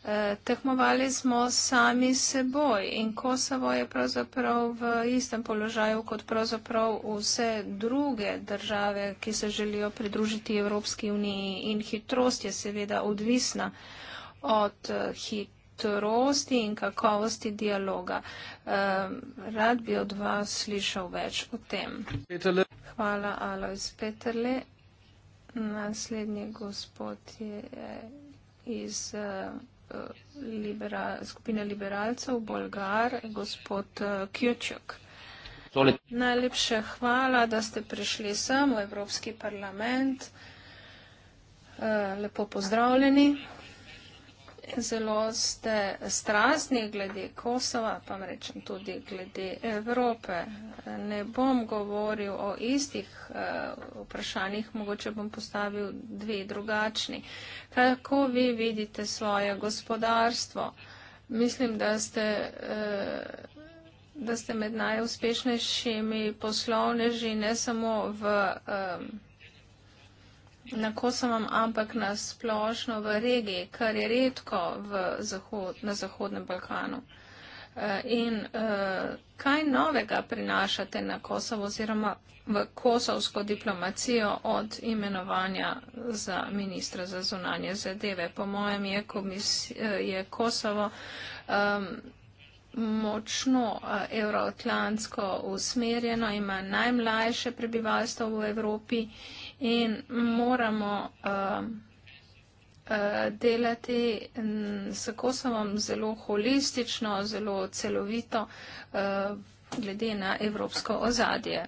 Eh, tekmovali smo sami seboj in Kosovo je pravzaprav v istem položaju kot pravzaprav vse druge države, ki se želijo pridružiti Evropski uniji in hitrost je seveda odvisna od eh, hitrosti in kakovosti dialoga. Eh, rad bi od vas slišal več o tem. Peterle. Hvala, Alois Peterle. Naslednji gospod je iz libera, skupine liberalcev, Bolgar, gospod eh, Kjučuk. Najlepše hvala, da ste prišli sem v Evropski parlament. Eh, lepo pozdravljeni zelo ste strastni glede Kosova, pa rečem tudi glede Evrope. Ne bom govoril o istih eh, vprašanjih, mogoče bom postavil dve drugačni. Kako vi vidite svoje gospodarstvo? Mislim, da ste, eh, da ste med najuspešnejšimi poslovneži ne samo v. Eh, na Kosovem, ampak na splošno v regiji, kar je redko zahod, na Zahodnem Balkanu. Eh, in eh, kaj novega prinašate na Kosovo oziroma v kosovsko diplomacijo od imenovanja za ministra za zunanje zadeve? Po mojem je, eh, je Kosovo um, močno evroatlantsko usmerjeno, ima najmlajše prebivalstvo v Evropi. Uh, in moramo uh, uh, delati mm, s Kosovom zelo holistično, zelo celovito uh, glede na evropsko ozadje.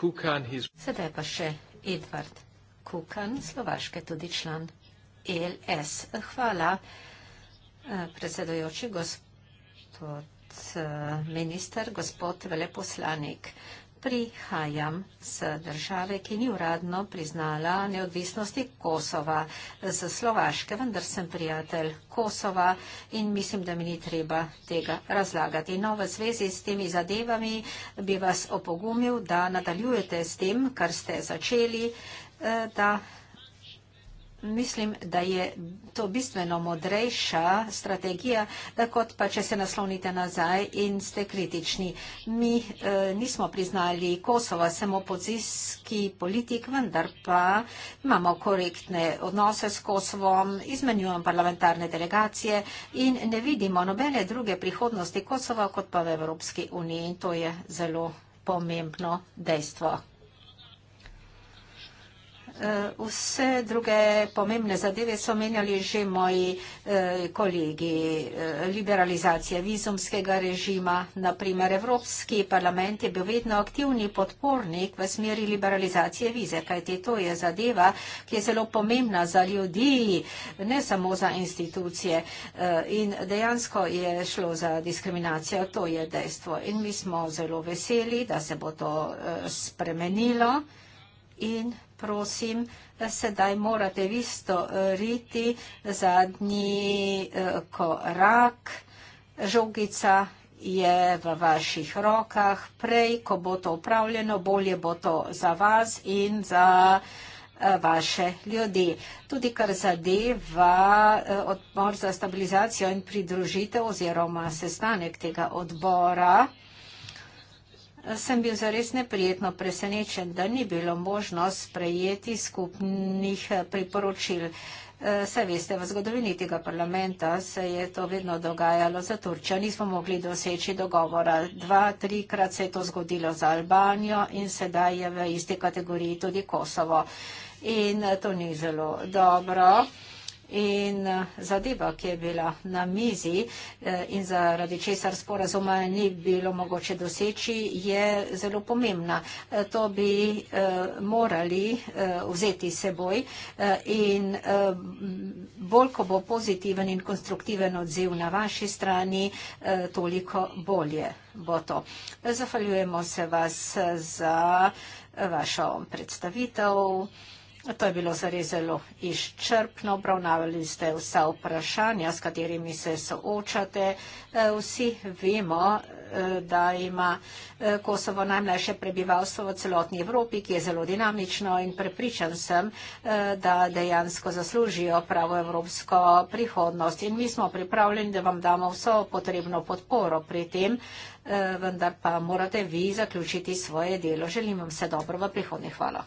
Kukan, Sedaj pa še Edvard Kukan, slovaške tudi član ELS. Hvala, uh, predsedojoči gospod uh, minister, gospod veleposlanik prihajam z države, ki ni uradno priznala neodvisnosti Kosova, z Slovaške, vendar sem prijatelj Kosova in mislim, da mi ni treba tega razlagati. No, v zvezi s temi zadevami bi vas opogumil, da nadaljujete s tem, kar ste začeli, eh, da mislim, da je to bistveno modrejša strategija, kot pa če se naslonite nazaj in ste kritični. Mi eh, nismo priznali Kosova samopozijski politik, vendar pa imamo korektne odnose s Kosovom, izmenjujem parlamentarne delegacije in ne vidimo nobene druge prihodnosti Kosova kot pa v Evropski uniji in to je zelo pomembno dejstvo. Eh, vse druge pomembne zadeve so menjali že moji eh, kolegi. Eh, liberalizacija vizumskega režima, naprimer Evropski parlament je bil vedno aktivni podpornik v smeri liberalizacije vize, kajte to je zadeva, ki je zelo pomembna za ljudi, ne samo za institucije. In dejansko je šlo za diskriminacijo, to je dejstvo. In mi smo zelo veseli, da se bo to spremenilo. In prosim, sedaj morate vi storiti eh, zadnji eh, korak. Žogica je v vaših rokah. Prej, ko bo to upravljeno, bolje bo to za vas in za eh, vaše ljudi. Tudi kar zadeva odbor za stabilizacijo in pridružitev oziroma sestanek tega odbora sem bil zares neprijetno presenečen, da ni bilo možnost sprejeti skupnih eh, priporočil. Eh, se veste, v zgodovini tega parlamenta se je to vedno dogajalo za Turčjo. Nismo mogli doseči dogovora. Dva, trikrat se je to zgodilo za Albanijo in sedaj je v isti kategoriji tudi Kosovo. In eh, to ni zelo dobro. In eh, zadeva, ki je bila na mizi eh, in zaradi česar sporazuma ni bilo mogoče doseči, je zelo pomembna. Eh, to bi morali vzeti seboj in bolj, ko bo pozitiven in konstruktiven odziv na vaši strani, toliko bolje bo to. Zahvaljujemo se vas za vašo predstavitev. To je bilo zares zelo izčrpno. Obravnavali ste vsa vprašanja, s katerimi se soočate. E, vsi vemo, e, da ima e, Kosovo najmlajše prebivalstvo v celotni Evropi, ki je zelo dinamično in prepričan sem, da dejansko zaslužijo pravo evropsko prihodnost. In mi smo pripravljeni, da vam damo vso potrebno podporo pri tem, vendar pa morate vi zaključiti svoje delo. Želim vam vse dobro v prihodnje. Hvala.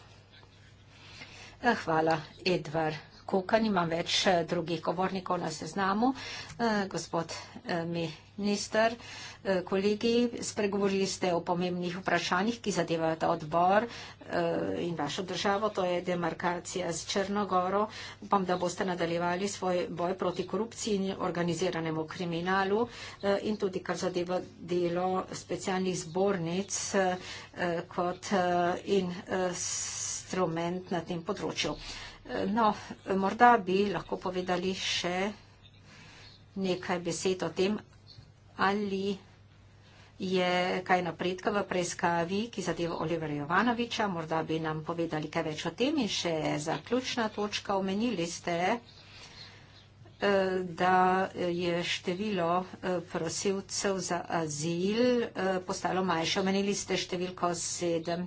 Eh, hvala, Edvar. Kukan, imam več eh, drugih govornikov na seznamu. Eh, gospod minister, kolegi, spregovorili ste o pomembnih vprašanjih, ki zadevajo ta odbor in vašo državo, to je demarkacija z Črnogoro. Upam, da boste nadaljevali svoj boj proti korupciji in organiziranemu kriminalu in tudi kar zadeva delo specialnih zbornic kot in s instrument na tem področju. Eh, no, morda bi lahko povedali še nekaj besed o tem, ali je kaj napredka v preiskavi, ki zadeva Olivera Jovanoviča. Morda bi nam povedali kaj več o tem in še zaključna točka. Omenili ste, eh, da je število eh, prosilcev za azil postalo manjše. Omenili ste številko 7000.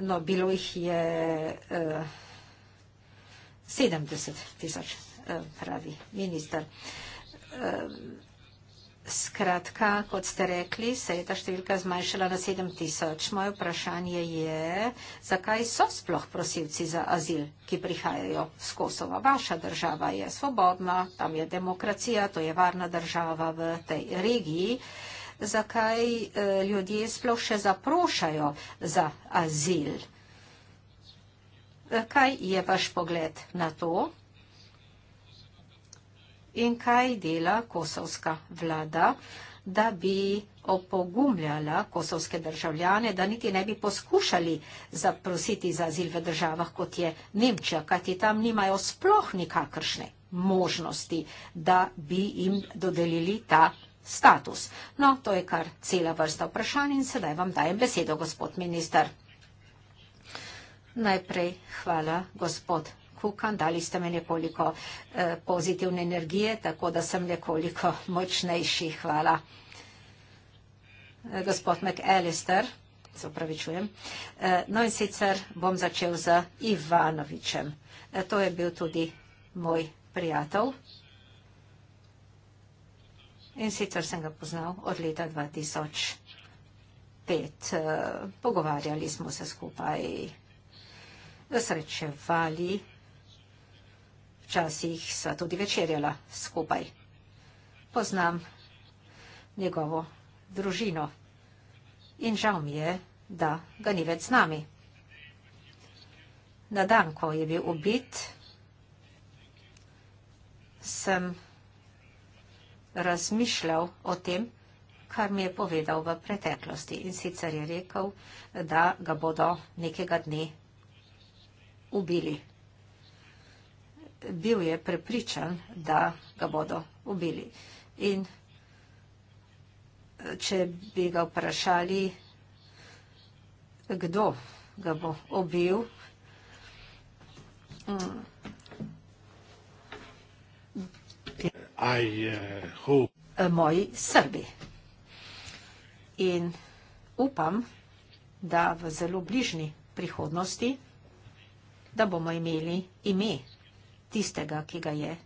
No, bilo jih je uh, eh, 70 tisoč, uh, pravi minister. Um, skratka, kot ste rekli, se je ta številka zmanjšala na 7 tisoč. Moje vprašanje je, zakaj so sploh prosilci za azil, ki prihajajo z Kosova? Vaša država je svobodna, tam je demokracija, to je varna država v tej regiji. Uh, zakaj eh, ljudje sploh še zaprošajo za azil. Eh, kaj je vaš pogled na to in kaj dela kosovska vlada, da bi opogumljala kosovske državljane, da niti ne bi poskušali zaprositi za azil v državah, kot je Nemčija, kajti tam nimajo sploh nikakršne možnosti, da bi jim dodelili ta status. No, to je kar cela vrsta vprašanj in sedaj vam dajem besedo, gospod minister. Najprej hvala, gospod Kukan, dali ste mi nekoliko eh, pozitivne energije, tako da sem nekoliko močnejši. Hvala. Eh, gospod McAllister, se upravičujem. Eh, no in sicer bom začel z Ivanovičem. Eh, to je bil tudi moj prijatelj, In sicer sem ga poznal od leta 2005. Eh, pogovarjali smo se skupaj, srečevali, včasih sva tudi večerjala skupaj. Poznam njegovo družino in žal mi je, da ga ni več z nami. Na dan, ko je bil ubit, sem razmišljal o tem, kar mi je povedal v preteklosti. In sicer je rekel, da ga bodo nekega dne ubili. Bil je prepričan, da ga bodo ubili. In eh, če bi ga vprašali, kdo ga bo ubil, mm, I uh, hope. Eh, moji Srbi. In upam, da v zelo bližnji prihodnosti, da bomo imeli ime tistega, ki ga je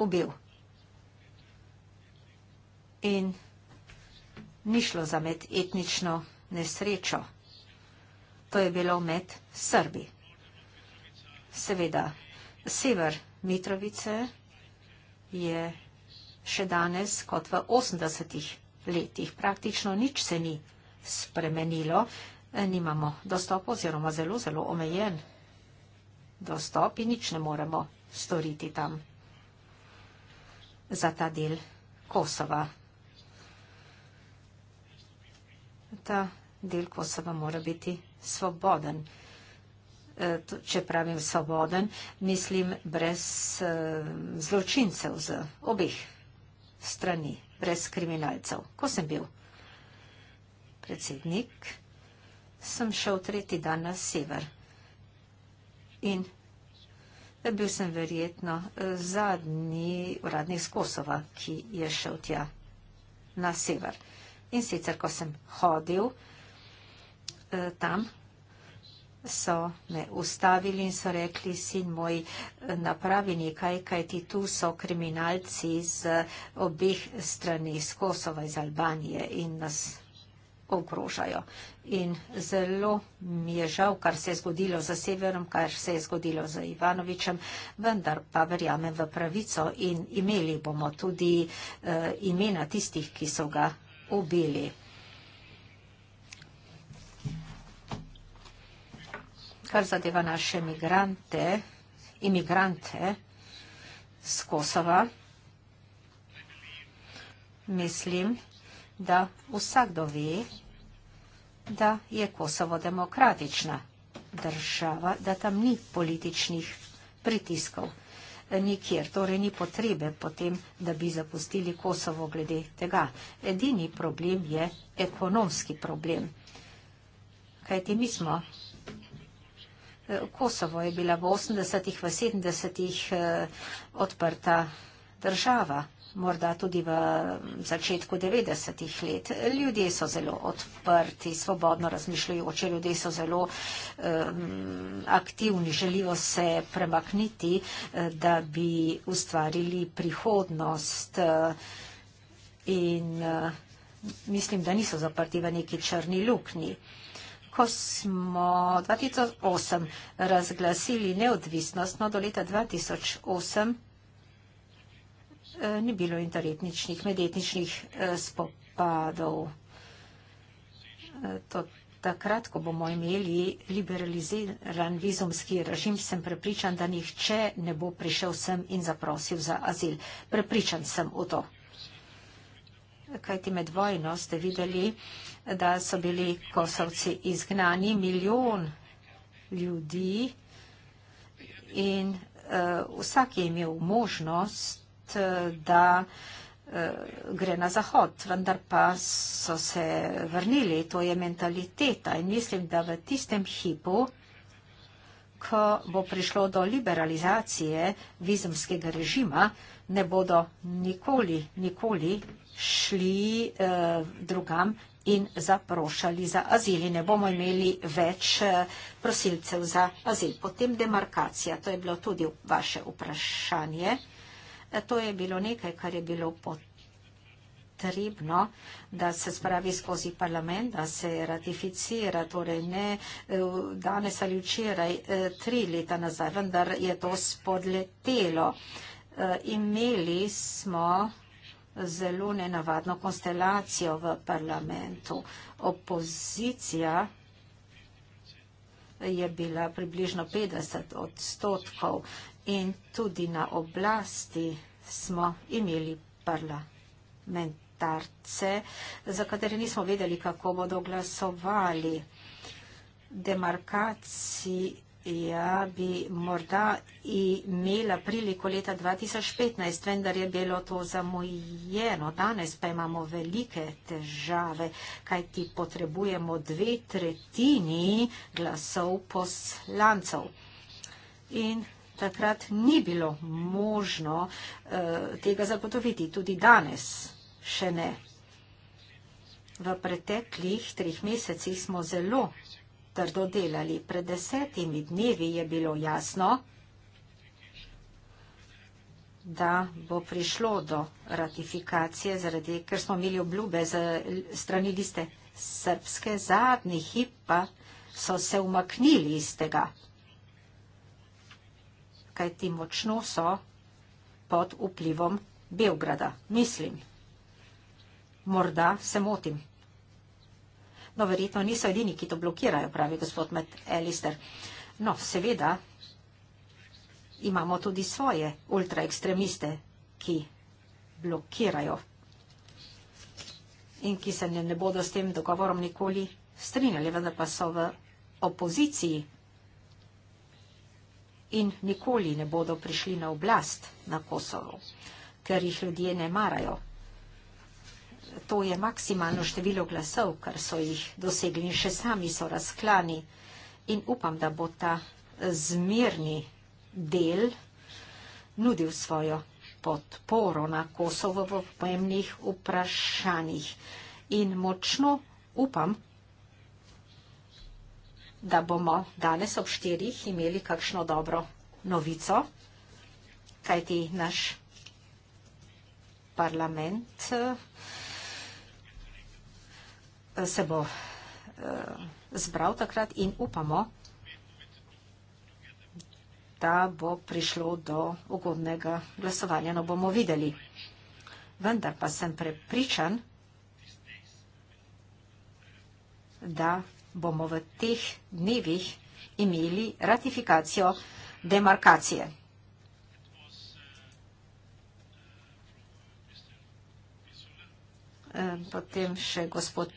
ubil. In ni šlo za med etnično nesrečo. To je bilo med Srbi. Seveda, sever Mitrovice je še danes kot v 80-ih letih. Praktično nič se ni spremenilo, nimamo dostopa oziroma zelo, zelo omejen dostop in nič ne moremo storiti tam za ta del Kosova. Ta del Kosova mora biti svoboden. Eh, če pravim svoboden, mislim brez eh, zločincev z obih strani, brez kriminalcev. Ko sem bil predsednik, sem šel tretji dan na sever in bil sem verjetno eh, zadnji uradnik z Kosova, ki je šel tja na sever. In sicer, ko sem hodil tam, so me ustavili in so rekli, sin moj, napravi nekaj, kaj ti tu so kriminalci z obeh strani, z Kosova, iz Albanije in nas ogrožajo. In zelo mi je žal, kar se je zgodilo za Severom, kar se je zgodilo za Ivanovičem, vendar pa verjamem v pravico in imeli bomo tudi uh, imena tistih, ki so ga ubili. kar zadeva naše migrante, imigrante z Kosova, mislim, da vsakdo ve, da je Kosovo demokratična država, da tam ni političnih pritiskov. Eh, nikjer torej ni potrebe potem, da bi zapustili Kosovo glede tega. Edini problem je ekonomski problem. Kajti mi smo Kosovo je bila v 80-ih, v 70-ih eh, odprta država, morda tudi v mm, začetku 90-ih let. Ljudje so zelo odprti, svobodno razmišljajoče, ljudje so zelo eh, mm, aktivni, želijo se premakniti, eh, da bi ustvarili prihodnost in mislim, da niso zaprti v neki črni luknji ko smo 2008 razglasili neodvisnost, no do leta 2008 eh, ni bilo interetničnih, medetničnih eh, spopadov. Eh, to takrat, ko bomo imeli liberaliziran vizumski režim, sem prepričan, da nihče ne bo prišel sem in zaprosil za azil. Prepričan sem v to. Kajti med vojno ste videli, da so bili kosovci izgnani, milijon ljudi in uh, vsak je imel možnost, eh, da uh, gre na zahod, vendar pa so se vrnili. To je mentaliteta in mislim, da v tistem hipu, ko bo prišlo do liberalizacije vizumskega režima, ne bodo nikoli, nikoli šli eh, drugam, in zaprošali za azil in ne bomo imeli več eh, prosilcev za azil. Potem demarkacija, to je bilo tudi vaše vprašanje. Eh, to je bilo nekaj, kar je bilo potrebno, da se spravi skozi parlament, da se ratificira, torej ne eh, danes ali včeraj, tri leta nazaj, vendar je to spodletelo. Imeli smo zelo nenavadno konstelacijo v parlamentu. Opozicija je bila približno 50 odstotkov in tudi na oblasti smo imeli parlamentarce, za katere nismo vedeli, kako bodo glasovali. Demarkaciji Ja, bi morda imela priliko leta 2015, vendar je bilo to zamujeno. Danes pa imamo velike težave, kaj ti potrebujemo dve tretjini glasov poslancev. In takrat ni bilo možno uh, tega zagotoviti, tudi danes še ne. V preteklih treh mesecih smo zelo trdo delali. Pred desetimi dnevi je bilo jasno, da bo prišlo do ratifikacije, zaradi, ker smo imeli obljube z strani liste srpske, zadnji hip pa so se umaknili iz tega, kaj ti močno so pod vplivom Belgrada, mislim. Morda se motim. No, verjetno niso edini, ki to blokirajo, pravi gospod Matt Elister. No, seveda imamo tudi svoje ultraekstremiste, ki blokirajo in ki se ne, ne bodo s tem dogovorom nikoli strinjali, vendar pa so v opoziciji in nikoli ne bodo prišli na oblast na Kosovo, ker jih ljudje ne marajo to je maksimalno število glasov, kar so jih dosegli in še sami so razklani. In upam, da bo ta zmirni del nudil svojo podporo na Kosovo v pomembnih vprašanjih. In močno upam, da bomo danes ob štirih imeli kakšno dobro novico, kajti naš parlament se bo eh, zbral takrat in upamo, da bo prišlo do ugodnega glasovanja. No, bomo videli. Vendar pa sem prepričan, da bomo v teh dnevih imeli ratifikacijo demarkacije. Eh, potem še gospod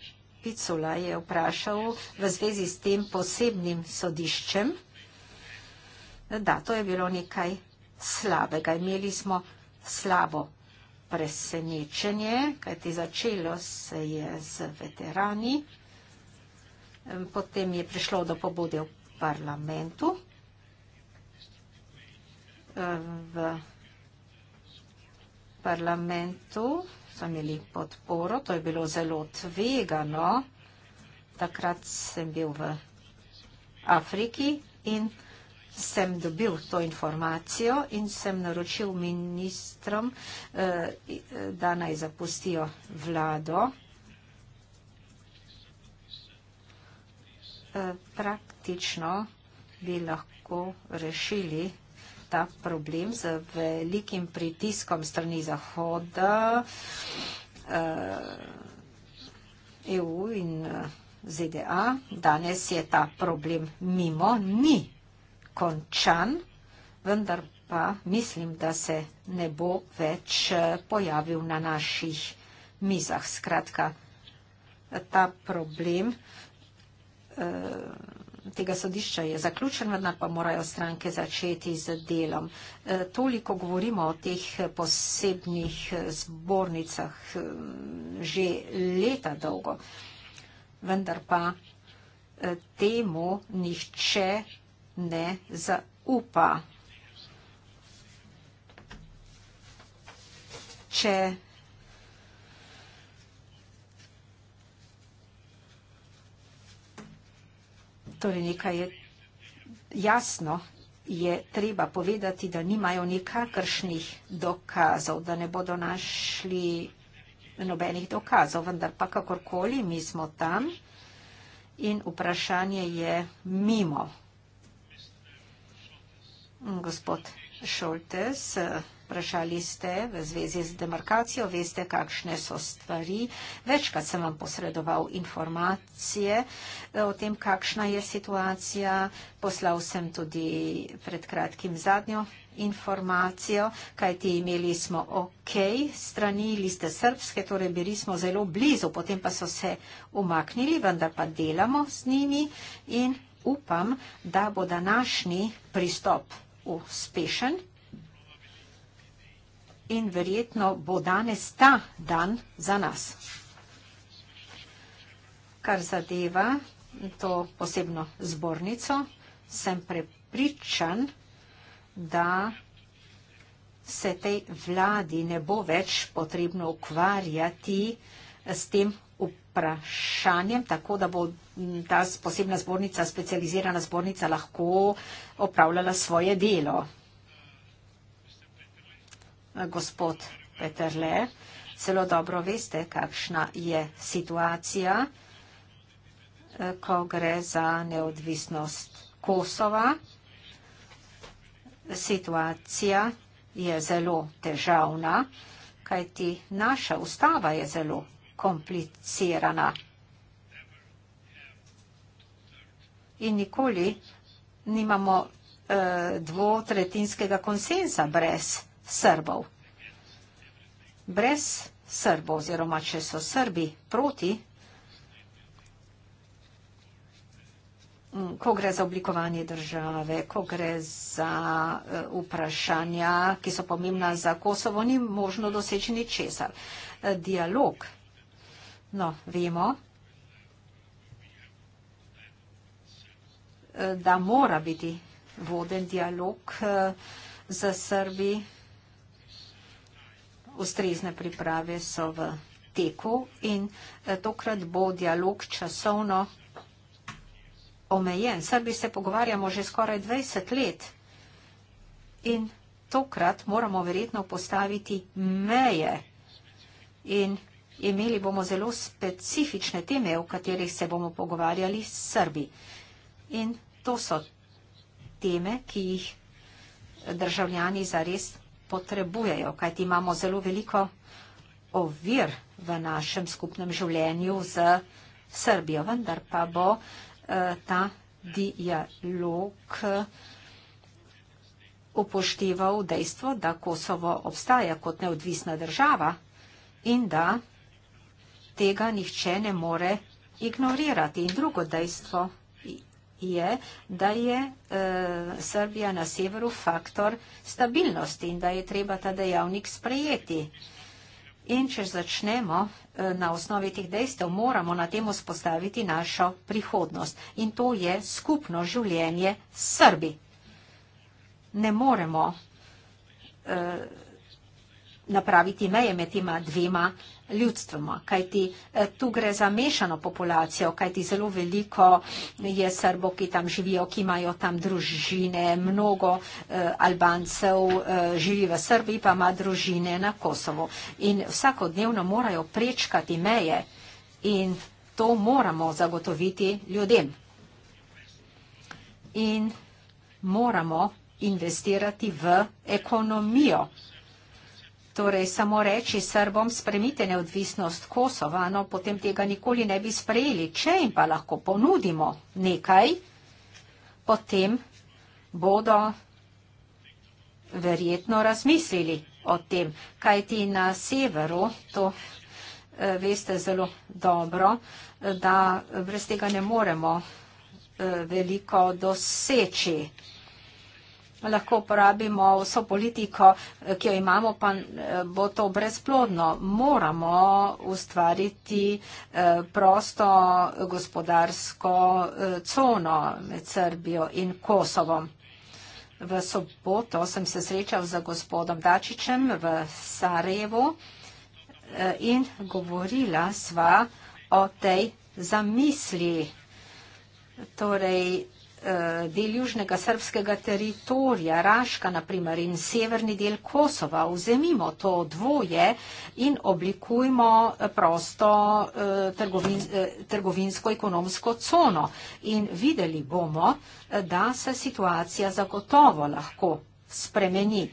Picula je vprašal v zvezi s tem posebnim sodiščem. Da, to je bilo nekaj slabega. Imeli smo slabo presenečenje, kajti začelo se je z veterani. Potem je prišlo do pobude v parlamentu. V parlamentu so imeli podporo, to je bilo zelo tvegano. Takrat sem bil v Afriki in sem dobil to informacijo in sem naročil ministrom, eh, eh, da naj zapustijo vlado. Eh, praktično bi lahko rešili ta problem z velikim pritiskom strani Zahoda, EU eh, e in eh, ZDA. Danes je ta problem mimo, ni končan, vendar pa mislim, da se ne bo več eh, pojavil na naših mizah. Skratka, ta problem tega sodišča je zaključen, vendar pa morajo stranke začeti z delom. E, toliko govorimo o teh posebnih zbornicah e, že leta dolgo, vendar pa e, temu nihče ne zaupa. Če Torej nekaj je jasno, je treba povedati, da nimajo nikakršnih dokazov, da ne bodo našli nobenih dokazov, vendar pa kakorkoli mi smo tam in vprašanje je mimo. Gospod Šoltes. Vprašali ste v zvezi z demarkacijo, veste, kakšne so stvari. Večkrat sem vam posredoval informacije eh, o tem, kakšna je situacija. Poslal sem tudi pred kratkim zadnjo informacijo, kajti imeli smo ok strani liste srpske, torej bili smo zelo blizu, potem pa so se umaknili, vendar pa delamo z njimi in upam, da bo današnji pristop uspešen in verjetno bo danes ta dan za nas. Kar zadeva to posebno zbornico, sem prepričan, da se tej vladi ne bo več potrebno ukvarjati s tem vprašanjem, tako da bo ta posebna zbornica, specializirana zbornica lahko opravljala svoje delo gospod Peterle, celo dobro veste, kakšna je situacija, eh, ko gre za neodvisnost Kosova. Situacija je zelo težavna, kajti naša ustava je zelo komplicirana. In nikoli nimamo eh, dvotretinskega konsensa brez Srbov. Brez Srbov oziroma če so Srbi proti, mm, ko gre za oblikovanje države, ko gre za eh, vprašanja, ki so pomembna za Kosovo, ni možno doseči ni česar. Eh, dialog. No, vemo, eh, da mora biti voden dialog z Srbi ustrezne priprave so v teku in eh, tokrat bo dialog časovno omejen. Srbi se pogovarjamo že skoraj 20 let in tokrat moramo verjetno postaviti meje in imeli bomo zelo specifične teme, o katerih se bomo pogovarjali s Srbi. In to so teme, ki jih državljani zares potrebujejo, kajti imamo zelo veliko ovir v našem skupnem življenju z Srbijo, vendar pa bo eh, ta dialog upošteval dejstvo, da Kosovo obstaja kot neodvisna država in da tega nihče ne more ignorirati. In drugo dejstvo je, je, da je e, Srbija na severu faktor stabilnosti in da je treba ta dejavnik sprejeti. In če začnemo e, na osnovi teh dejstev, moramo na tem vzpostaviti našo prihodnost. In to je skupno življenje Srbi. Ne moremo e, napraviti meje med tema dvema ljudstvoma, kajti eh, tu gre za mešano populacijo, kajti zelo veliko je srbo, ki tam živijo, ki imajo tam družine, mnogo eh, albancev eh, živi v Srbiji, pa ima družine na Kosovo in vsakodnevno morajo prečkati meje in to moramo zagotoviti ljudem. In moramo investirati v ekonomijo. Torej, samo reči Srbom, spremite neodvisnost Kosova, no potem tega nikoli ne bi sprejeli. Če jim pa lahko ponudimo nekaj, potem bodo verjetno razmislili o tem, kajti na severu to eh, veste zelo dobro, da brez tega ne moremo eh, veliko doseči lahko uporabimo vso politiko, eh, ki jo imamo, pa eh, bo to brezplodno. Moramo ustvariti eh, prosto gospodarsko cono med Srbijo in Kosovom. V soboto sem se srečal z gospodom Dačičem v Sarajevu in govorila sva o tej zamisli. Torej, Eh, del južnega srbskega teritorija, Raška naprimer in severni del Kosova, vzemimo to dvoje in oblikujmo eh, prosto eh, trgovin, trgovinsko-ekonomsko cono. In videli bomo, da se situacija zagotovo lahko spremeni,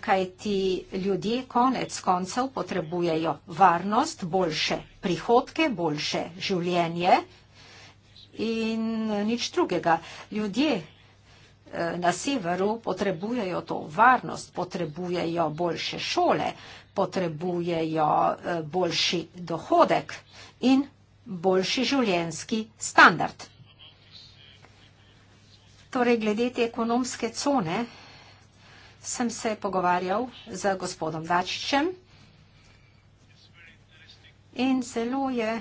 kaj ti ljudje konec koncev potrebujejo varnost, boljše prihodke, boljše življenje in eh, nič drugega. Ljudje eh, na severu potrebujejo to varnost, potrebujejo boljše šole, potrebujejo eh, boljši dohodek in boljši življenjski standard. Torej, glede te ekonomske cone sem se pogovarjal z gospodom Dačičem in zelo je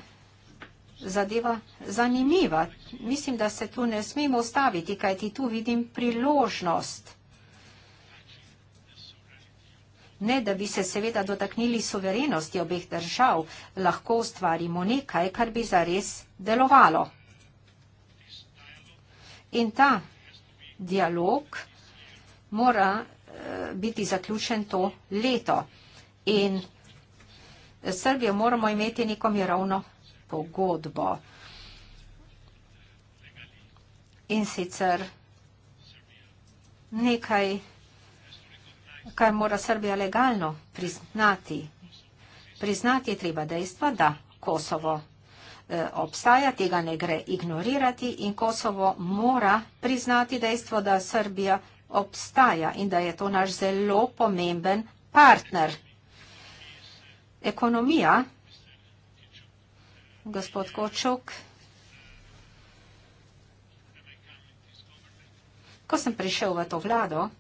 zadeva zanimiva. Mislim, da se tu ne smemo ustaviti, kaj ti tu vidim priložnost. Ne, da bi se seveda dotaknili suverenosti obeh držav, lahko ustvarimo nekaj, kar bi zares delovalo. In ta dialog mora eh, biti zaključen to leto. In Srbijo moramo imeti neko mirovno pogodbo. In sicer nekaj, kar mora Srbija legalno priznati. Priznati je treba dejstva, da Kosovo e, obstaja, tega ne gre ignorirati in Kosovo mora priznati dejstvo, da Srbija obstaja in da je to naš zelo pomemben partner. Ekonomija gospod Kočok. Ko sem prišel v to vlado,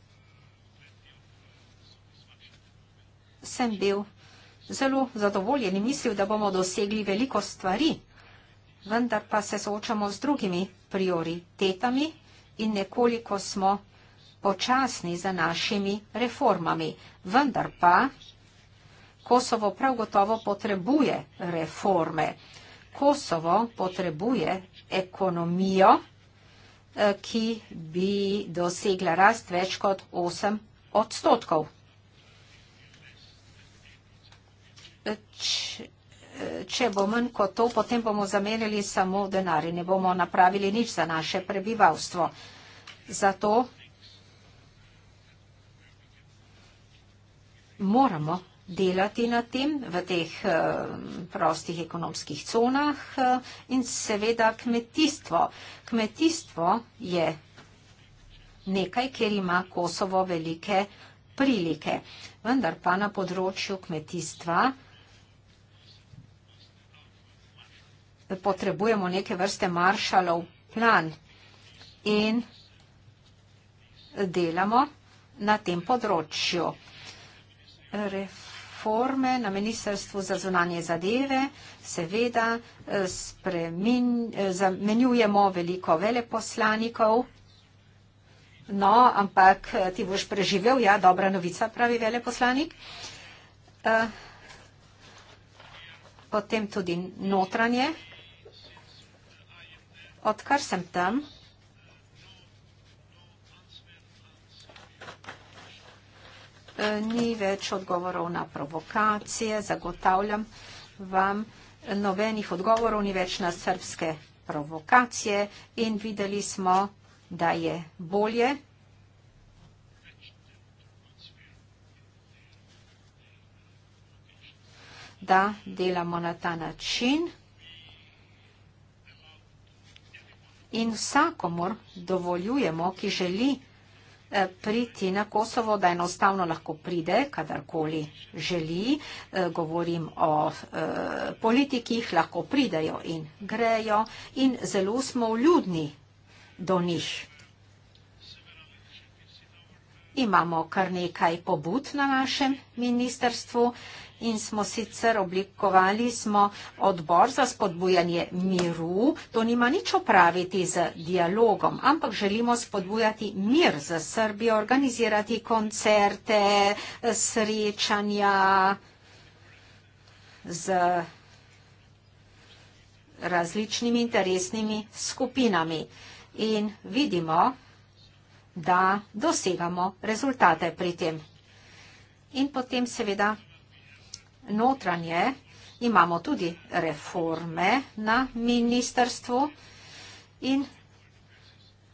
sem bil zelo zadovoljen in mislil, da bomo dosegli veliko stvari, vendar pa se soočamo z drugimi prioritetami in nekoliko smo počasni za našimi reformami. Vendar pa Kosovo prav gotovo potrebuje reforme. Kosovo potrebuje ekonomijo, eh, ki bi dosegla rast več kot 8 odstotkov. Eh, eh, če bo manj kot to, potem bomo zamenjali samo denar in ne bomo napravili nič za naše prebivalstvo. Zato moramo delati na tem v teh eh, prostih ekonomskih conah eh, in seveda kmetijstvo. Kmetijstvo je nekaj, kjer ima Kosovo velike prilike, vendar pa na področju kmetijstva potrebujemo neke vrste maršalov plan in delamo na tem področju. Reform reforme na Ministrstvu za zunanje zadeve. Seveda eh, spremin, eh, zamenjujemo veliko veleposlanikov. No, ampak eh, ti boš preživel, ja, dobra novica, pravi veleposlanik. Potem tudi notranje. Odkar sem tam, E, ni več odgovorov na provokacije, zagotavljam vam nobenih odgovorov, ni več na srbske provokacije in videli smo, da je bolje. da delamo na ta način in vsakomor dovoljujemo, ki želi Eh, priti na Kosovo, da enostavno lahko pride, kadarkoli želi. Eh, govorim o eh, politikih, lahko pridejo in grejo in zelo smo vljudni do njih. Imamo kar nekaj pobud na našem ministerstvu in smo sicer oblikovali smo odbor za spodbujanje miru. To nima nič opraviti z dialogom, ampak želimo spodbujati mir za Srbijo, organizirati koncerte, srečanja z različnimi interesnimi skupinami. In vidimo, da dosegamo rezultate pri tem. In potem seveda notranje imamo tudi reforme na ministrstvu in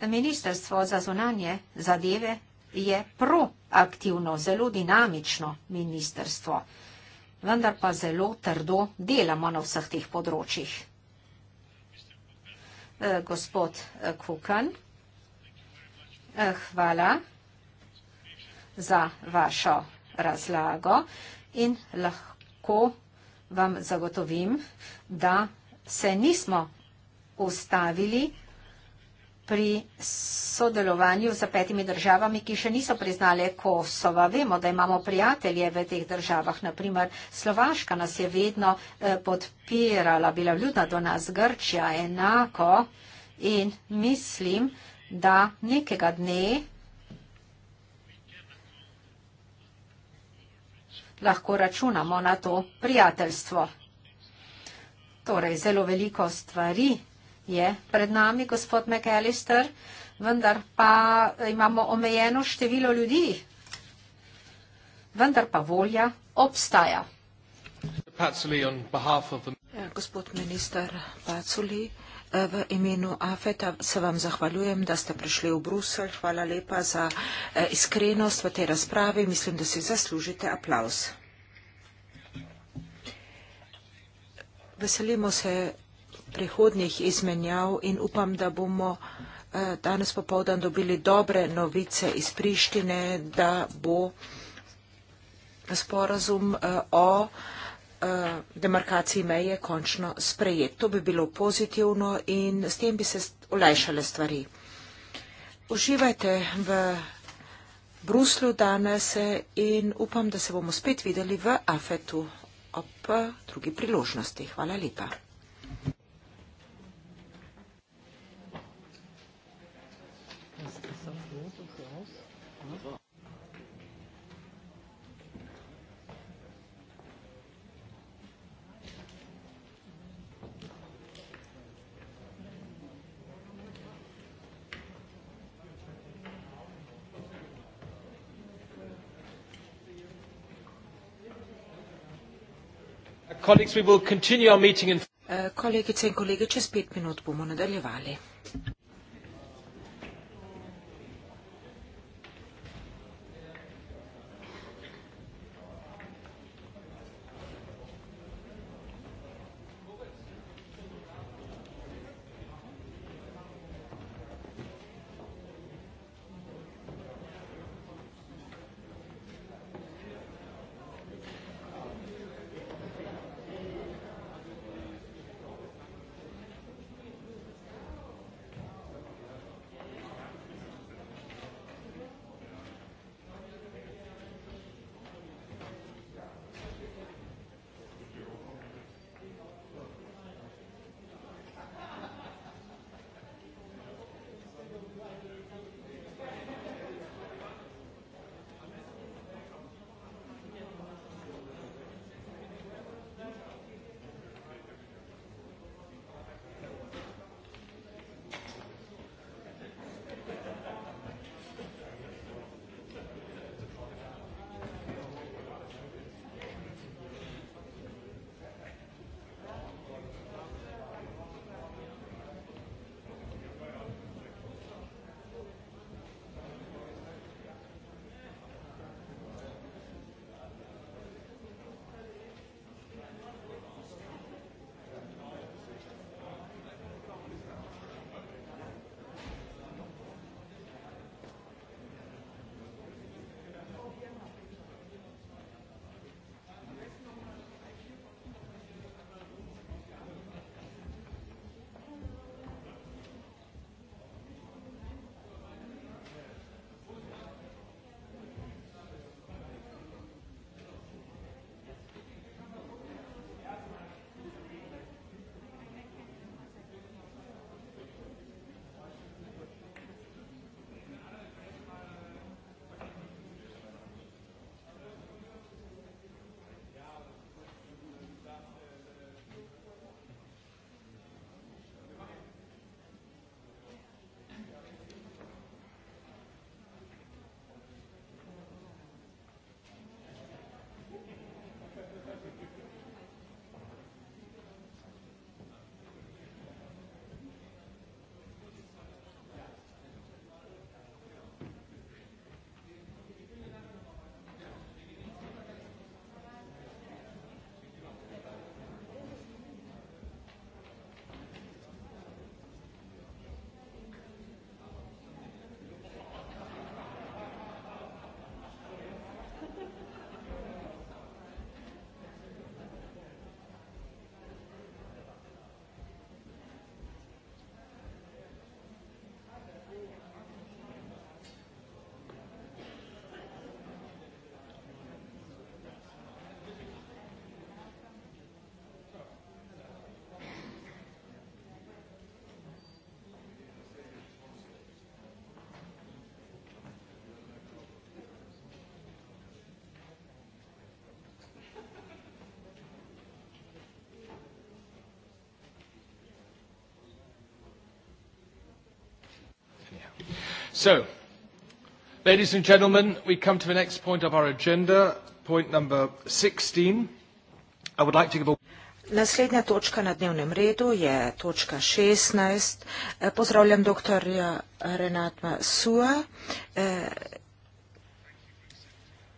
ministrstvo za zunanje zadeve je proaktivno, zelo dinamično ministrstvo, vendar pa zelo trdo delamo na vseh teh področjih. Eh, gospod eh, Kukan, eh, hvala za vašo razlago in lahko lahko vam zagotovim, da se nismo ustavili pri sodelovanju z petimi državami, ki še niso priznale Kosova. Vemo, da imamo prijatelje v teh državah. Naprimer, Slovaška nas je vedno eh, podpirala, bila ljudna do nas, Grčija enako in mislim, da nekega dne lahko računamo na to prijateljstvo. Torej, zelo veliko stvari je pred nami, gospod McAllister, vendar pa imamo omejeno število ljudi. Vendar pa volja obstaja. Ja, gospod minister Paculi. V imenu AFETA se vam zahvaljujem, da ste prišli v Brusel. Hvala lepa za eh, iskrenost v tej razpravi. Mislim, da si zaslužite aplauz. Veselimo se prihodnjih izmenjav in upam, da bomo eh, danes popovdan dobili dobre novice iz Prištine, da bo sporazum eh, o vsega, Eh, demarkaciji meje končno sprejet. To bi bilo pozitivno in s tem bi se olajšale stvari. Uživajte v Bruslu danes in upam, da se bomo spet videli v Afetu ob drugi priložnosti. Hvala lepa. Colleagues, we will continue our meeting in... Uh, kolegice in kolege, čez pet minut bomo nadaljevali. So, ladies and gentlemen, we come to the next point of our agenda, point number 16. I would like to give a- Naslednja točka na dnevnem redu je točka 16. Eh, pozdravljam doktorja Renata Sua, eh,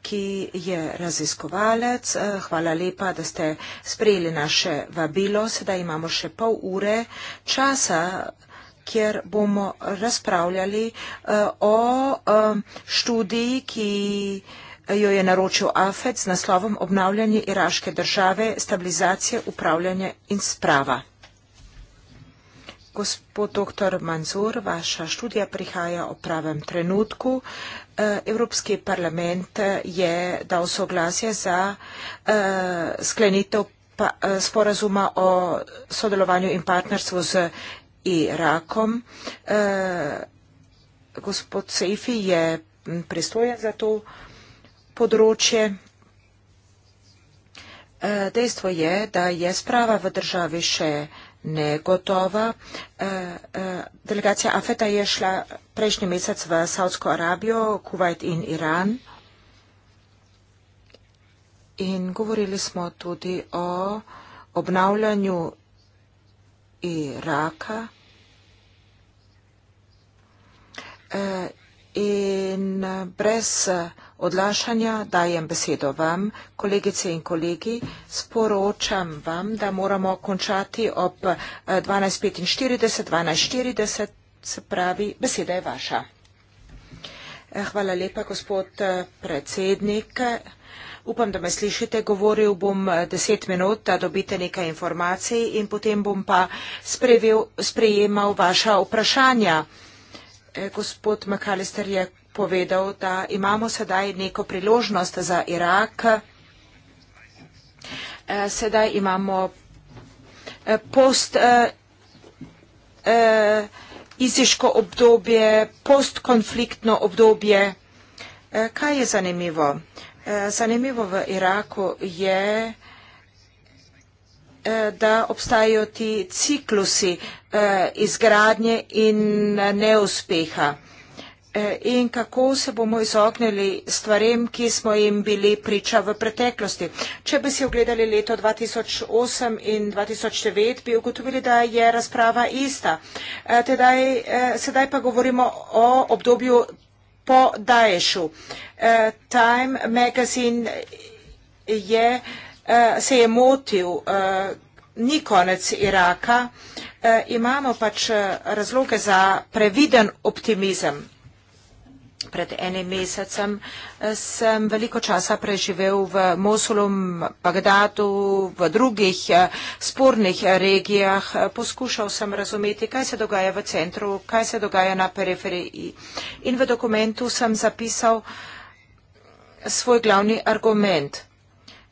ki je raziskovalec. Eh, hvala lepa, da ste sprejeli naše vabilo. Sedaj imamo še pol ure časa, kjer bomo razpravljali uh, o uh, študiji, ki jo je naročil AFED z naslovom Obnavljanje iraške države, stabilizacije, upravljanje in sprava. Gospod dr. Manzur, vaša študija prihaja o pravem trenutku. Eh, Evropski parlament je dal soglasje za sklenitev sporazuma o sodelovanju in partnerstvu z Irakom. E, gospod Sejfi je pristojen za to področje. E, dejstvo je, da je sprava v državi še negotova. E, delegacija Afeta je šla prejšnji mesec v Saudsko Arabijo, Kuwait in Iran. In govorili smo tudi o obnavljanju Iraka. Eh, in eh, brez eh, odlašanja dajem besedo vam, kolegice in kolegi, sporočam vam, da moramo končati ob 12.45, 12.40, se pravi, beseda je vaša. Hvala lepa, gospod predsednik. Upam, da me slišite. Govoril bom deset minut, da dobite nekaj informacij in potem bom pa sprejel, sprejemal vaša vprašanja gospod McAllister je povedal, da imamo sedaj neko priložnost za Irak. Eh, sedaj imamo eh, post eh, iziško obdobje, postkonfliktno obdobje. Kaj je zanimivo? Zanimivo v Iraku je, da Eh, da obstajajo ti ciklusi eh, izgradnje in eh, neuspeha in kako se bomo izognili stvarem, ki smo jim bili priča v preteklosti. Če bi si ogledali leto 2008 in 2009, bi ugotovili, da je razprava ista. Tedaj, sedaj pa govorimo o obdobju po Daješu. Time magazine je Eh, se je motil, eh, ni konec Iraka, eh, imamo pač razloge za previden optimizem. Pred enim mesecem sem veliko časa preživel v Mosulu, Bagdadu, v drugih spornih regijah. Poskušal sem razumeti, kaj se dogaja v centru, kaj se dogaja na periferiji. In v dokumentu sem zapisal svoj glavni argument –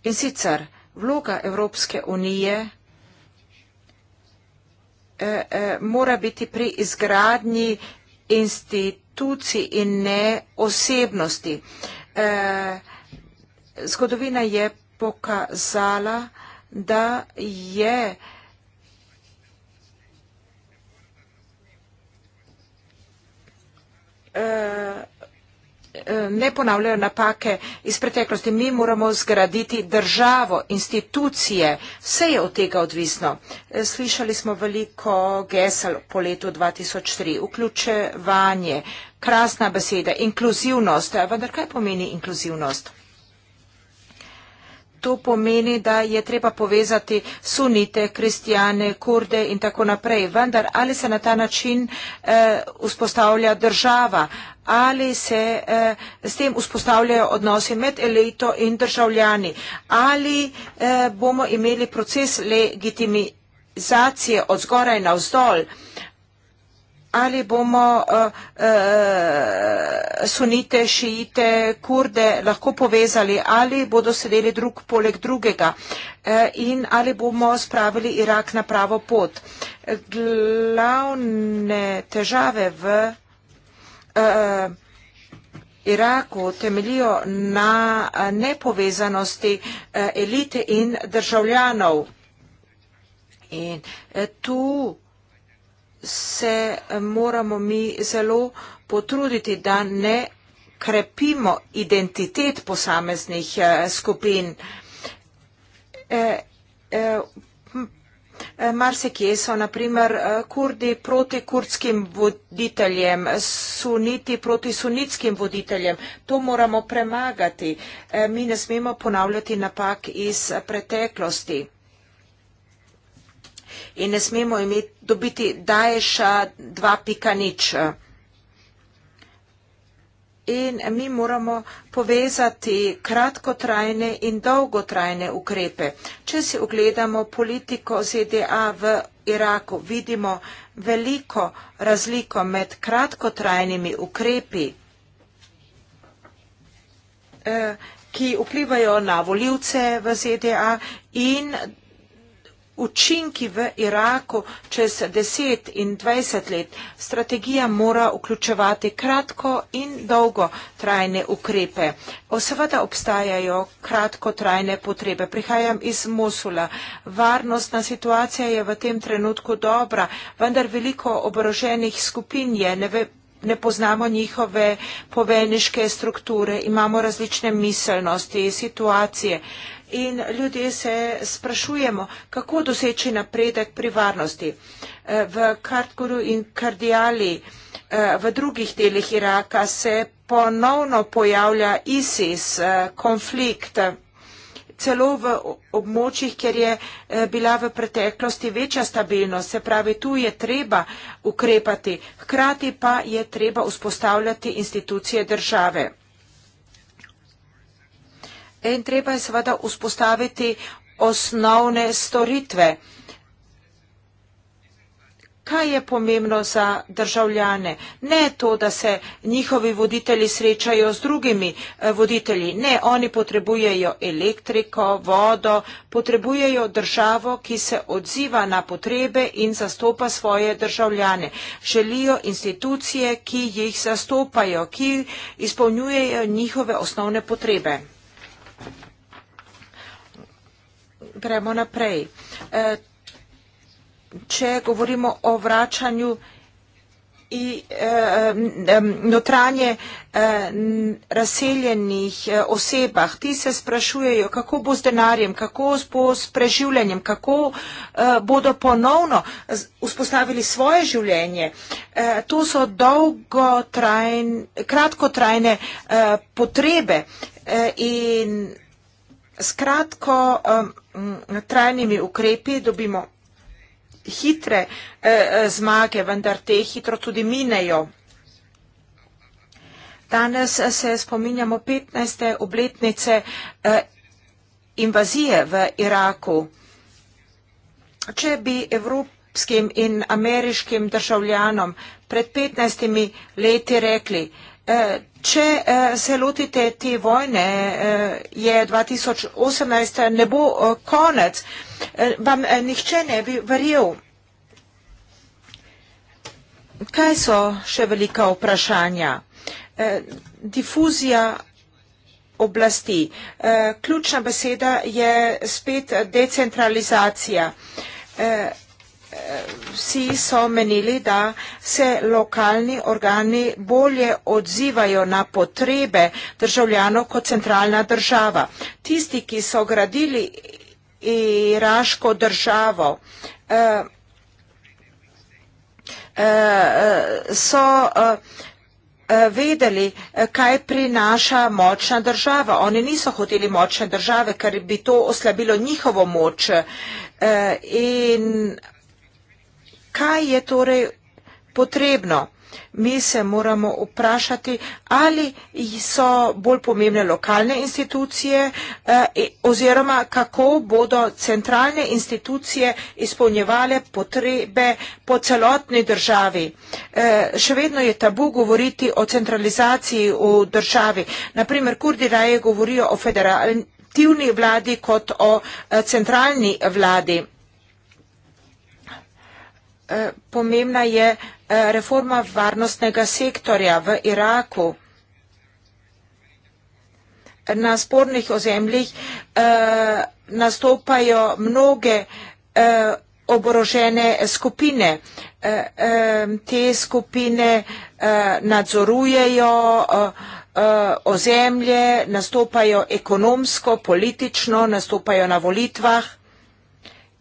In sicer vloga Evropske unije eh, eh, mora biti pri izgradnji instituciji in ne osebnosti. Eh, zgodovina je pokazala, da je Uh ne ponavljajo napake iz preteklosti. Mi moramo zgraditi državo, institucije, vse je od tega odvisno. E, slišali smo veliko gesel po letu 2003, vključevanje, krasna beseda, inkluzivnost. Vendar kaj pomeni inkluzivnost? to pomeni, da je treba povezati sunite, kristijane, kurde in tako naprej. Vendar ali se na ta način eh, vzpostavlja država, ali se eh, s tem vzpostavljajo odnosi med elito in državljani, ali eh, bomo imeli proces legitimizacije od zgoraj na vzdolj. Eh, ali bomo uh, uh, sunite, šiite, kurde lahko povezali, ali bodo sedeli drug poleg drugega uh, in ali bomo spravili Irak na pravo pot. Glavne težave v uh, Iraku temelijo na nepovezanosti uh, elite in državljanov. In uh, tu se eh, moramo mi zelo potruditi, da ne krepimo identitet posameznih eh, skupin. E, e, Marsikje so naprimer kurdi proti kurdskim voditeljem, suniti proti sunitskim voditeljem. To moramo premagati. E, mi ne smemo ponavljati napak iz preteklosti in ne smemo imeti, dobiti daješa 2 pika nič. In mi moramo povezati kratkotrajne in dolgotrajne ukrepe. Če si ogledamo politiko ZDA v Iraku, vidimo veliko razliko med kratkotrajnimi ukrepi, eh, ki vplivajo na voljivce v ZDA in učinki v Iraku čez 10 in 20 let. Strategija mora vključevati kratko in dolgo trajne ukrepe. O seveda obstajajo kratko trajne potrebe. Prihajam iz Mosula. Varnostna situacija je v tem trenutku dobra, vendar veliko oboroženih skupin je. Ne ve, Ne poznamo njihove poveniške strukture, imamo različne miselnosti, situacije in ljudje se sprašujemo, kako doseči napredek pri varnosti eh, v Kartguru in Kardijali. Eh, v drugih delih Iraka se ponovno pojavlja ISIS, eh, konflikt, celo v območjih, kjer je bila v preteklosti večja stabilnost. Se pravi, tu je treba ukrepati, hkrati pa je treba vzpostavljati institucije države in treba je seveda vzpostaviti osnovne storitve. Kaj je pomembno za državljane? Ne to, da se njihovi voditelji srečajo z drugimi eh, voditelji. Ne, oni potrebujejo elektriko, vodo, potrebujejo državo, ki se odziva na potrebe in zastopa svoje državljane. Želijo institucije, ki jih zastopajo, ki izpolnjujejo njihove osnovne potrebe. gremo naprej. E, če govorimo o vračanju i e, e, notranje razseljenih osebah, ti se sprašujejo, kako bo z denarjem, kako bo s preživljanjem, kako bodo ponovno vzpostavili svoje življenje. To so kratkotrajne potrebe in skratko trajnimi ukrepi dobimo hitre eh, eh, zmage, vendar te hitro tudi minejo. Danes eh, se spominjamo 15. obletnice invazije v Iraku. Če bi evropskim in ameriškim državljanom pred 15. leti rekli, Eh, če eh, se lotite te vojne, eh, je 2018, ne bo konec, vam nihče ne bi verjel. Kaj so še velika vprašanja? Difuzija oblasti. Ključna beseda je spet decentralizacija vsi so menili, da se lokalni organi bolje odzivajo na potrebe državljanov kot centralna država. Tisti, ki so gradili iraško državo, eh, eh, so eh, vedeli, kaj prinaša močna država. Oni niso hoteli močne države, ker bi to oslabilo njihovo moč. In kaj je torej potrebno. Mi se moramo vprašati, ali so bolj pomembne lokalne institucije eh, e, oziroma kako bodo centralne institucije izpolnjevale potrebe po celotni državi. Eh, še vedno je tabu govoriti o centralizaciji v državi. Naprimer, kurdi raje govorijo o federativni vladi kot o eh, centralni vladi. Eh, pomembna je eh, reforma varnostnega sektorja v Iraku. Na spornih ozemljih eh, nastopajo mnoge oborožene skupine. Te skupine nadzorujejo ozemlje, nastopajo ekonomsko, politično, nastopajo na volitvah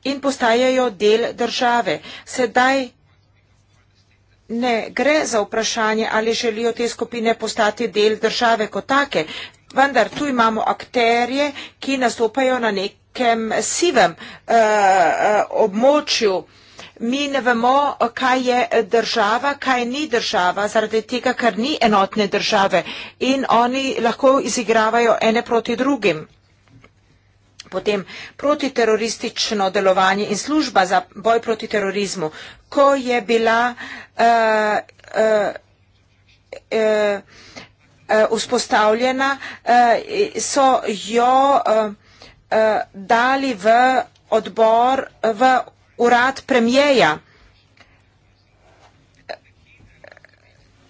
in postajajo del države. Sedaj ne gre za vprašanje, ali želijo te skupine postati del države kot take, vendar tu imamo akterje, ki nastopajo na nekem sivem uh, območju. Mi ne vemo, kaj je država, kaj ni država, zaradi tega, ker ni enotne države in oni lahko izigravajo ene proti drugim potem protiteroristično delovanje in služba za boj proti terorizmu, ko je bila uh, uh, uh, uh, vzpostavljena, uh, so jo uh, uh, dali v odbor, v urad premjeja.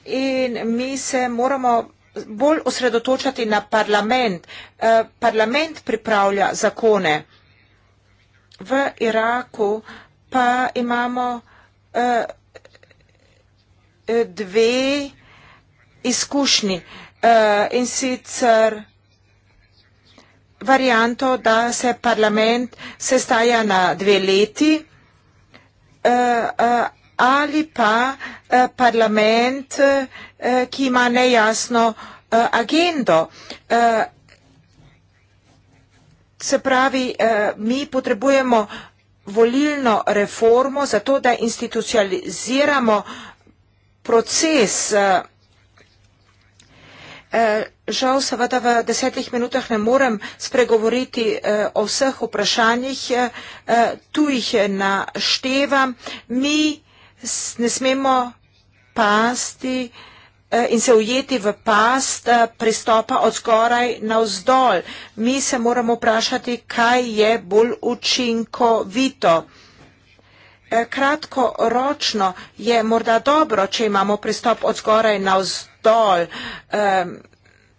In mi se moramo bolj osredotočati na parlament. Eh, parlament pripravlja zakone. V Iraku pa imamo eh, eh, dve izkušnji in sicer varianto, da se parlament sestaja na dve leti ali pa parlament Eh, ki ima nejasno eh, agendo. Eh, se pravi, mi potrebujemo volilno reformo za to, da institucionaliziramo proces. Žal seveda v desetih minutah ne morem spregovoriti o vseh vprašanjih, tu jih naštevam. Mi ne smemo pasti Eh, in se ujeti v past eh, pristopa od skoraj navzdol. Mi se moramo vprašati, kaj je bolj učinkovito. Eh, Kratko ročno je morda dobro, če imamo pristop od skoraj navzdol. Ehm,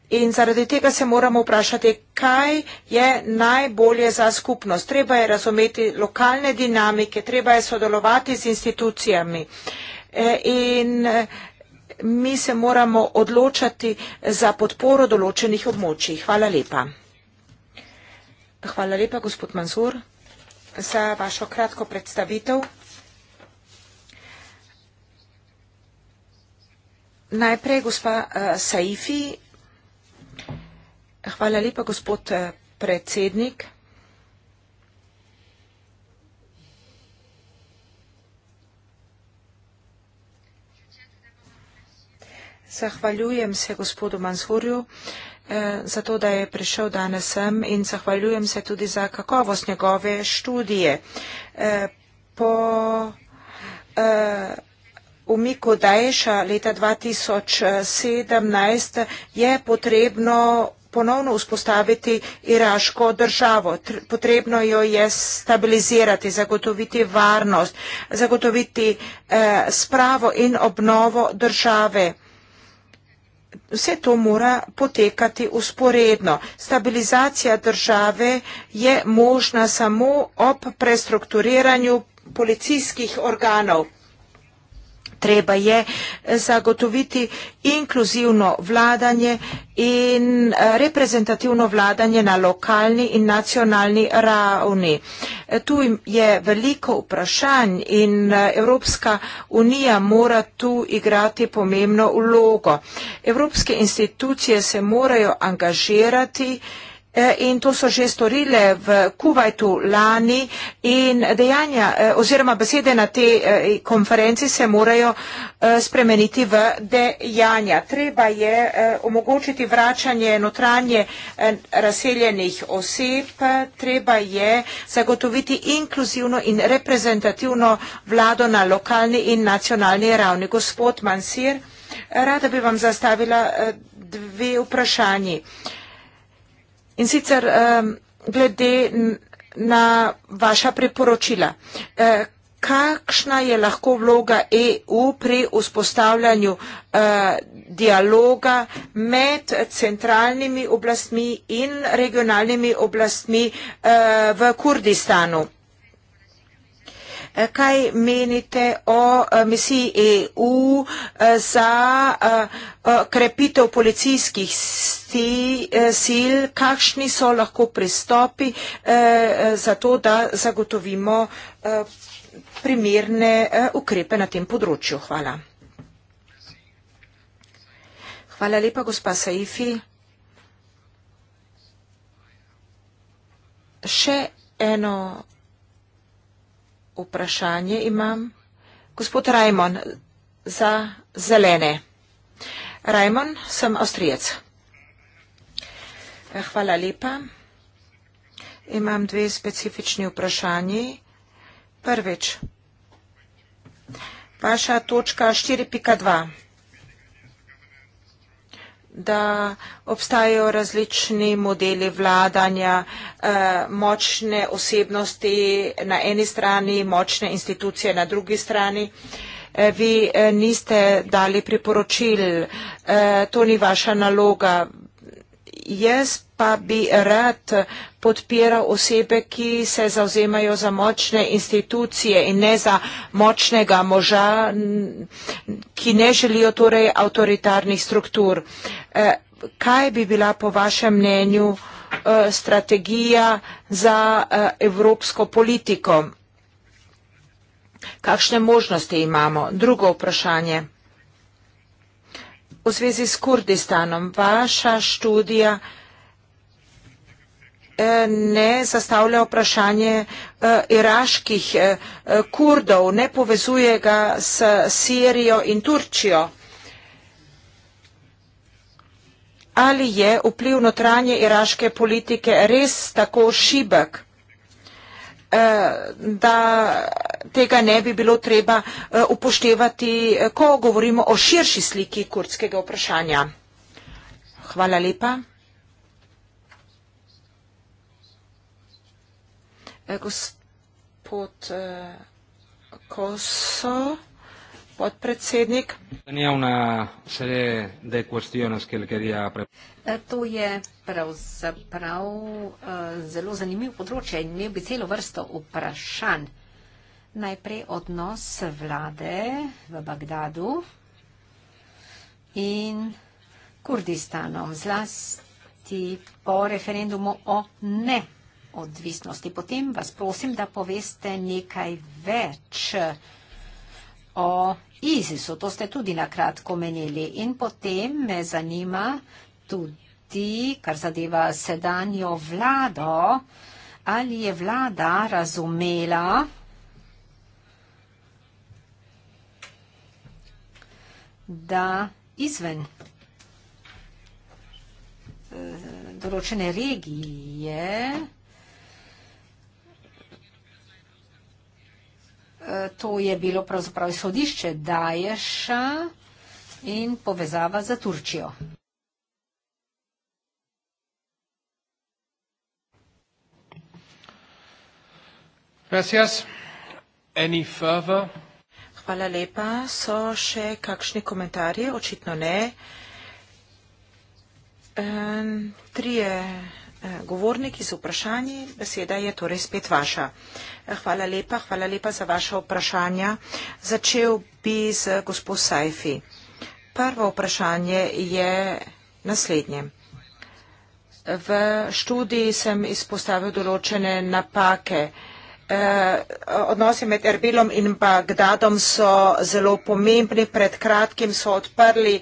in zaradi tega se moramo vprašati, kaj je najbolje za skupnost. Treba je razumeti lokalne dinamike, treba je sodelovati z institucijami. In mi se moramo odločati za podporo določenih območij. Hvala lepa. Hvala lepa, gospod Manzur, za vašo kratko predstavitev. Najprej gospa eh, Saifi. Hvala lepa, gospod eh, predsednik. Zahvaljujem se gospodu Mansurju eh, za to, da je prišel danes sem in zahvaljujem se tudi za kakovost njegove študije. Eh, po eh, umiku Daesha leta 2017 je potrebno ponovno vzpostaviti iraško državo. Potrebno jo je stabilizirati, zagotoviti varnost, zagotoviti eh, spravo in obnovo države. Vse to mora potekati usporedno. Stabilizacija države je možna samo ob prestrukturiranju policijskih organov. Treba je eh, zagotoviti inkluzivno vladanje in eh, reprezentativno vladanje na lokalni in nacionalni ravni. Eh, tu je veliko vprašanj in Evropska unija mora tu igrati pomembno vlogo. Evropske institucije se morajo angažirati E, in to so že storile v Kuwaitu lani in dejanja e, oziroma besede na te e, konferenci se morajo spremeniti v dejanja. Treba je omogočiti vračanje notranje razseljenih oseb, treba je zagotoviti inkluzivno in reprezentativno vlado na lokalni in nacionalni ravni. Gospod Mansir, rada bi vam zastavila dve vprašanje. In sicer glede na vaša priporočila, eh, kakšna je lahko vloga EU pri vzpostavljanju eh, dialoga med centralnimi oblastmi in regionalnimi oblastmi eh, v Kurdistanu? Kaj menite o eh, misiji EU eh, za eh, krepitev policijskih sil? Kakšni so lahko pristopi za to, da zagotovimo primerne ukrepe na tem področju? Hvala. Hvala lepa, gospa Saifi. Še eno vprašanje imam. Gospod Rajmon za zelene. Rajmon, sem avstrijec. Eh, hvala lepa. Imam dve specifični vprašanji. Prvič. Vaša točka da obstajajo različni modeli vladanja, eh, močne osebnosti na eni strani, močne institucije na drugi strani. Eh, vi eh, niste dali priporočil, to ni vaša naloga, jaz pa bi rad podpiral osebe, ki se zauzemajo za močne institucije in ne za močnega moža, ki ne želijo torej avtoritarnih struktur. E, kaj bi bila po vašem mnenju e, strategija za e, evropsko politiko? Kakšne možnosti imamo? Drugo vprašanje. V zvezi s Kurdistanom, vaša študija eh, ne zastavlja vprašanje eh, iraških eh, kurdov, ne povezuje ga s Sirijo in Turčijo. Ali je vpliv notranje iraške politike res tako šibek? Eh, da tega ne bi bilo treba eh, upoštevati, eh, ko govorimo o širši sliki kurdskega vprašanja. Hvala lepa. Gospod Koso podpredsednik. E, to je pravzaprav e, zelo zanimiv področje in imel bi celo vrsto vprašanj. Najprej odnos vlade v Bagdadu in Kurdistanom, zlasti po referendumu o ne. Odvisnosti. Potem vas prosim, da poveste nekaj več o ISIS-u. To ste tudi nakratko omenili. In potem me zanima tudi, kar zadeva sedanjo vlado, ali je vlada razumela, da izven eh, določene regije to je bilo pravzaprav izhodišče Daješa in povezava za Turčijo. Gracias. Any further? Hvala lepa. So še kakšni komentarji? Očitno ne. Um, trije. Eh, govorniki z vprašanji, beseda je torej spet vaša. Eh, hvala lepa, hvala lepa za vaše vprašanja. Začel bi z gospod Sajfi. Prvo vprašanje je naslednje. V študiji sem izpostavil določene napake. Eh, odnosi med Erbilom in Bagdadom so zelo pomembni. Pred kratkim so odprli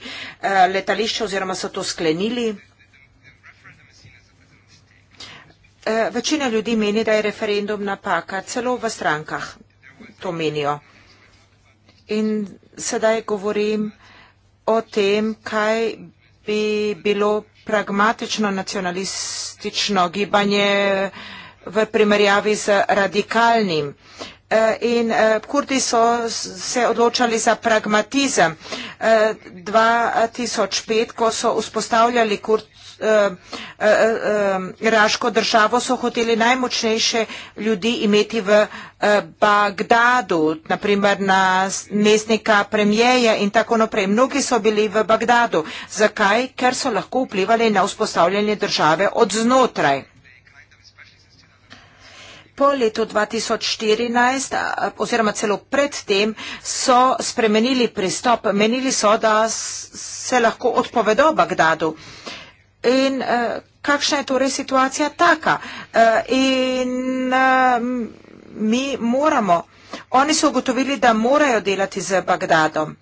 letališče oziroma so to sklenili, Eh, večina ljudi meni, da je referendum napaka, celo v strankah to menijo. In sedaj govorim o tem, kaj bi bilo pragmatično nacionalistično gibanje v primerjavi z radikalnim. Eh, in eh, kurdi so se odločali za pragmatizem. 2005, ko so vzpostavljali kurd Eh, eh, eh, iraško državo so hoteli najmočnejše ljudi imeti v Bagdadu, naprimer na mestnika premijeja in tako naprej. Mnogi so bili v Bagdadu. Zakaj? Ker so lahko vplivali na vzpostavljanje države od znotraj. Po letu 2014 oziroma celo predtem so spremenili pristop, menili so, da se lahko odpovedo Bagdadu in uh, kakšna je torej situacija taka. Uh, in uh, mi moramo, oni so ugotovili, da morajo delati z Bagdadom.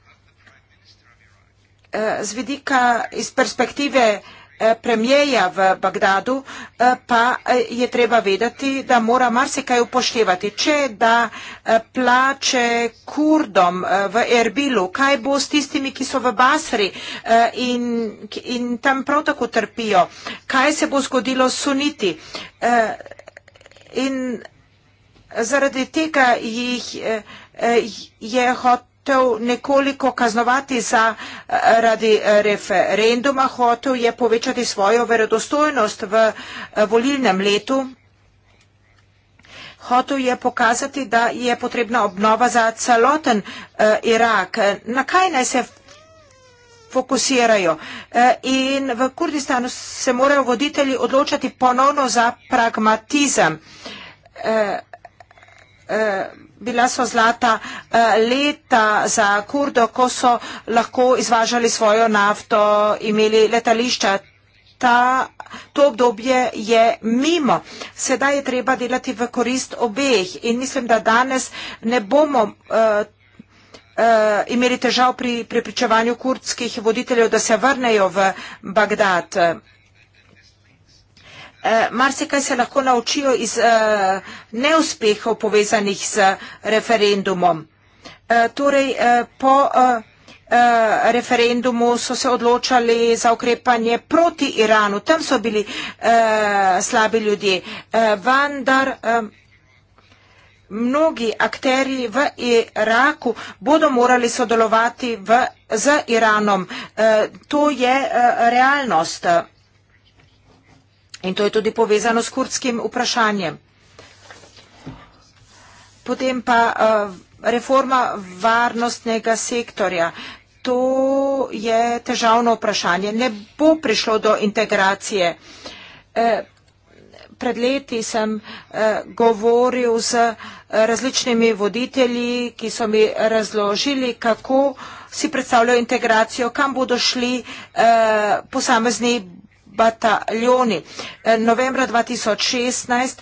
Uh, z vidika iz perspektive uh, Eh, premijeja v Bagdadu, eh, pa eh, je treba vedeti, da mora marsikaj upoštevati. Če da plače kurdom v Erbilu, kaj bo s tistimi, ki so v Basri in, in tam prav tako trpijo, kaj se bo zgodilo s suniti. In zaradi tega jih je hotel hotel nekoliko kaznovati zaradi eh, eh, referenduma, hotel je povečati svojo verodostojnost v eh, volilnem letu. Hotel je pokazati, da je potrebna obnova za celoten uh, Irak. Na kaj naj se fokusirajo? Uh, in v Kurdistanu se morajo voditelji odločati ponovno za pragmatizem. Uh, Eh, bila so zlata eh, leta za Kurdo, ko so lahko izvažali svojo nafto, imeli letališča. Ta, to obdobje je mimo. Sedaj je treba delati v korist obeh in mislim, da danes ne bomo uh, uh, imeli težav pri prepričevanju kurdskih voditeljev, da se vrnejo v Bagdad. Uh, Eh, marsikaj se lahko naučijo iz eh, neuspehov povezanih z referendumom. Eh, torej, po referendumu so se odločali za ukrepanje proti Iranu. Tam so bili slabi ljudje. Vendar mnogi akteri v Iraku bodo morali sodelovati z Iranom. To je realnost. In to je tudi povezano s kurdskim vprašanjem. Potem pa eh, reforma varnostnega sektorja. To je težavno vprašanje. Ne bo prišlo do integracije. Eh, pred leti sem eh, govoril z različnimi voditelji, ki so mi razložili, kako si predstavljajo integracijo, kam bodo šli posamezni bataljoni. Eh, novembra 2016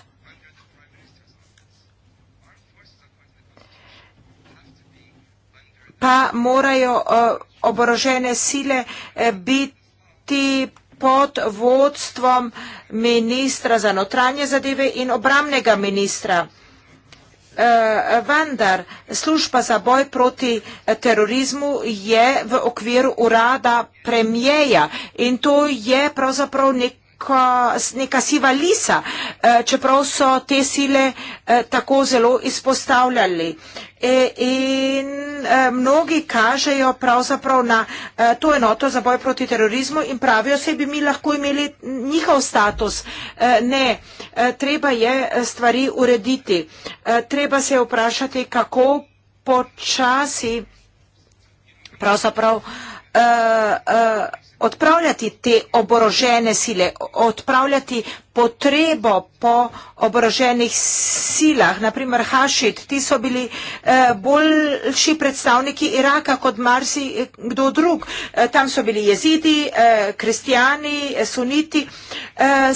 pa morajo eh, oborožene sile eh, biti pod vodstvom ministra za notranje zadeve in obramnega ministra. Eh, vendar služba za boj proti eh, terorizmu je v okviru urada premijeja in to je pravzaprav nek neko, neka siva lisa, eh, čeprav so te sile eh, tako zelo izpostavljali. E, in eh, mnogi kažejo pravzaprav na to enoto za boj proti terorizmu in pravijo se, bi mi lahko imeli njihov status. Ne, treba je stvari urediti. Treba se vprašati, kako počasi pravzaprav uh, uh, odpravljati te oborožene sile, odpravljati potrebo po oboroženih silah, naprimer Hašit, ti so bili eh, boljši predstavniki Iraka kot Marsi eh, kdo drug. Eh, tam so bili jezidi, eh, kristijani, suniti. Eh,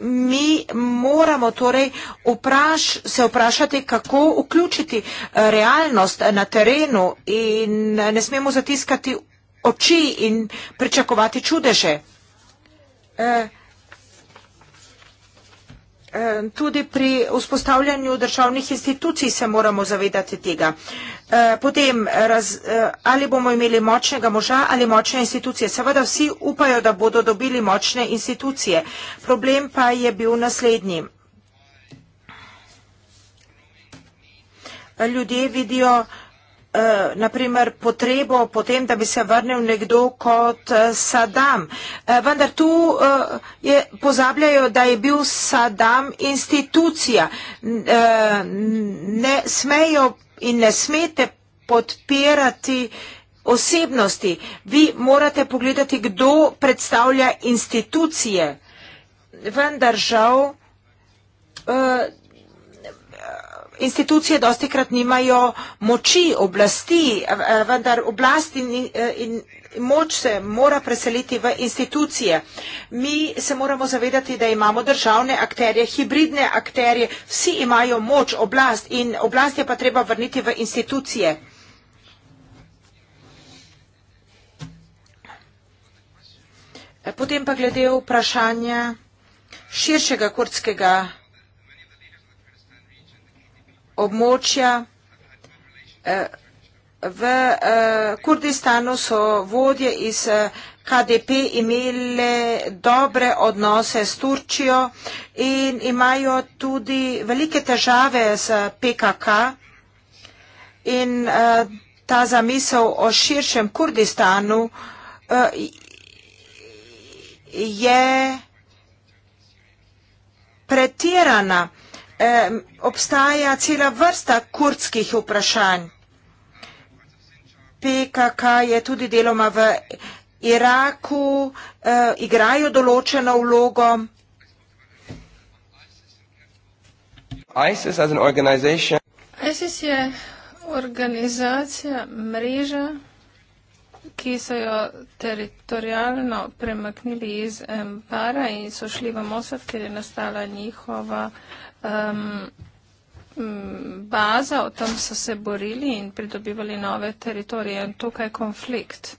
mi moramo torej vpraš, se vprašati, kako vključiti realnost na terenu in ne smemo zatiskati oči in pričakovati čudeže. Eh, eh, tudi pri vzpostavljanju državnih institucij se moramo zavedati tega. Eh, potem, raz, ali bomo imeli močnega moža ali močne institucije. Seveda vsi upajo, da bodo dobili močne institucije. Problem pa je bil naslednji. Ljudje vidijo, Eh, naprimer potrebo potem, da bi se vrnil nekdo kot eh, Saddam. Eh, vendar tu je, pozabljajo, da je bil Saddam institucija. Ne smejo in ne smete podpirati osebnosti. Vi morate pogledati, kdo predstavlja institucije. Vendar žal institucije dosti krat nimajo moči, oblasti, eh, vendar oblast in, eh, in moč se mora preseliti v institucije. Mi se moramo zavedati, da imamo državne akterje, hibridne akterje, vsi imajo moč, oblast in oblast je pa treba vrniti v institucije. Eh, potem pa glede vprašanja širšega kurdskega območja eh, v eh, Kurdistanu so vodje iz eh, KDP imele dobre odnose s Turčijo in imajo tudi velike težave z PKK in ta zamisel o širšem Kurdistanu je pretirana eh, obstaja cela vrsta kurdskih vprašanj. PKK je tudi deloma v Iraku, eh, igrajo določeno vlogo. ISIS, as an organization. ISIS je organizacija, mreža, ki so jo teritorijalno premaknili iz Empara in so šli v Mosad, kjer je nastala njihova eh, um, baza, o tem so se borili in pridobivali nove teritorije in tukaj je konflikt.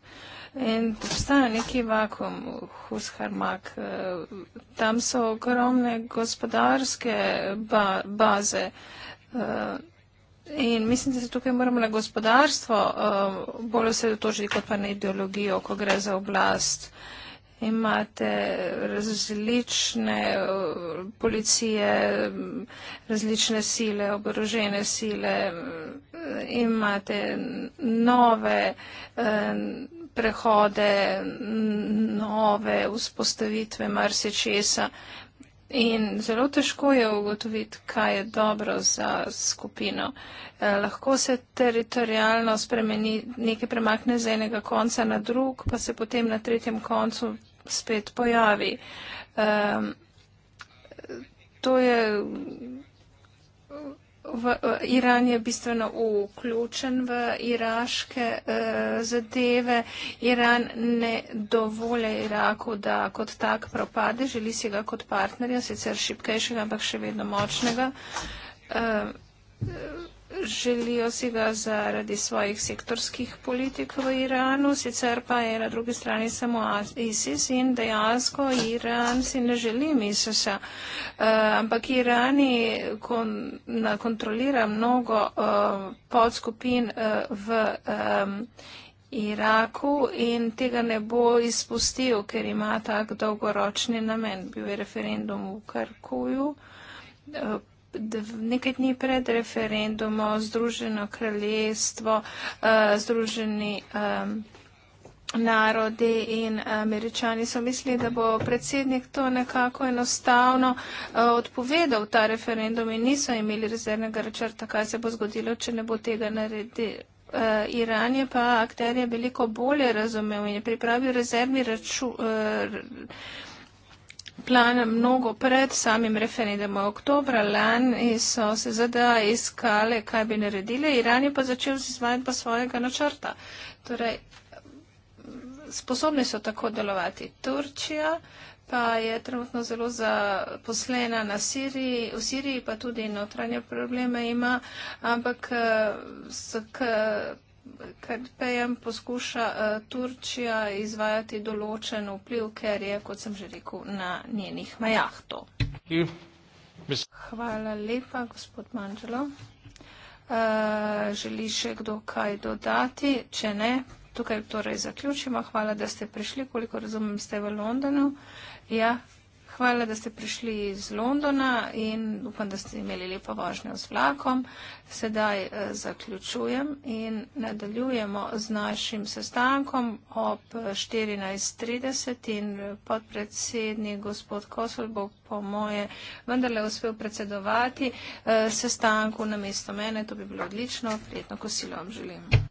In obstaja neki vakum, Husharmak. Tam so ogromne gospodarske ba baze. In mislim, da se tukaj moramo na gospodarstvo bolj osredotočiti, kot pa na ideologijo, ko gre za oblast imate različne policije, različne sile, oborožene sile, imate nove prehode, nove vzpostavitve marsičesa. In zelo težko je ugotoviti, kaj je dobro za skupino. Eh, lahko se teritorijalno spremeni, nekaj premakne z enega konca na drug, pa se potem na tretjem koncu spet pojavi. Um, to je, v, v, Iran je bistveno vključen v iraške uh, zadeve. Iran ne dovolja Iraku, da kot tak propade, želi si ga kot partnerja, sicer šipkejšega, ampak še vedno močnega. Uh, Želijo si ga zaradi svojih sektorskih politik v Iranu, sicer pa je na drugi strani samo ISIS in dejansko Iran si ne želi ISIS-a. Uh, ampak Irani kon, kontrolira mnogo uh, podskupin uh, v um, Iraku in tega ne bo izpustil, ker ima tak dolgoročni namen. Bil je referendum v Karkuju. Uh, nekaj dni pred referendumom Združeno kraljestvo, uh, Združeni um, narodi in američani so mislili, da bo predsednik to nekako enostavno uh, odpovedal ta referendum in niso imeli rezervnega računa, kaj se bo zgodilo, če ne bo tega naredil. Uh, eh, Iran je pa akterje veliko bolje razumel in je pripravil rezervni račun. Uh, plan mnogo pred samim referendumom. Oktobra lani so se ZDA iskale, kaj bi naredili, Iran je pa začel z izvajanjem svojega načrta. Torej, sposobni so tako delovati. Turčija pa je trenutno zelo zaposlena na Siriji, v Siriji pa tudi notranje probleme ima, ampak eh, k, ker PM poskuša eh, Turčija izvajati določen vpliv, ker je, kot sem že rekel, na njenih majah to. Hvala lepa, gospod Manželo. Eh, želi še kdo kaj dodati? Če ne, tukaj torej zaključimo. Hvala, da ste prišli, koliko razumem, ste v Londonu. Ja, hvala, da ste prišli iz Londona in upam, da ste imeli lepo vožnjo z vlakom. Sedaj eh, zaključujem in nadaljujemo z našim sestankom ob 14.30 in eh, podpredsednik gospod Kosol bo po moje vendarle uspel predsedovati eh, sestanku na mesto mene. To bi bilo odlično. Prijetno kosilo vam želim.